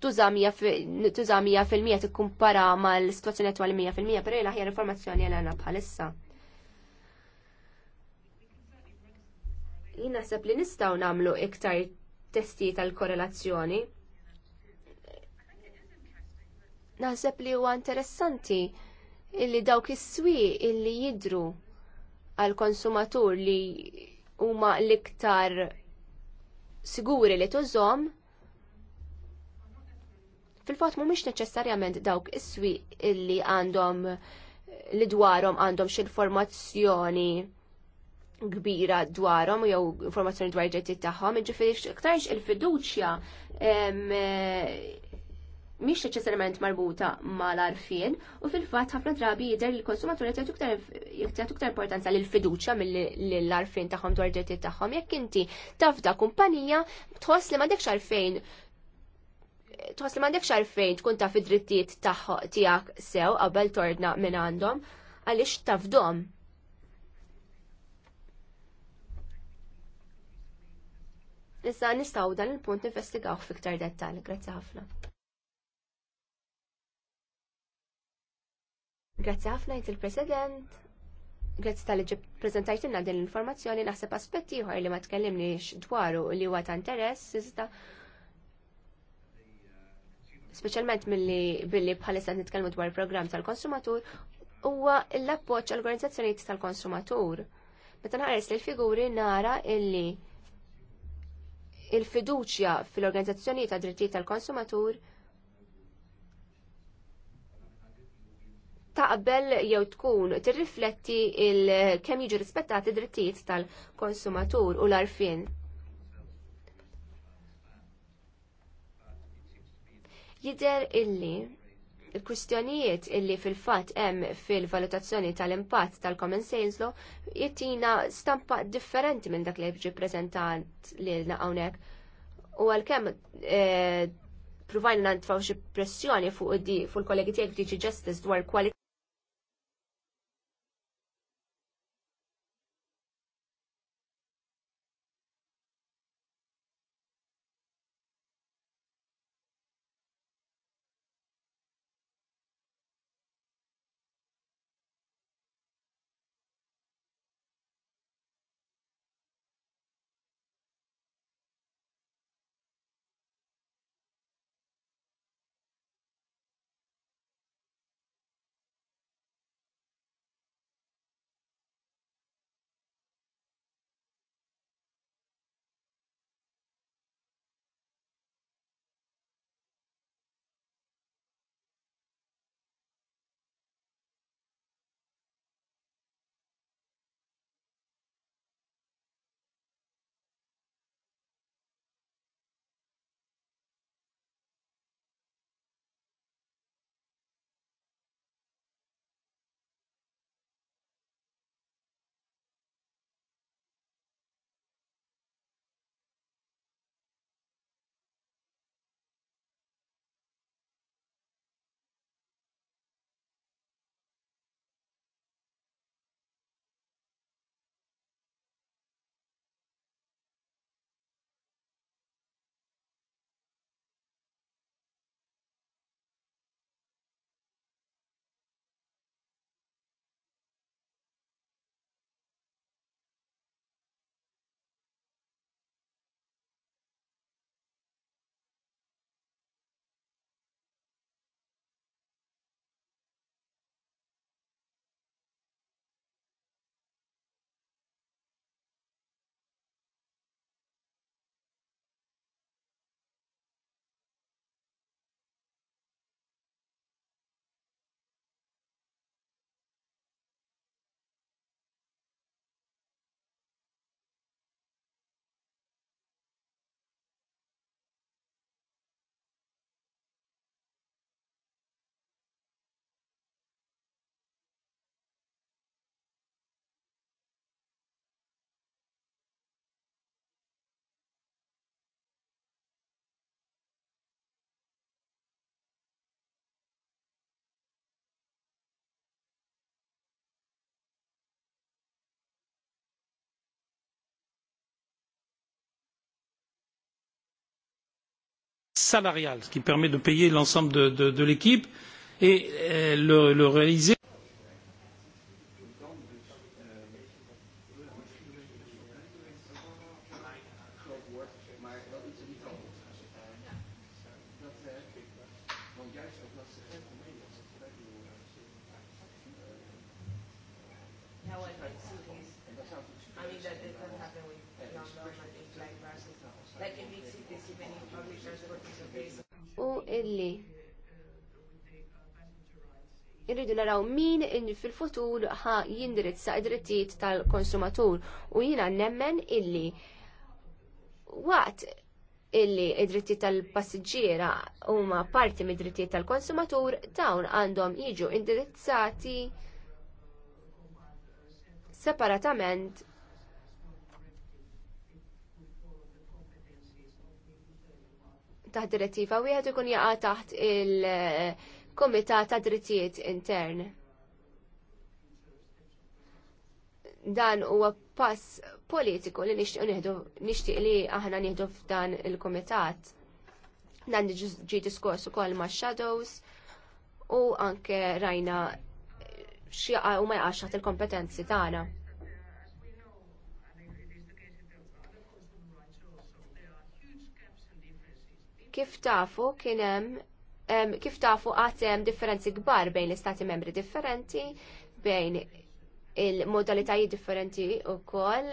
tuża mija fil-mija tikkumpara mal-situazzjoni attwali mija fil-mija, però l-aħjar informazzjoni għal għana bħalissa. Jien naħseb li nistgħu nagħmlu iktar testi tal-korrelazzjoni. Naħseb li huwa interessanti illi dawk is-swieq illi jidru għall konsumatur li huma l-iktar siguri li tużhom fil-fatt mhumiex neċessarjament dawk is swi illi għandhom li dwarhom għandhom xi informazzjoni kbira dwarhom jew informazzjoni dwar ġettit tagħhom, jiġifieri iktarx il-fiduċja eh, mhix neċessarjament marbuta mal-arfien u fil-fatt ħafna drabi jidher li konsumatur konsumaturi jagħtu iktar importanza lil fiduċja mill-arfien tagħhom dwar ġettit tagħhom jekk inti tafda kumpanija tħoss li m'għandekx għalfejn tħoss li m'għandekx għalfejn tkun taf id-drittijiet tiegħek sew qabel torna minn għandhom għaliex tafdom. Issa nistgħu dan il-punt investigaw fiktar dettal. Grazzi ħafna. Grazzi ħafna jt il-President. Grazzi tal-ġi prezentajtina din l-informazzjoni naħseb aspetti ieħor li ma tkellimniex dwaru li huwa ta' interess iżda speċjalment milli billi bħalissa nitkellmu dwar il program tal-konsumatur huwa l-appoġġ għall organizzazzjonijiet tal-konsumatur. Meta naħares li l-figuri nara illi il-fiduċja fil-organizzazzjoni ta' drittijiet tal-konsumatur taqbel jew tkun tirrifletti il kemm jiġu rispettati drittijiet tal-konsumatur u l-arfin. Jider illi il-kwistjonijiet illi fil-fatt hemm fil-valutazzjoni tal-impatt tal-Common Sales Law jittina stampa differenti minn dak li ġi prezentat lilna hawnhekk. U għalkemm eh, provajna nantfaw xi pressjoni fuq il-kollegi tiegħek Justice dwar kwalità salariale, ce qui permet de payer l'ensemble de, de, de l'équipe et euh, le, le réaliser naraw min fil-futur ħa jindirizza id-drittijiet tal-konsumatur u jina nemmen illi waqt illi id-drittijiet tal-passiġġiera huma parti mid-drittijiet tal-konsumatur dawn għandhom jiġu indirizzati separatament taħt direttiva wieħed ikun jaqa' taħt il- Kumitat ta' Drittijiet Intern. Dan huwa pass politiku li nixtieq li aħna nieħdu f'dan il-kumitat dan ġi diskors ukoll ma' shadows u anke rajna xjaqa u ma jaqaxħat il-kompetenzi tagħna. Kif tafu kien hemm kif tafu għatem differenzi kbar bejn l-istati membri differenti, bejn il-modalitajiet differenti u koll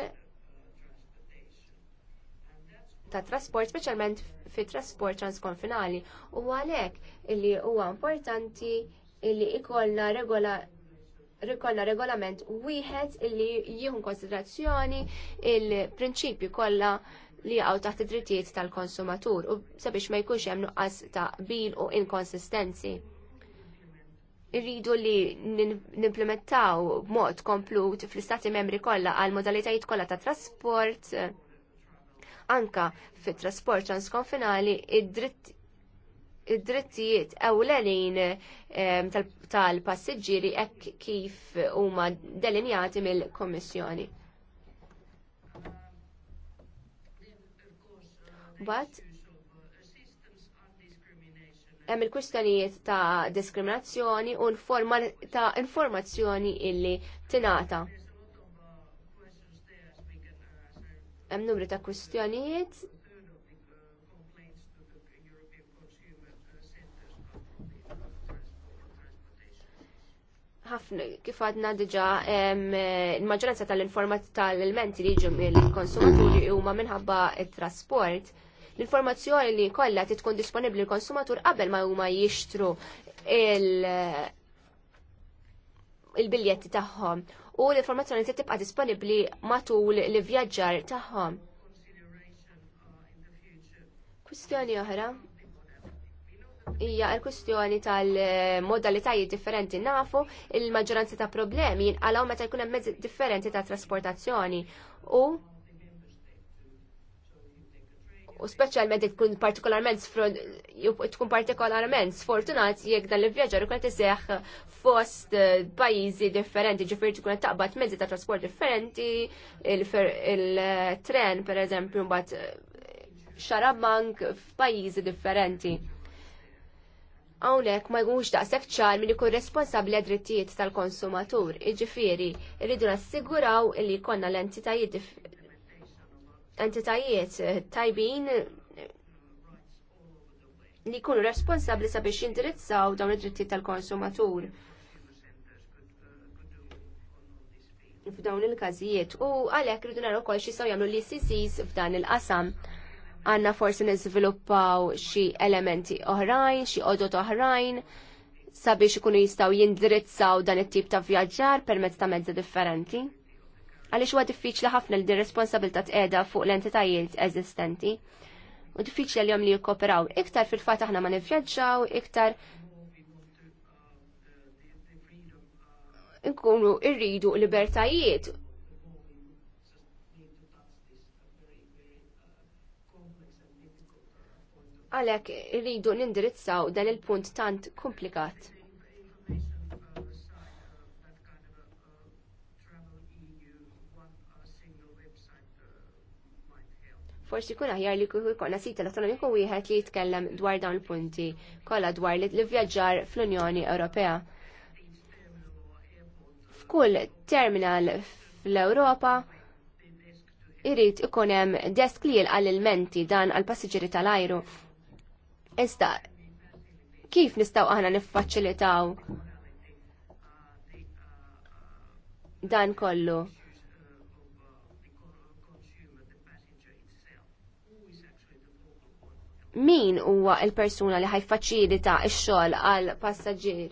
ta' trasport, specialment fi trasport transkonfinali. U għalek illi huwa importanti illi ikolla regola rikolla regolament wieħed illi jieħu konsiderazzjoni il-prinċipju kollha li jaqgħu taħt id-drittijiet tal-konsumatur u sabiex ma jkunx hemm nuqqas ta' bil u inkonsistenzi. Irridu li nimplementaw b'mod komplut fl-istati membri kollha għal modalitajiet kollha ta' trasport anka fit-trasport transkonfinali id-dritt id-drittijiet ewlenin tal-passiġġieri hekk kif huma delinjati mill-Kommissjoni. but hemm il-kwistjonijiet ta' diskriminazzjoni u ta' informazzjoni illi tingħata. Hemm numru ta' kwistjonijiet ħafna kif għadna diġa eh, il-maġġoranza tal-informat tal-elementi li ġu mill-konsumaturi huma minħabba it-trasport. L-informazzjoni li kollha titkun disponibbli l-konsumatur qabel ma huma jixtru il-biljetti tagħhom u l-informazzjoni li tibqa' disponibbli matul l ivvjaġġar tagħhom. Kwistjoni oħra hija l-kwistjoni tal-modalitajiet differenti nafu il-maġġoranza ta' problemi jinqalgħu meta jkun hemm mezzi differenti ta' trasportazzjoni u u speċjalment tkun partikolarment tkun partikolarment sfortunat jekk dan l-vjaġġar ukoll tiseħ fost eh, pajjiżi differenti, ġifieri tkun qed taqbad mezzi ta' trasport differenti, il-tren pereżempju mbagħad xarabank eh, f'pajjiżi differenti. Hawnhekk ma jkunx daqshekk ċar min ikun responsabbli drittijiet tal-konsumatur, jiġifieri rridu nassiguraw li jkollna l-entitajiet entitajiet eh, tajbin eh, li jkunu responsabbli sabiex jindirizzaw dawn id-drittijiet tal-konsumatur. f'dawn il-każijiet u għalhekk rridu naraw ukoll xi jagħmlu li CCs f'dan il-qasam. Għandna forsi niżviluppaw xi elementi oħrajn, xi qodot oħrajn sabiex ikunu jistgħu jindirizzaw dan it-tip ta' vjaġġar permezz ta' mezzi differenti. Għaliex huwa diffiċli ħafna li din responsabilta tqiegħda fuq l-entitajiet eżistenti. U diffiċli l-jom li jikkoperaw. Iktar fil-fatt aħna ma nivvjaġġaw, iktar nkunu irridu libertajiet għalek irridu nindirizzaw dan il-punt tant komplikat. forsi kun aħjar li kuhu sita l-autonomiku wieħed li jitkellem dwar dawn il-punti kollha dwar li vjaġġar fl-Unjoni Ewropea. F'kull terminal fl-Ewropa irrit ikun hemm desk li jilqal il-menti dan għal passiġġieri tal-ajru. Iżda kif nistgħu aħna niffaċilitaw dan kollu? min huwa il-persuna li ħajfaċilita x-xogħol għal passaġġier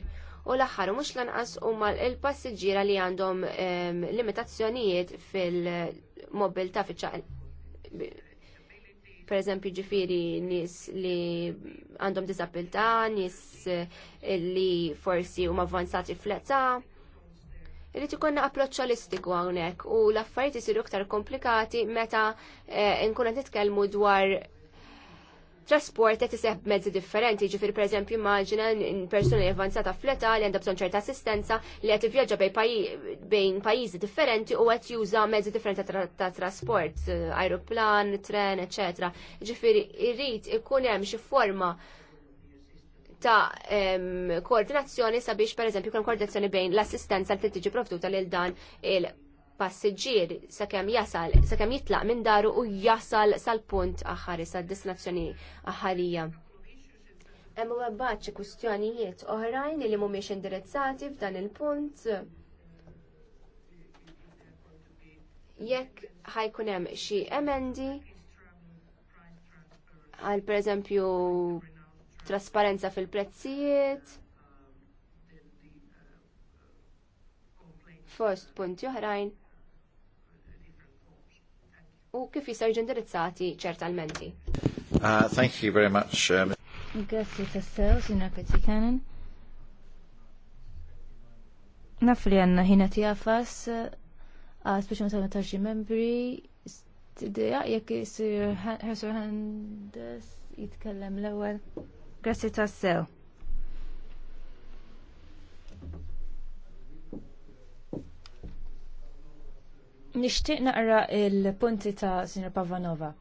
u l-aħħar mhux lanqas huma l-passiġġiera li għandhom ehm, limitazzjonijiet fil-mobilità fiċ Per eżempju ġifiri nis li għandhom disabilità, nis eh, li forsi huma avvanzati fl-età. Irrid ikonna approċċ holistiku hawnhekk u l-affarijiet isiru iktar komplikati meta eh, nkunu qed nitkellmu dwar trasport qed iseħħ mezzi differenti, ġifir pereżempju immaġina persuna avvanzata fl li għandha bżonn ċerta assistenza li qed ivvjaġġa bejn pajjiżi differenti u qed juża mezzi differenti ta' trasport, eh, ajruplan, tren, eċetera. Ġifieri irrid ikun hemm xi forma ta' koordinazzjoni sabiex per eżempju kon koordinazzjoni bejn l-assistenza li tiġi provduta lil dan il- passiġġier sakemm jasal, sakemm jitlaq minn daru u jasal sal-punt aħħari, sal-destinazzjoni aħħarija. Hemm baċċi kwistjonijiet oħrajn li mhumiex indirizzati f'dan il-punt. Jekk ħajkun hemm xi emendi għal pereżempju trasparenza fil-prezzijiet, fost punti oħrajn u kif jistgħu jiġu indirizzati ċertalmenti. Uh, thank you very much. Uh, Grazie tassew, Sinra Pezzikanen. Naf li għanna ħina tijafas, uh, għaspeċi ma sabna tarġi membri, t-dija, jek jisir ħasur Handes jitkellem l-ewel. Grazie tassew. Nixtieq naqra il-punti ta' Sinjor Pavanova.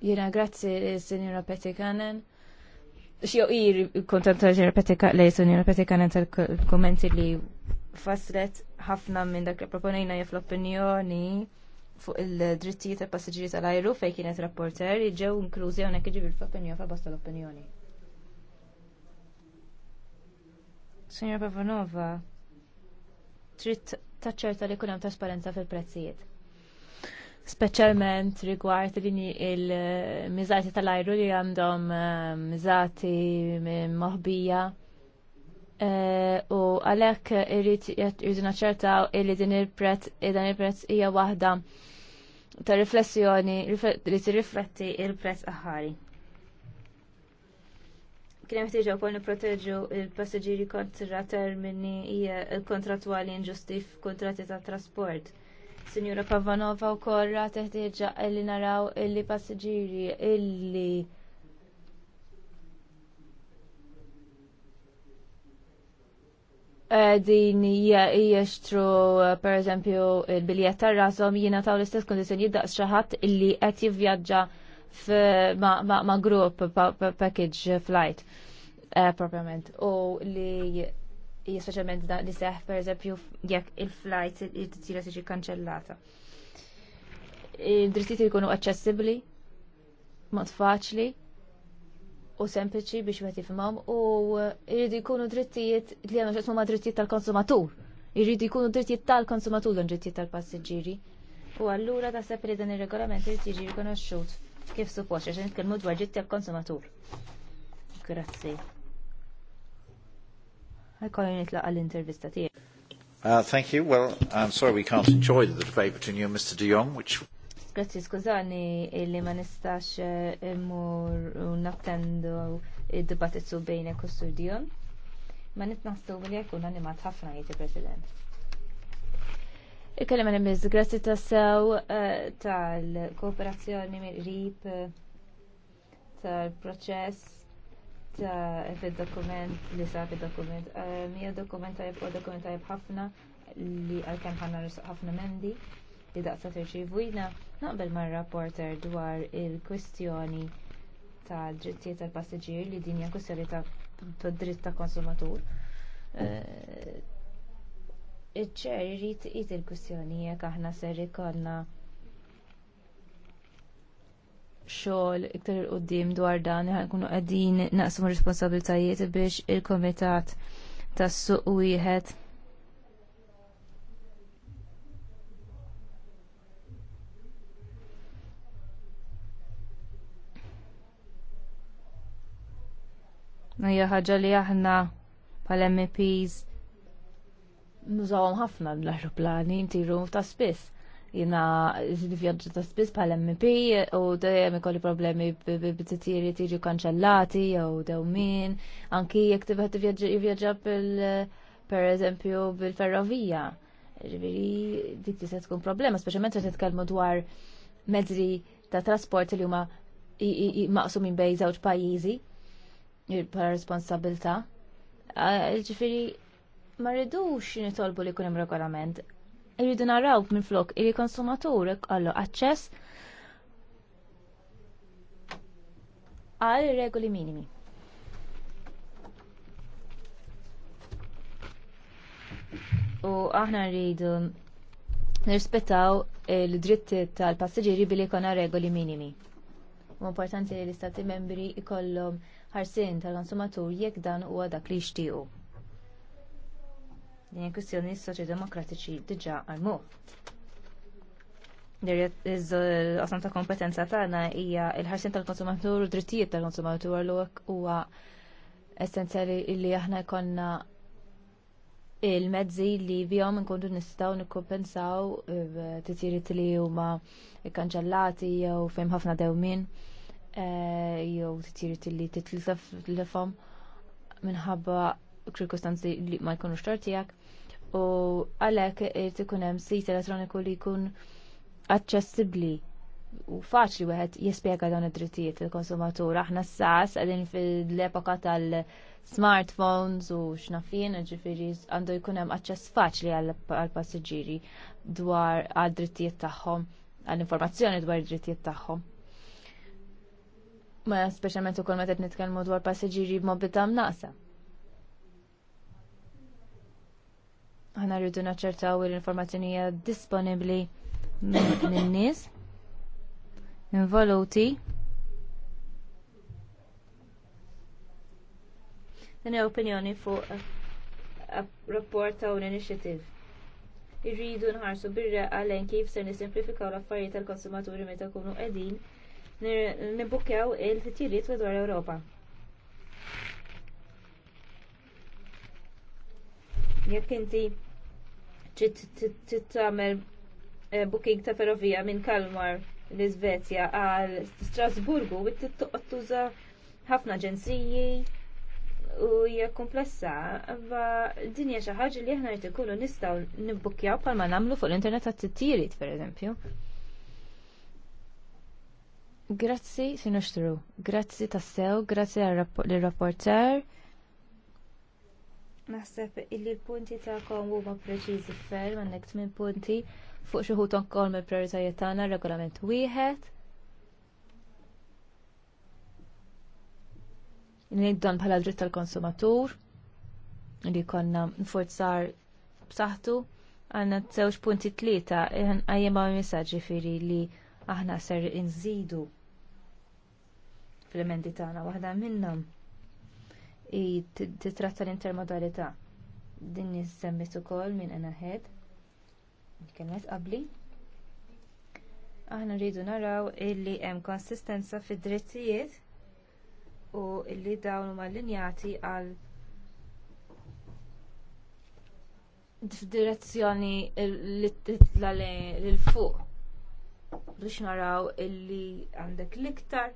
Jiena grazzi Sinjora Petikanen. Xio ir kontenta Sinjora Petikanen lej Sinjora Petikanen tal-kommenti li faslet ħafna minn dak li proponejna jaf l-opinjoni fuq il-drittijiet tal passiġġieri tal-ajru fejn kienet rapporter ġew inklużi hawnhekk iġib il opinjoni fa' bosta l-opinjoni. Signor Pavanova, trid taċċerta li jkun hemm trasparenza fil-prezzijiet. Speċjalment rigward li il-miżati tal-ajru li għandhom eh, miżati moħbija eh, u għalhekk irridu naċċertaw li din il-prezz eh, dan il-prezz hija waħda ta' riflessjoni li tirrifletti il-prezz aħari kien hemm ħtieġa wkoll nipproteġu l-passiġġieri kontra termini kontrattwali inġusti f'kuntratti tat trasport. Sinjura Pavanova wkoll ra teħtieġa li naraw illi passiġġieri illi din jiextru per eżempju il tar rasom jiena taw l-istess kondizzjoni daqs xi ħadd illi qed jivvjaġġa ma' group package flight eh, propriament u li jispeċjalment da li seħ per eżempju jekk il-flight tira tiġi kanċellata. Id-drittijiet jkunu aċċessibbli, mod faċli u sempliċi biex wieħed jifhimhom u jridu jkunu drittijiet li għandhom x'qed ma' drittijiet tal-konsumatur. Jridu jkunu drittijiet tal-konsumatur dan drittijiet tal-passiġġieri. U allura taħseb li dan ir-regolament irid jiġi rikonoxxut kif suppost għax nitkellmu dwar ġitti għal-konsumatur. Grazzi. Għajkolli nitlaqa l-intervista tiegħek. Uh, thank you. Well, I'm sorry we can't enjoy the debate between you and Mr. de Jong, which... Grazzi, skużani li ma nistax eh, immur nattendu id-dibattitu bejnek u Dion. Ma nitnaħsu li jekun animat ħafna jieti President. Ikkellem għan biz, grazzi ta' sew eh, tal-kooperazzjoni mill rip eh, tal-proċess ta' fil-dokument li sa' fil-dokument. Eh, mija dokument tajb u dokument tajb ħafna li għal-kem ħanna ħafna mendi li daqsa terċivujna naqbel ma' rapporter dwar il-kwestjoni tal-drittijiet tal passagġir li dinja kwistjoni ta' dritt ta' konsumatur iċ-ċer jrid iqid il-kwistjoni jekk aħna ser ikollna xogħol iktar il qudiem dwar dan nkunu qegħdin naqsmu r-responsabbiltajiet biex il-komitat tas-suq wieħed Hija ħaġa li aħna bħala MPs nużawhom ħafna l-aeroplani ntiru ta' spiss. Jina vjaġġa ta' spiss bħal MP u dejjem ikolli problemi b'titjiri tiġu kanċellati jew min, anki jekk tibħed tivvjaġġa per eżempju bil-ferrovija. Ġifieri dik tista' tkun problema, speċjalment se titkellmu dwar mezzi ta' trasport li huma maqsumin bejn żewġ pajjiżi bħala responsabilta. Ġifieri ma rridux nitolbu li jkun hemm regolament. Irridu naraw minn flok il konsumatur għallu aċċess għal regoli minimi. U aħna rridu nirrispettaw il-dritti tal-passiġiri billi jkollna regoli minimi. U importanti li l-istati membri jkollhom ħarsien tal-konsumatur jekk dan huwa dak li jixtiequ. Din kwistjoni soċjodemokratiċi diġà għalmu. għasam ta' kompetenza tagħna hija l-ħarsin tal-konsumatur u drittijiet tal-konsumatur għak huwa essenzjali li aħna jkollna il-mezzi li bjom nkunu nistgħu nikkompensaw titjiriet li huma kkanċellati jew fejn ħafna dewmin eh, jew titjiriet li titlifhom minħabba ċirkustanzi li ma jkunux tartijak u għalhekk irid ikun hemm sit elettroniku li jkun aċċessibbli u faċli wieħed jispjega dawn id-drittijiet il-konsumatur. Aħna s-sas qegħdin fil-epoka tal-smartphones u x'nafien, ġifiri, għandu jkun hemm aċċess faċli għall-passiġġieri dwar għad-drittijiet tagħhom, għall-informazzjoni dwar id-drittijiet tagħhom. Ma speċjalment ukoll meta qed nitkellmu dwar passiġġieri b'mobilità mnaqsa. Aħna rridu naċċertaw il informazzjoni hija disponibbli lin-nies involuti. hija opinjoni fuq rapport ta' un initiative. Irridu nħarsu birra għalhekk kif ser nisimplifikaw l-affarijiet tal-konsumaturi meta kunu qegħdin nibukkew il-titjiriet madwar Ewropa. Jekk inti trid tagħmel eh, booking ta' ferrovija minn Kalmar l-Iżvezja għal Strasburgu u tittoqgħod tuża ħafna ġenziji u hija komplessa, ma din hija xi ħaġa li aħna rid ikunu nistgħu nibbukkjaw bħalma nagħmlu fuq l-internet għat titjiriet pereżempju. Grazzi, sinu xtru. Grazzi tassew, grazzi l-rapporter. Naħseb illi l-punti tagħkom huma preċiżi ferm għandek tmien punti fuq xi ħuton kol mill-prioritajiet tagħna regolament wieħed. Niddan bħala dritt tal-konsumatur li konna nforzar b'saħħtu għandna żewġ punti tlieta għajjema messaġġi firi li aħna ser inżidu fil-emendi tagħna waħda minnhom titratta l-intermodalità. Din nissemmit ukoll minn enaħed. Kienet qabli. Aħna rridu naraw illi hemm konsistenza fid-drittijiet u illi dawn huma linjati għal f'direzzjoni li titla lil fuq biex naraw illi għandek l-iktar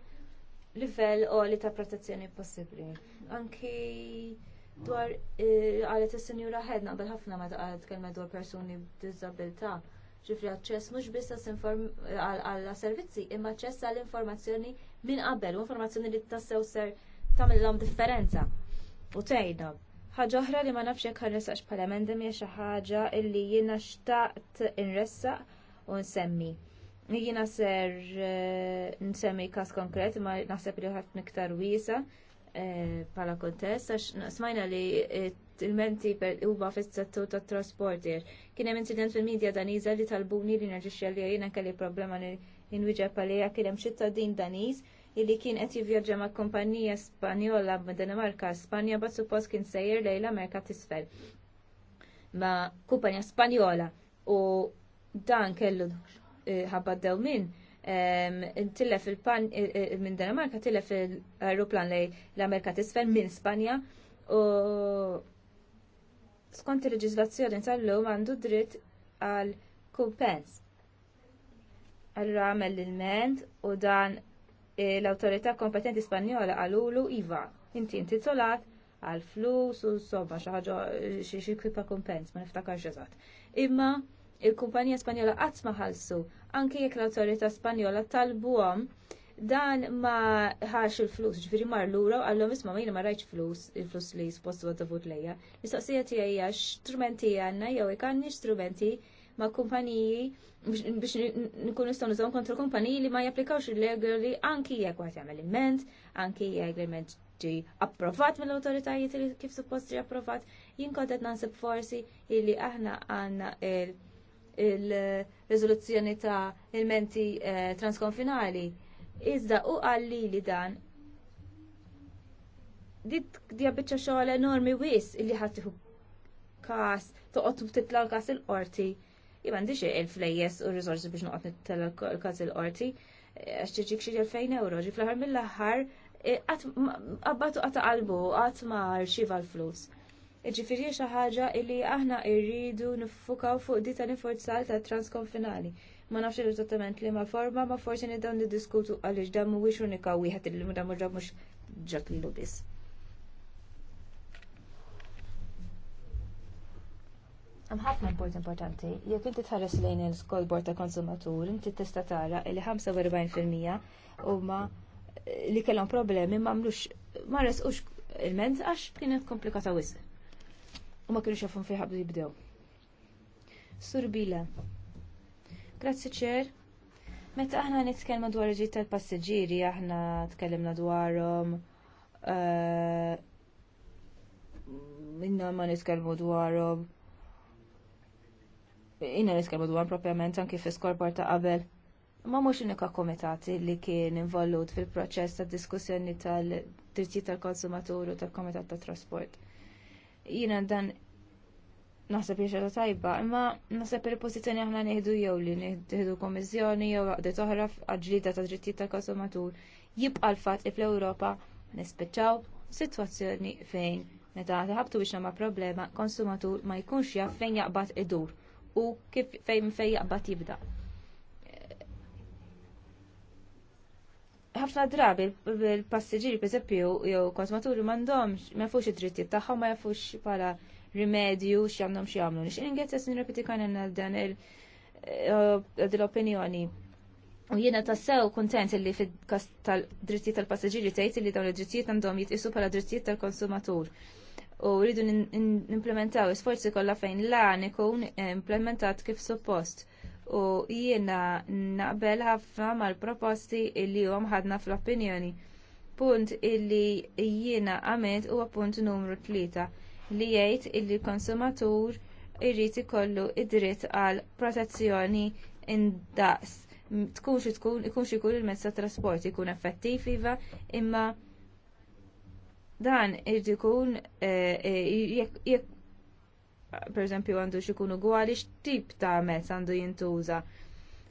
livell u li ta' protezzjoni possibbli anki dwar eh, għalet il-senjura ħed naqbel ħafna ma għalet kelma dwar persuni b'dizabilta. Ġifri għacċess mux biss għal servizzi imma ċess għal informazzjoni minn qabel u informazzjoni li tassew ser tamillom differenza. U tgħidha. Ħaġa oħra li ma nafx kħan resaċ bħala mendem hija xi ħaġa li jiena xtaqt inressa u nsemmi. Jiena ser eh, nsemmi każ konkret ma naħseb li ħadd niktar wiesa' Eh, pala kontest, għax smajna li eh, il-menti per uba fil ta' trasportir. Kien hemm incident fil-medja daniża li talbuni li naġixxja li jiena kelli problema li inwiġeb għalija kien hemm ċittadin daniż illi kien qed jivvjaġġa ma' kumpanija Spanjola ma' Danimarka, Spanja ba' suppost kien sejjer lej l-Amerika t'isfel. Ma' kumpanija Spanjola u dan kellu eh, ħabba dew minn tillef il-pan e, e, minn Danimarka tillef il-aeroplan lej l-Amerika tisfel minn Spanja u skont il-reġizlazzjoni tal-lum għandu dritt għal kumpens. Allura għamel l-ment u dan e, l autorita kompetenti spanjola għal-ulu iva, inti tolat għal flus u s-soba s-sobba xaħġa xie xie kumpens, ma niftakarx eżatt. Imma il-kumpanija spanjola qatt ma ħallsu anke jekk l awtorità Spanjola talbuhom dan ma ħarx il-flus, ġifiri mar l-ura, għallum isma ma jina ma rajċ flus, il-flus li jispostu għadda lejja. Mistoqsija tija hija strumenti għanna, jew ikanni strumenti ma' kumpaniji biex nkunu nistgħu nużaw kontra kumpaniji li ma japplikawx il legali anki jekk wieħed jagħmel imment, anki jekk l-imment ġi approvat mill-awtoritajiet kif suppost ġi approvat, jien kontet naħseb forsi illi aħna għandna il-, il, il riżoluzzjoni ta' ilmenti eh, transkonfinali. Iżda u għalli li dan dit diabbiċċa xogħol enormi wis illi ħatiħu kas, toqgħod titla l-kas il-qorti. Iba diċi il-flejjes u r-riżorsi biex noqgħod titla l-kas il-qorti. Għax ġiġik 2000 euro, ġi fl-aħħar mill-aħħar eh, għabbatu għata qalbu, qatt ma xiva l-flus. Iġifiri xi ħaġa li aħna irridu niffukaw fuq dita tal ta' transkonfinali. Ma nafx li-tottament li ma forma ma forsi nidaw niddiskutu għaliex dan mhuwiex unika wieħed li dan mhux mhux ġat lilu biss. Hemm ħafna import importanti. Jekk inti tħares lejn il-scoreboard ta' konsumatur, inti tista' tara li 45% huma eh, li kellhom problemi m'għamlux ma resqux il-ment għax kienet komplikata wisq u ma kienux jafun fiħab ħabdu jibdew. Surbila. Grazzi ċer. Meta aħna nitkellmu dwar ġid tal-passiġġieri, aħna tkellimna dwarhom minna eh, ma nitkellmu dwarhom. Inna nitkellmu dwar propjament anke fis-korpor ta' qabel. Ma mhux unika komitati li kien involut fil-proċess ta' diskussjoni tal-drittijiet tal-konsumatur u tal-komitat tat trasport jina dan naħseb jiexħada tajba, imma naħseb il-pozizjoni aħna nieħdu jew li neħdu kommissjoni jew għadde toħra għadġlida ta' drittijiet tal konsumatur jibqa' l-fatt li fl-Ewropa nispiċċaw sitwazzjoni fejn meta ħabtu biex ma' problema konsumatur ma jkunx jaf fejn jaqbad idur u kif fejn fejn jaqbad jibda'. ħafna drabi il-passiġiri pereżempju jew konsumaturi m'għandhomx ma jafux id-drittijiet tagħhom ma jafux bħala rimedju x'jamlhom x'jamlu. Nixtieq ningrazzjas nirrepeti kanen dan il-opinjoni. U jiena tassew kuntent li fil-kas tal-drittijiet tal-passaġiri tgħid li dawn id-drittijiet għandhom jitqisu bħala drittijiet tal-konsumatur. U rridu nimplementaw isforzi kollha fejn lan ikun implementat kif suppost u jiena naqbel ħafna mal-proposti li huma ħadna fl-opinjoni. Punt illi jiena għamilt huwa punt numru tlieta li jgħid illi l-konsumatur irrid ikollu id-dritt għal protezzjoni indaqs. Tkunx tkun ikun ikun il-mezz tat trasport ikun effettiv iva, imma dan irid ikun eh, eh, jekk per eżempju għandu xikunu x x'tip ta' mezz għandu jintuża.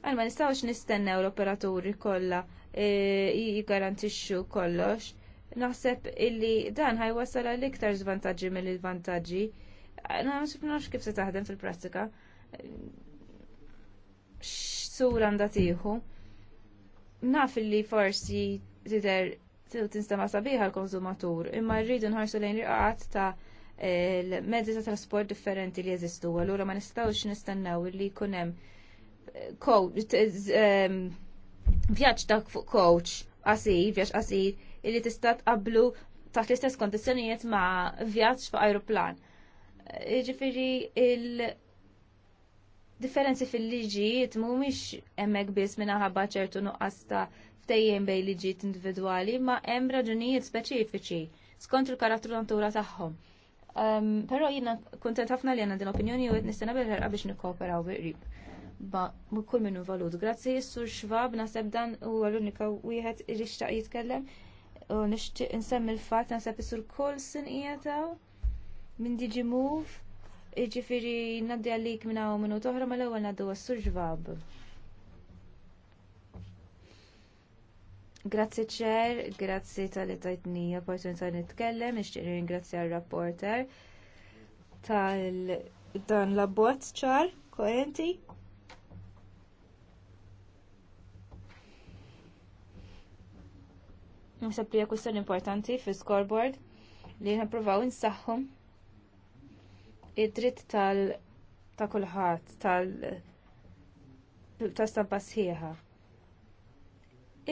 Għal ma nistgħux nistennew l-operaturi kollha e, jiggarantixxu kollox. Naħseb illi dan ħajwasal l iktar zvantagġi mill-vantaġġi. Naħseb nafx kif se taħdem fil-prattika. X'sur għandha tieħu. Naf illi forsi tidher tinstema sabiħa l-konsumatur, imma rridu nħarsu lejn riqat ta' l mezzi ta' trasport differenti li jeżistu. Allura ma nistgħux nistennew li jkun hemm eh, vjaġġ ta' fuq coach qasir, vjaġġ qasir illi tista' tqablu taħt l-istess kondizjonijiet ma' vjaġġ fa' aeroplan. Eh, ġifiri, il- differenzi fil-liġijiet mhumiex hemmhekk biss minħabba ċertu nuqqas ta' ftejjem bejn liġijiet individwali, ma hemm raġunijiet speċifiċi skont il-karattru natura tagħhom. Però jiena kuntent ħafna li għandna din opinjoni u qed nistenna bil-ħerqa biex nikkooperaw qrib. Ba, kull minnu valut. Grazzi, jissu xvab, naħseb dan huwa l-unika wieħed li xtaq jitkellem. U nixtieq insemmi l-fatt naħseb is-sur Colson qiegħed minn Digi Move. Iġifieri naddi għallik minn u minnu toħra mal-ewwel naddu għas-sur xvab. Grazzi ċer, grazzi tal-li tajtni opportunità nitkellem, nixtieq ringrazzja r-rapporter tal-dan l-abbozz ċar, koerenti. Nisab li kwistjoni importanti fi scoreboard li nipprovaw nsaħħom id-dritt tal- ta' kulħadd tal- ta' stampa sħiħa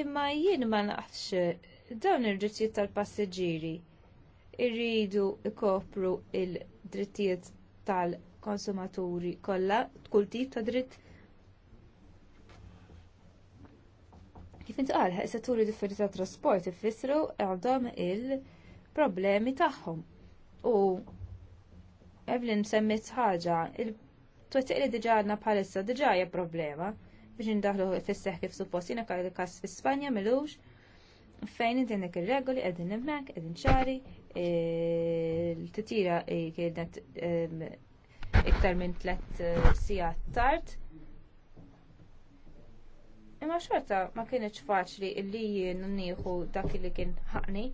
imma jien ma nafx dawn ir-drittijiet tal-passiġġieri irridu ikopru il-drittijiet tal-konsumaturi kollha kull tip ta' dritt Kif intqal, setturi differenti tat trasport ifissru għandhom il-problemi tagħhom. U Evelyn semmit ħaġa, il-twettiq li diġa għadna bħalissa diġa hija problema biex indaħlu fisseħ kif suppost jina kas fi Spanja milux fejn għandek ir-regoli qegħdin hemmhekk qegħdin ċari l-titira kienet iktar minn tliet eh, sigħat tard. Imma xorta ma kienx faċli li jien nieħu dak li kien ħaqni,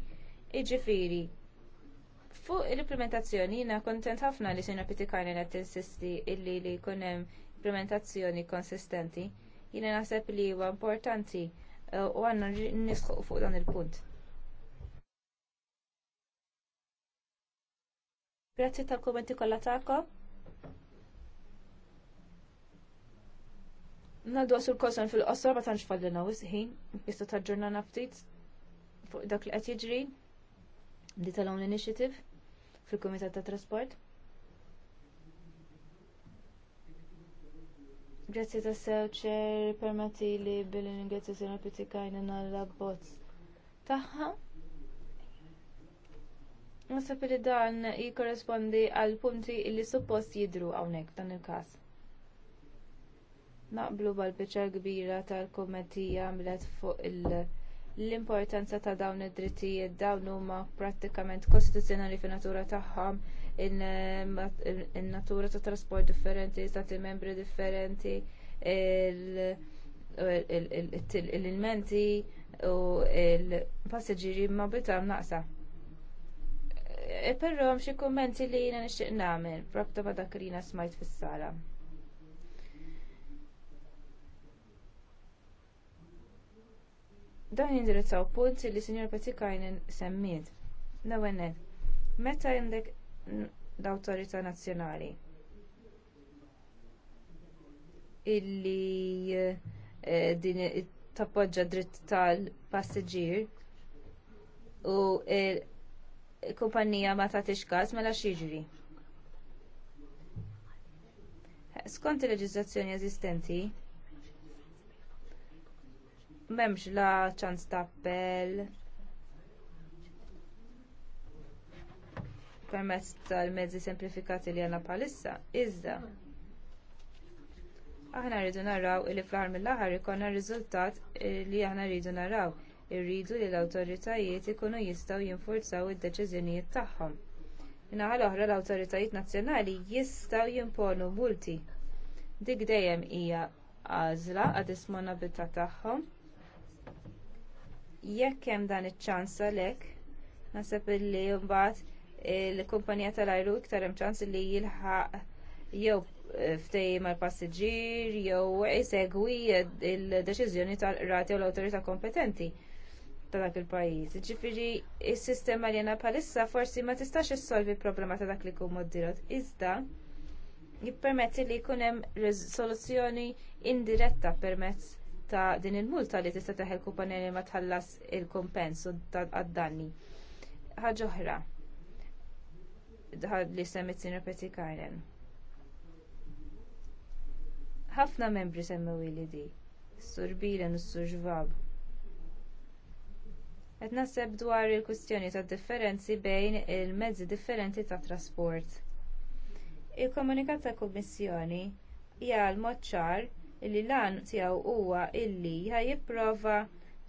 jiġifieri fuq l-implementazzjoni jiena kuntent ħafna li sejna pitikani qed tinsisti illi li jkun hemm implementazzjoni konsistenti. Jiena naħseb li huwa importanti eh, u għandna nisħu fuq dan il-punt. Grazzi tal-kommenti kollha tagħkom. Naldu għasur kosan fil-qosra ma tanċ fallina wisħin, Bista' taġġurna naftit fuq dak li qed jiġri, Digital Own Initiative fil-Komitat ta' Trasport. Grazie ta' sewċer permetti li billi ringrazzja sena pitikajna nalla bozz taħħa. Nasab li dan jikorrespondi għal punti li suppost jidru hawnhekk dan il-każ. Naqblu bal-biċar kbira tal-kometija għamlet fuq l-importanza ta' dawn id-drittijiet dawn huma prattikament kostituzzjonali fin natura tagħhom in-natura um, ta' trasport differenti, ta' membri differenti, l-ilmenti u l passagġiri ma bitam naqsa. E però xi kummenti li jiena nixtieq nagħmel propta ma' dak li jiena smajt fis-sala. Dan jindirizzaw punti li Sinjor Petikajnen semmiet. Nawennet, meta jendek l-Awtorità Nazzjonali illi eh, din tappoġġa dritt tal-passiġġier u l kumpanija ma tagħtix każ mela xiġri. Skont il-leġiżlazzjoni eżistenti, m'hemmx la ċans ta' permezz tal-mezzi semplifikati li għandna bħalissa, iżda aħna rridu naraw li fl-aħħar mill-aħħar ikonna riżultat li aħna rridu naraw. Irridu li l-awtoritajiet ikunu jistgħu jinfurzaw id-deċiżjonijiet tagħhom. Inaħa l-oħra l-awtoritajiet nazzjonali jistgħu jimponu multi. Dik dejjem hija għażla għad ismonabilità tagħhom. Jekk hemm dan iċ-ċans għalhekk, naħseb illi mbagħad il-kumpanija tal-ajru iktar hemm ċans li jilħaq jew eh, ftej mal-passiġġier jew isegwi eh, il-deċiżjoni tal-rati u l-awtorità kompetenti ta' dak il-pajjiż. Ġifieri s-sistema li għandna bħalissa forsi ma tistax issolvi problema ta' dak li jkun moddirat. Iżda jippermetti li jkun hemm soluzzjoni indiretta permezz ta' din il-multa li tista' teħel kumpanija li ma tħallas il-kompensu għad-danni. Ħaġa oħra daħad li semmit sinjor Karen. Ħafna membri semmew li e di, s-sur Bilen u s-sur Ġvab. Qed naħseb dwar il-kwistjoni tad differenzi bejn il-mezzi differenti tat trasport. Il-komunikat tal Kummissjoni hija l-mod ċar li lan tiegħu huwa illi ħaj jipprova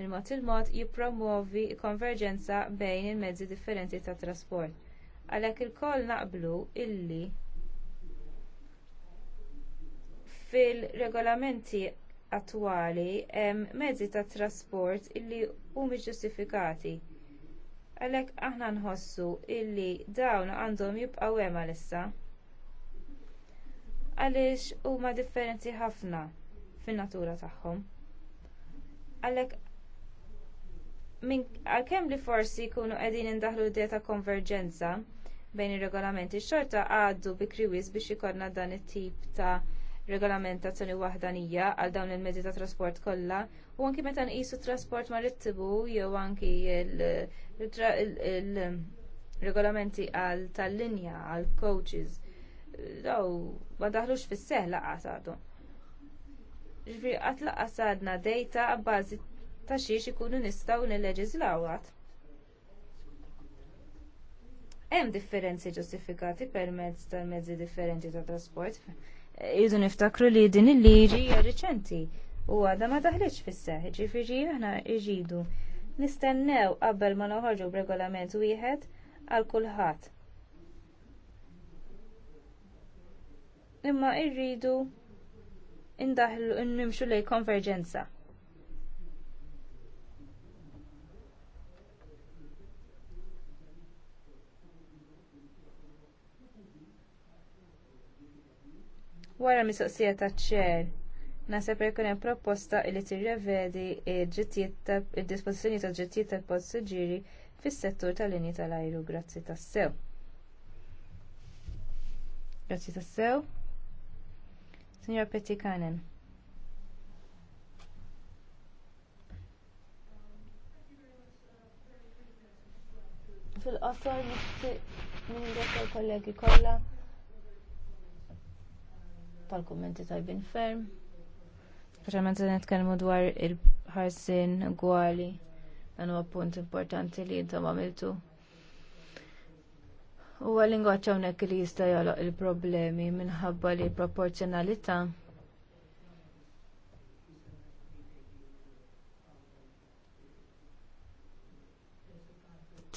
il-mod il-mod jippromovi konverġenza bejn il-mezzi differenti tat trasport għalhekk il-koll naqblu illi fil-regolamenti attwali hemm mezzi tat trasport illi humi ġustifikati. Għalhekk aħna nħossu illi dawn għandhom jibqgħu hemm għalissa. Għaliex huma differenti ħafna fin-natura tagħhom. Għalhekk għalkemm li forsi jkunu qegħdin indaħlu idea ta' konverġenza, bejn ir-regolamenti. Xorta għaddu bikri wis biex ikollna dan it-tip ta' regolamentazzjoni waħdanija għal dawn il-mezzi ta' trasport kollha u anki meta nqisu trasport marittibu jew anki il-regolamenti għal tal-linja għal coaches daw ma daħlux fis-seħ laqas għadu. Ġifieri qatt għadna dejta bbażi ta' xiex ikunu nistgħu nilleġiżlaw għad hemm differenzi ġustifikati permezz tal-mezzi differenti ta' trasport. Idu niftakru li din il-liġi hija riċenti u għadha ma daħliċ fis-seħ, ġifieri aħna iġidu nistennew qabel ma noħorġu b'regolament wieħed għal kulħadd. Imma irridu indaħlu nimxu lejn konverġenza. Wara mistoqsija taċ ċer, nasab jkun hemm proposta li tirrevedi id-dispożizzjoni ta' ġittijiet tal-passiġġieri fis-settur tal-linji tal-ajru grazzi tas-sew. Grazzi tas-sew. Signor Petti Pettikanen. fil-qosor minn ningrazzja l-kollegi kollha pal kommenti tajbin ferm. Speċjalment se nitkellmu dwar il-ħarsin gwali dan huwa punt importanti li intom għamiltu. U għal-lingwaċ hawnhekk li jista' jagħloq il-problemi minħabba li proporzjonalità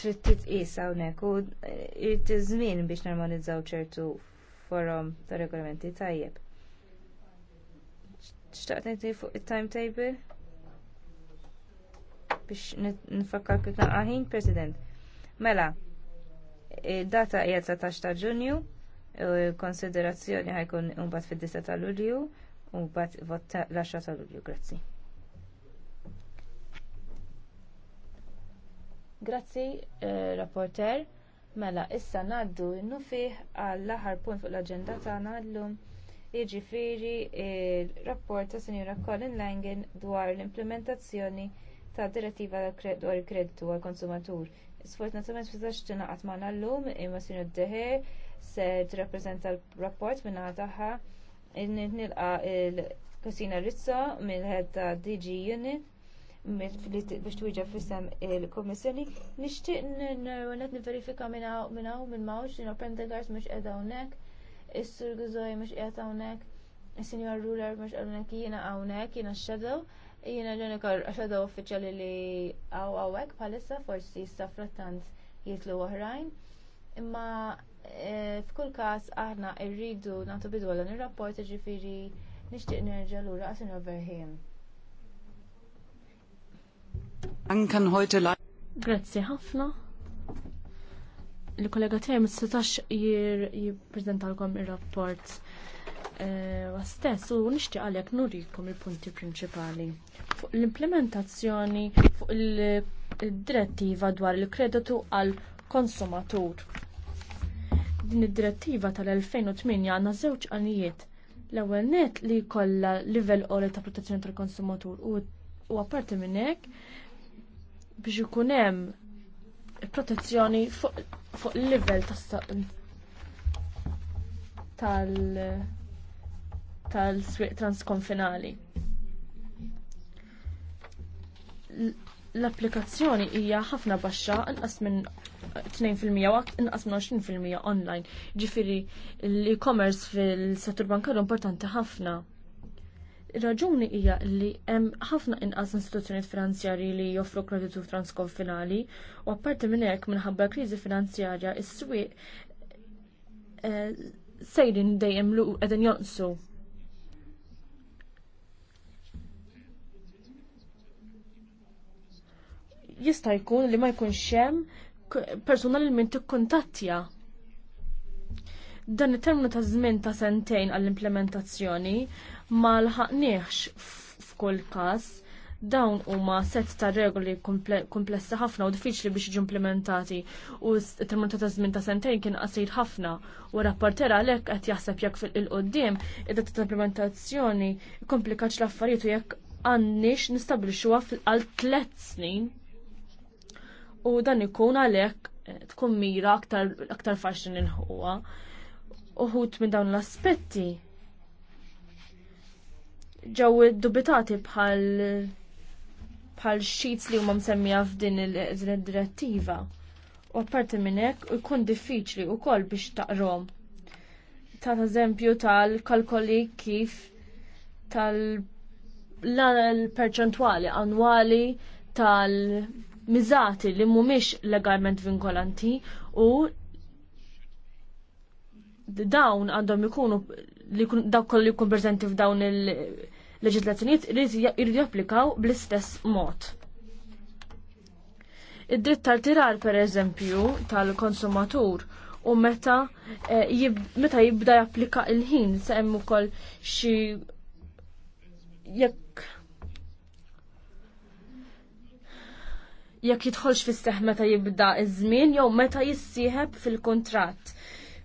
trid titqis hawnhekk u irid żmien biex normalizzaw ċertu forum ta' regolamenti tajjeb xtaqt ngħid fuq it-timetable biex nifakkar kif naqaħin, ah, President. Mela, eh, data hija 13 ta' Ġunju, konsiderazzjoni ħajkun mbagħad fid-9 ta' Lulju u mbagħad vot l-10 ta' Lulju. Grazzi. Grazzi, eh, rapporter. Mela, issa ngħaddu n-nufih għall-aħħar punt fuq l agenda tagħna llum jiġifieri r rapport ta' Sinjura Colin Langen dwar l-implementazzjoni tad direttiva dwar il-kreditu għall konsumatur. Sfortunatament fiżax tingħaqad magħna llum imma Sinjur Deher se tirrappreżenta r rapport minn tagħha nilqa il-Kusina Rizzo mill-head ta' DG Unit biex twieġeb fissem il-Kommissjoni, nixtieq n-verifika minna u minn mawx, n-Open the Guards hawnhekk is-sur Gżoj mhux qiegħed hawnhekk, is-Sinjor Ruler mux għawnek, jina hawnhekk, jiena x-Shadow, jiena l-unika Shadow uffiċjali li għaw għawek bħalissa forsi s frattant jitlu oħrajn. Imma eh, f'kull każ aħna rridu nagħtu bidu għal ir-rapport ġifieri nixtieq nerġa' lura għasin overhim. Ankan heute Grazie ħafna li kollega tiegħi ma setax jippreżentalkom ir-rapport eh, stess u nixtieq għalhekk nurikom il-punti prinċipali. Fuq l-implementazzjoni fuq il-direttiva dwar il-kreditu għal konsumatur. Din id-direttiva tal-2008 għandna żewġ għanijiet. L-ewwel net li jkollha livell qoli ta' protezzjoni tal-konsumatur u apparti minn hekk biex ikun hemm protezzjoni fuq fuq il-livell tal tal-swieq transkonfinali. L-applikazzjoni hija ħafna baxxa inqas minn 2% u inqas minn 20% online. Ġifiri l-e-commerce fil-settur bankarju importanti ħafna raġuni hija li hemm ħafna inqas istituzzjonijiet finanzjarji li joffru kreditu transkonfinali u apparti minn hekk minħabba kriżi finanzjarja is-swieq eh, sejrin dejjem lu qegħdin jonqsu. Jista' jkun li ma jkunx hemm persuna li min tikkuntattja dan it-terminu ta' żmien ta' sentejn għall-implementazzjoni ma laħaqniex f'kull każ dawn huma set ta' regoli komplessi ħafna u diffiċli biex jiġu implementati u t ta' żmien ta' sentejn kien qasir ħafna u rapporter għalhekk qed jaħseb jekk fil-qoddim id-data ta' implementazzjoni komplikax l-affarijiet u jekk għandniex nistabilixuha għal tliet snin u dan ikun għalhekk eh, tkun mira aktar, aktar faċli nilħuha. Uħut minn dawn l-aspetti ġew iddubitati bħal bħal sheets li huma msemmija f'din il-direttiva. U apparti minn hekk ikun diffiċli wkoll biex taqrom. Ta' eżempju tal-kalkoli kif tal-perċentwali annwali tal-miżati li mhumiex legalment vinkolanti u dawn għandhom ikunu li dawk kollu jkun preżenti f'dawn il- leġislazzjonijiet irridu japplikaw bl-istess mod. Id-dritt tal-tirar per eżempju tal-konsumatur u meta eh, meta jibda japplika il-ħin se hemm ukoll xi jekk jekk jidħolx fis-seħ meta jibda iż-żmien jew meta jissieħeb fil-kuntratt.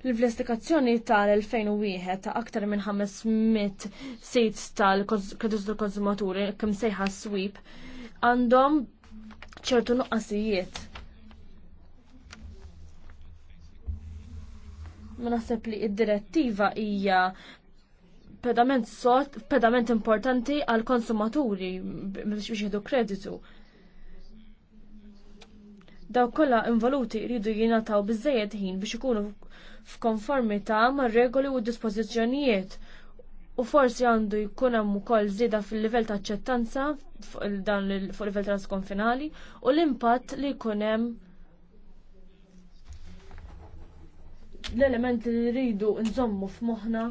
L-investigazzjoni tal-2001 ta' aktar minn 500 sejts tal-kredit tal-konsumaturi kim sejħa sweep għandhom ċertu nuqqasijiet. Ma naħseb li id-direttiva hija pedament sort, pedament importanti għal konsumaturi biex jieħdu kreditu. Daw kollha involuti jridu jingħataw biżżejjed ħin biex ikunu f'konformità mar-regoli u dispożizzjonijiet u forsi għandu jkun hemm ukoll żieda fil-livell ta' aċċettanza fuq dan fuq livell transkonfinali u l-impatt li jkun hemm l-element li rridu nżommu f'moħħna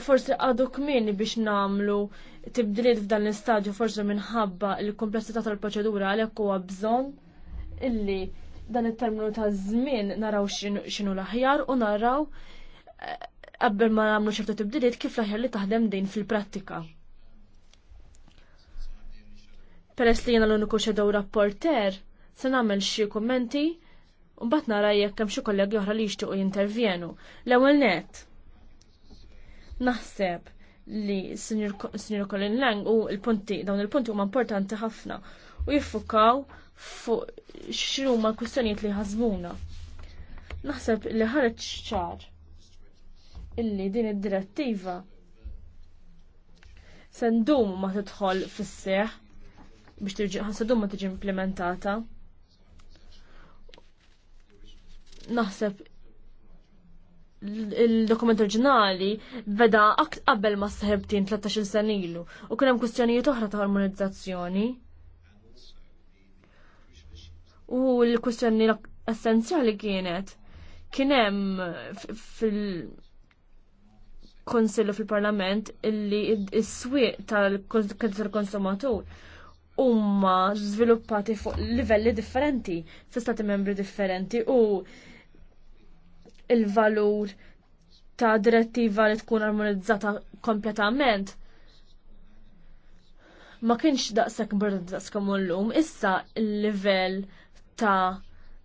u forsi għadu kmieni biex namlu tibdiliet f'dan l-istadju forsi minħabba l-komplessità tal-proċedura għalhekk huwa bżonn illi dan it-terminu ta' żmien naraw x'inhu l-aħjar u naraw eh, qabel ma nagħmlu xi tibdiliet kif l-aħjar li taħdem din fil-prattika. Peress li jiena l-uniku xedew rapporter, se nagħmel xi kummenti u mbagħad nara jekk hemm xi kollegi oħra li jixtiequ jintervjenu. L-ewwel net. Naħseb li Sinjur Colin Lang u il-punti, dawn il-punti huma importanti ħafna u jiffukaw fuq xinu ma kustjonijiet li ħazmuna. Naħseb li ħareġ ċar illi din id-direttiva sendum ma tidħol fis-seħ biex tiġi ħasadum ma tiġi implementata. Naħseb il-dokument oriġinali beda qabel ma s-seħibtin 13 senilu u u kienem kustjonijiet oħra ta' armonizzazzjoni. U l-kustjoni essenzjali kienet kienem fil-Konsillu fil-Parlament illi s-swieq tal-konsumatur umma sviluppati fuq livelli differenti fi stati membri differenti u il-valur ta' direttiva li tkun armonizzata kompletament ma kienx daqshekk birdas lum, issa il-livell ta'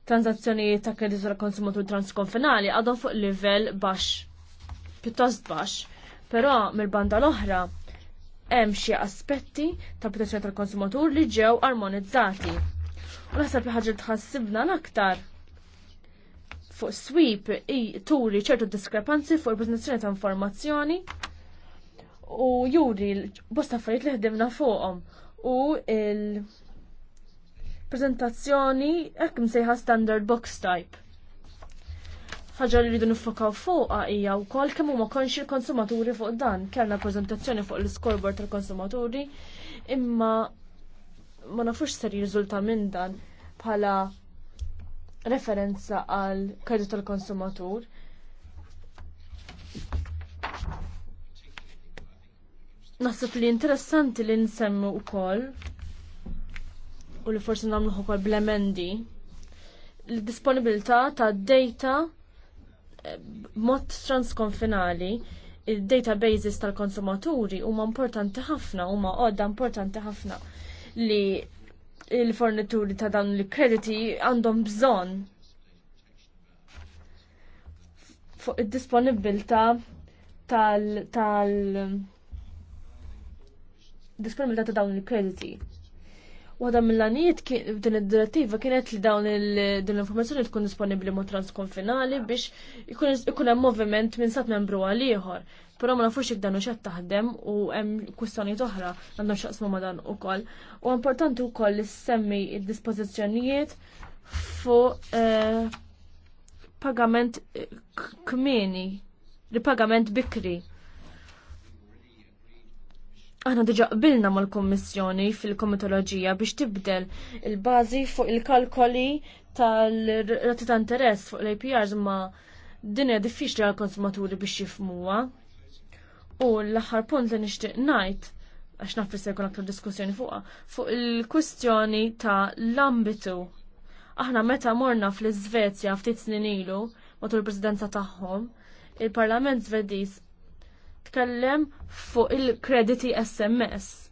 transazzjonijiet ta' kreditu tal konsumatur transkonfinali għadhom fuq livell baxx, pjuttost baxx, però mill-banda l-oħra hemm xi aspetti ta' protezzjoni tal-konsumatur li ġew armonizzati. U naħseb li ħaġa tħassibna l-aktar fuq sweep i turi ċertu diskrepanzi fuq il-prezentazzjoni ta' informazzjoni u juri l bosta affarijiet li ħdimna fuqhom u il prezentazzjoni hekk msejħa standard box type. Ħaġa li rridu nifokaw fuqha hija wkoll kemm huma konxi l-konsumaturi fuq dan. Kellna preżentazzjoni fuq l-scoreboard tal-konsumaturi imma ma nafux ser jirriżulta minn dan bħala referenza għal kredit tal-konsumatur. Naħseb li interessanti li nsemmu u koll u li forsi namlu u koll blemendi l-disponibilità ta' data eh, mod transkonfinali il-databases tal-konsumaturi huma importanti ħafna, huma għodda importanti ħafna li il-fornituri ta' dawn il-krediti għandhom bżon fuq id-disponibilta tal tal disponibilta ta' dawn il-krediti. Wada mill-għaniet din id-direttiva kienet li dawn l-informazzjoni tkun disponibli mod transkonfinali biex ikun hemm moviment minn sat membru għal ieħor. Però ma nafux jekk dan qed taħdem u hemm kwistjonijiet oħra għandhom x'aqsmu ma dan ukoll. U importanti wkoll li semmi d dispożizzjonijiet fuq eh, pagament kmini, li pagament bikri. Aħna diġa qbilna mal-Kommissjoni fil-Komitoloġija biex tibdel il-bażi fuq il-kalkoli tal-rati ta' interess fuq l-APRs ma din hija diffiċli għall-konsumaturi biex jifmuha. U l-aħħar punt li nixtieq ngħid għax nafri se jkun aktar diskussjoni fuqha fuq il-kwistjoni ta' l-ambitu. Aħna meta morna fl-Iżvezja ftit snin ilu matul il-presidenza tagħhom, il-Parlament Svediż nitkellem fuq il-krediti SMS.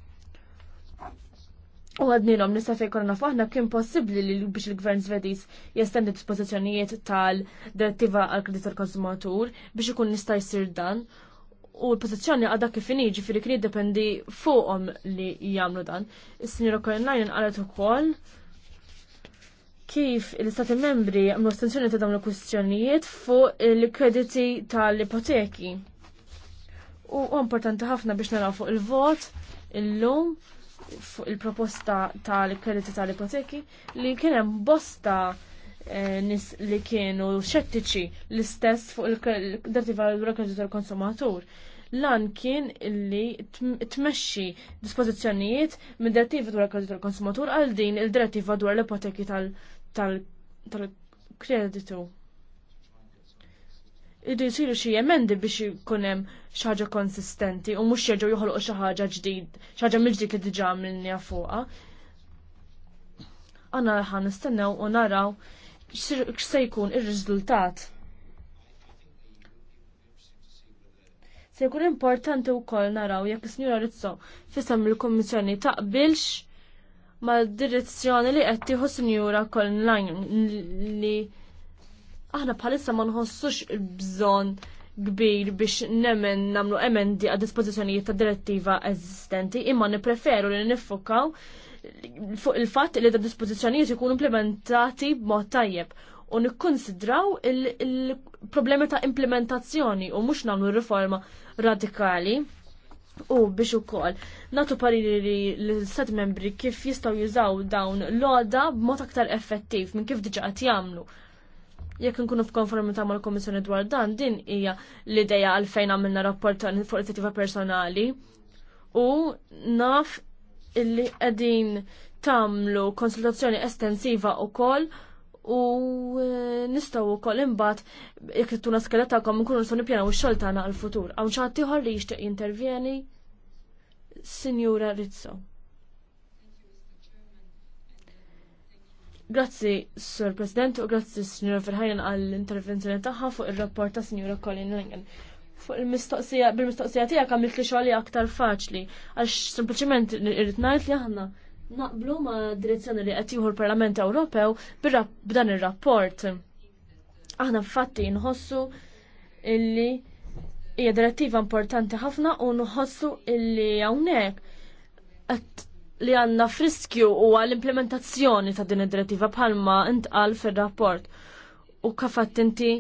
U għadnilom nista fej korona faħna kien possibli li biex il-gvern svediż jestendi dispożizzjonijiet tal-direttiva għal kredit tal-konsumatur biex ikun nista' jsir dan. U l-pożizzjoni għadha kif iniġi fil kien jiddependi fuqhom li jagħmlu dan. Is-sinjora Korenlajn qalet ukoll kif l-istati membri għamlu estensjoni ta' dawn il-kwistjonijiet fuq il-krediti tal-ipoteki u importanti ħafna biex naraw fuq il-vot illum fuq il-proposta tal-krediti tal-ipoteki li kien hemm bosta eh, nis li kienu xettiċi l-istess fuq il-dertiva l kreditu tal-konsumatur. Lan kien illi tmexxi dispożizzjonijiet minn direttiva dwar il kreditu tal-konsumatur għal din il-direttiva dwar l-ipoteki tal-kreditu irridu siru xi emendi biex ikun hemm xi ħaġa konsistenti u mhux jerġgħu joħolqu xi ħaġa ġdid, xaġa mġdik li diġà għamilniha fuqha. Għana ħan nistennew u naraw x'se jkun ir-riżultat. Se jkun importanti wkoll naraw jekk is njura Rizzo fisem il-Kummissjoni taqbilx ma' direzzjoni li qed tieħu Sinjura Kolnlajn li aħna bħalissa ma nħossux bżonn kbir biex nemmen namlu emendi għad dispożizzjonijiet ta' direttiva eżistenti, imma nipreferu li nifokaw fuq il-fatt li da' dispożizzjonijiet ikunu implementati b'mod tajjeb u nikkonsidraw il-problemi ta' implementazzjoni u mhux nagħmlu riforma radikali. U biex ukoll natu pariri li l-Stat membri kif jistgħu jużaw dawn l-oda b'mod aktar effettiv minn kif diġa għat jagħmlu jekk nkunu f'konformità mal-Komissjoni dwar dan, din hija l-ideja għalfejn għamilna rapport fuq inizjattiva personali u naf illi qegħdin tagħmlu konsultazzjoni estensiva wkoll u e, nistgħu wkoll imbagħad jekk tuna skeletta tagħkom nkunu nistgħu nippjanaw ix-xogħol tagħna għall-futur. Hawn xi ħadd li jixtieq jintervjeni, Sinjura Rizzo. Grazzi, Sir President, u grazzi, Signora Ferħajn, għall-intervenzjoni tagħha fuq ir rapport ta' Signora Colin Langen. Fuq il-mistoqsija, bil-mistoqsija tiegħek għamilt li xoħli aktar faċli, għax sempliċement irrid ngħid li aħna naqblu ma' direzzjoni li qed jieħu l-Parlament Ewropew b'dan ir-rapport. Aħna fatti nħossu illi hija direttiva importanti ħafna u nħossu illi hawnhekk li għanna friskju u għall-implementazzjoni ta' din id-direttiva bħalma intqal fil-rapport u kafat inti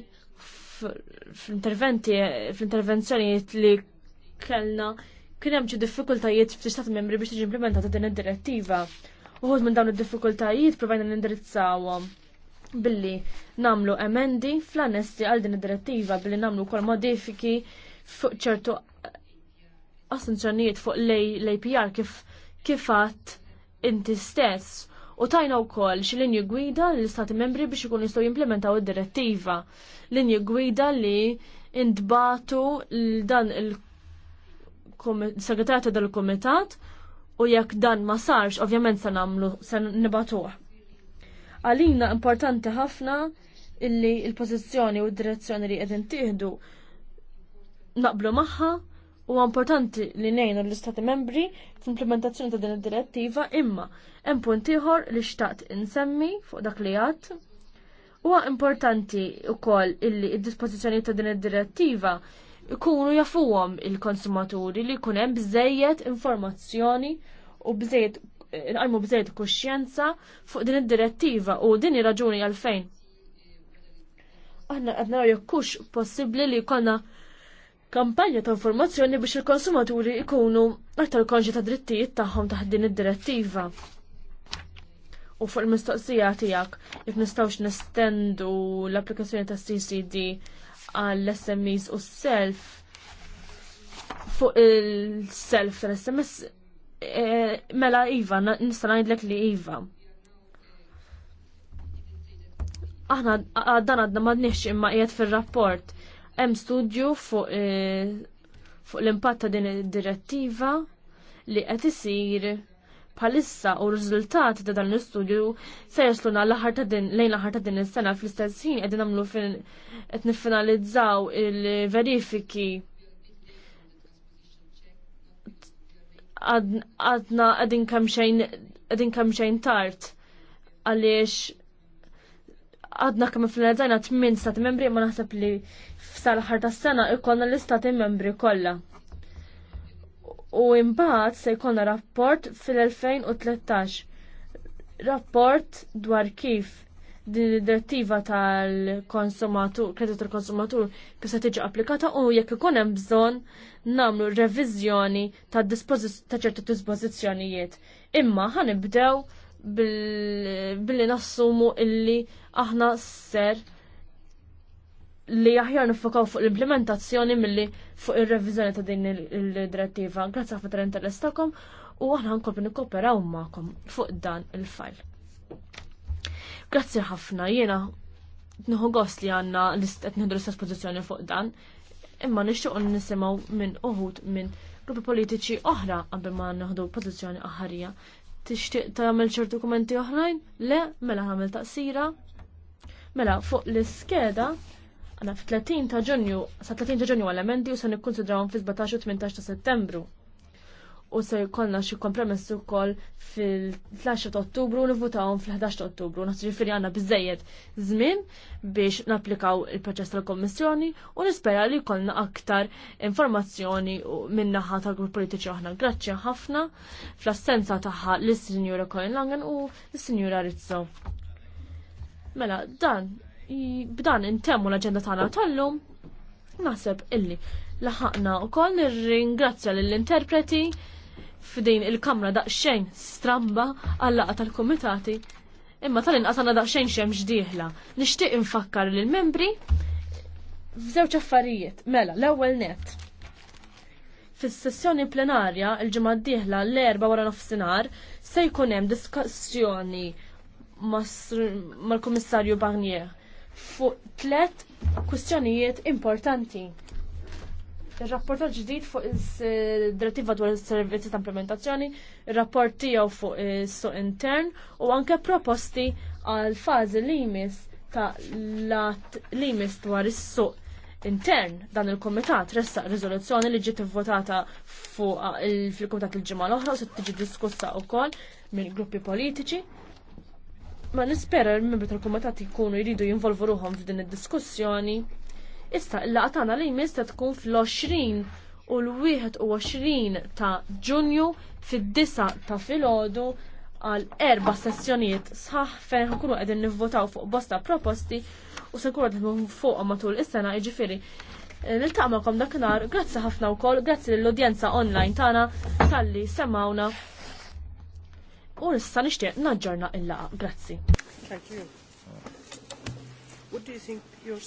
fl-interventi, fil intervenzjonijiet li kellna kien hemm xi diffikultajiet f'tix stat membri biex tiġi implementata din id-direttiva. Uħud minn dawn id-diffikultajiet provajna nindirizzawhom billi namlu emendi fl-anessi għal din id-direttiva billi namlu kol modifiki fuq ċertu asunzjonijiet fuq l-APR kif kifat inti stess u tajna wkoll xi linji gwida l istati membri biex ikun jistgħu jimplementaw id-direttiva. Linji gwida li intbatu dan il-segretarju tal kumitat u jekk dan ma sarx, ovvjament se nagħmlu se nibatuh. Għalina importanti ħafna illi il-pożizzjoni u d-direzzjoni li qegħdin tieħdu naqblu magħha U importanti li nejnu l-Istati membri fl-implementazzjoni ta' din id-direttiva imma hemm punt ieħor li xtaqt insemmi fuq dak li għad. Huwa importanti wkoll illi d dispożizzjoni ta' din id-direttiva jkunu jafuhom il-konsumaturi li jkun hemm bżejjed informazzjoni u bżejjed nqajmu bżejt kuxjenza fuq din id-direttiva u din raġuni għalfejn. Aħna qed naraw jekkux possibbli li jkollna kampanja ta' informazzjoni biex il-konsumaturi ikunu aktar konġi ta' drittijiet tagħhom taħt din id-direttiva. U fuq il-mistoqsija tiegħek jekk nistgħux nestendu l-applikazzjoni ta' CCD għall-SMEs u self fuq il-self tal-SMS e, mela Iva, nista' ngħidlek li Iva. Aħna dan għadna ma imma qiegħed fir-rapport Hemm studju fuq eh, fuq l-impatt ta' din id-direttiva li qed isir bħalissa u r-riżultati ta' dan l-istudju se jasluna l-aħħar ta' din lejn l-aħħar ta' din is-sena fl-istess ħin qegħdin nagħmlu qed niffinalizzaw il-verifiki għadna għadin kamxejn għadin kamxejn tard għaliex għadna kemm fl tmien 8 membri ma naħseb li tal-aħħar tas-sena ikollna l-istati membri kollha. U imbagħad se jkollna rapport fil-2013. Rapport dwar kif din id-direttiva tal-konsumatur, kredit tal-konsumatur kif se tiġi applikata u jekk ikun hemm bżonn nagħmlu reviżjoni ta' ċerti dispożizzjonijiet. Imma ħanibdew billi nassumu illi aħna ser li aħjar nifokaw fuq l-implementazzjoni milli fuq ir-reviżjoni ta' din il-direttiva. Grazzi għafna l-interestakom u aħna nkompli nikkooperaw magħkom fuq dan il-fajl. Grazzi ħafna jiena nħu gost li għanna l istet nħidu l-istess pożizzjoni fuq dan, imma nixtiequ nisimgħu minn uħud minn gruppi politiċi oħra għabbi ma nħdu pożizzjoni aħarija. Tixtieq għamil ċer dokumenti oħrajn? Le, mela ħamel taqsira. Mela, fuq l-iskeda Għana f-30 ta' ġunju, sa' 30 ta' ġunju għal-emendi u se nikkonsidrawhom fi 17 u 18 ta' settembru. U se jkollna xi kompromess ukoll fil-13 ta' Ottubru u nivvutawhom fil-11 ta' Ottubru. Nasu ġifiri għandna biżejjed żmien biex napplikaw il-proċess tal-Kommissjoni u nispera li jkollna aktar informazzjoni min-naħa tal-grupp politiċi aħna. Grazzi ħafna fl-assenza tagħha lis-Sinjura Cohen Langen u l-Sinjura Rizzo. Mela, dan b'dan intemmu l-agenda tagħna tal-lum. Naħseb illi laħaqna wkoll nirringrazzja lill-interpreti f'din il-kamra daqsxejn stramba għallaqa tal-kumitati imma tal-inqas għandna daqsxejn xemx ġdieħla. Nixtieq infakkar lill-membri f'żewġ affarijiet. Mela, l-ewwel net. Fis-sessjoni plenarja il-ġimgħa d-dieħla l-erba' wara nofsinhar se jkun hemm diskussjoni mal-Kummissarju Barnier fuq tlet kwistjonijiet importanti. Il-rapport ġdid fuq il-direttiva eh, dwar il-servizzi ta' implementazzjoni, il-rapport tiegħu fuq is-suq intern u anke proposti għal fażi li jmiss ta' lat li jmiss dwar is-suq intern dan il-komitat ressa riżoluzzjoni li ġiet votata fuq eh, il-komitat il-ġimgħa l-oħra u se tiġi diskussa wkoll mill gruppi politiċi ma nispera l-membri tal-kumitat jkunu jridu jinvolvu ruħom f'din id-diskussjoni. Issa il-laqa tagħna li jmiss tkun fl-20 u l-21 ta' Ġunju fid disa ta' filgħodu għal erba sessjonijiet sħaħ fejn nkunu qegħdin nivvotaw fuq bosta proposti u se nkunu qegħdin fuq matul is-sena jiġifieri. Eh, Niltaqmakom dakinhar, grazzi ħafna wkoll, grazzi lill-udjenza online tagħna talli semawna u nista nishtiq naġġorna il-laqa. Grazzi. Thank you. What do you think your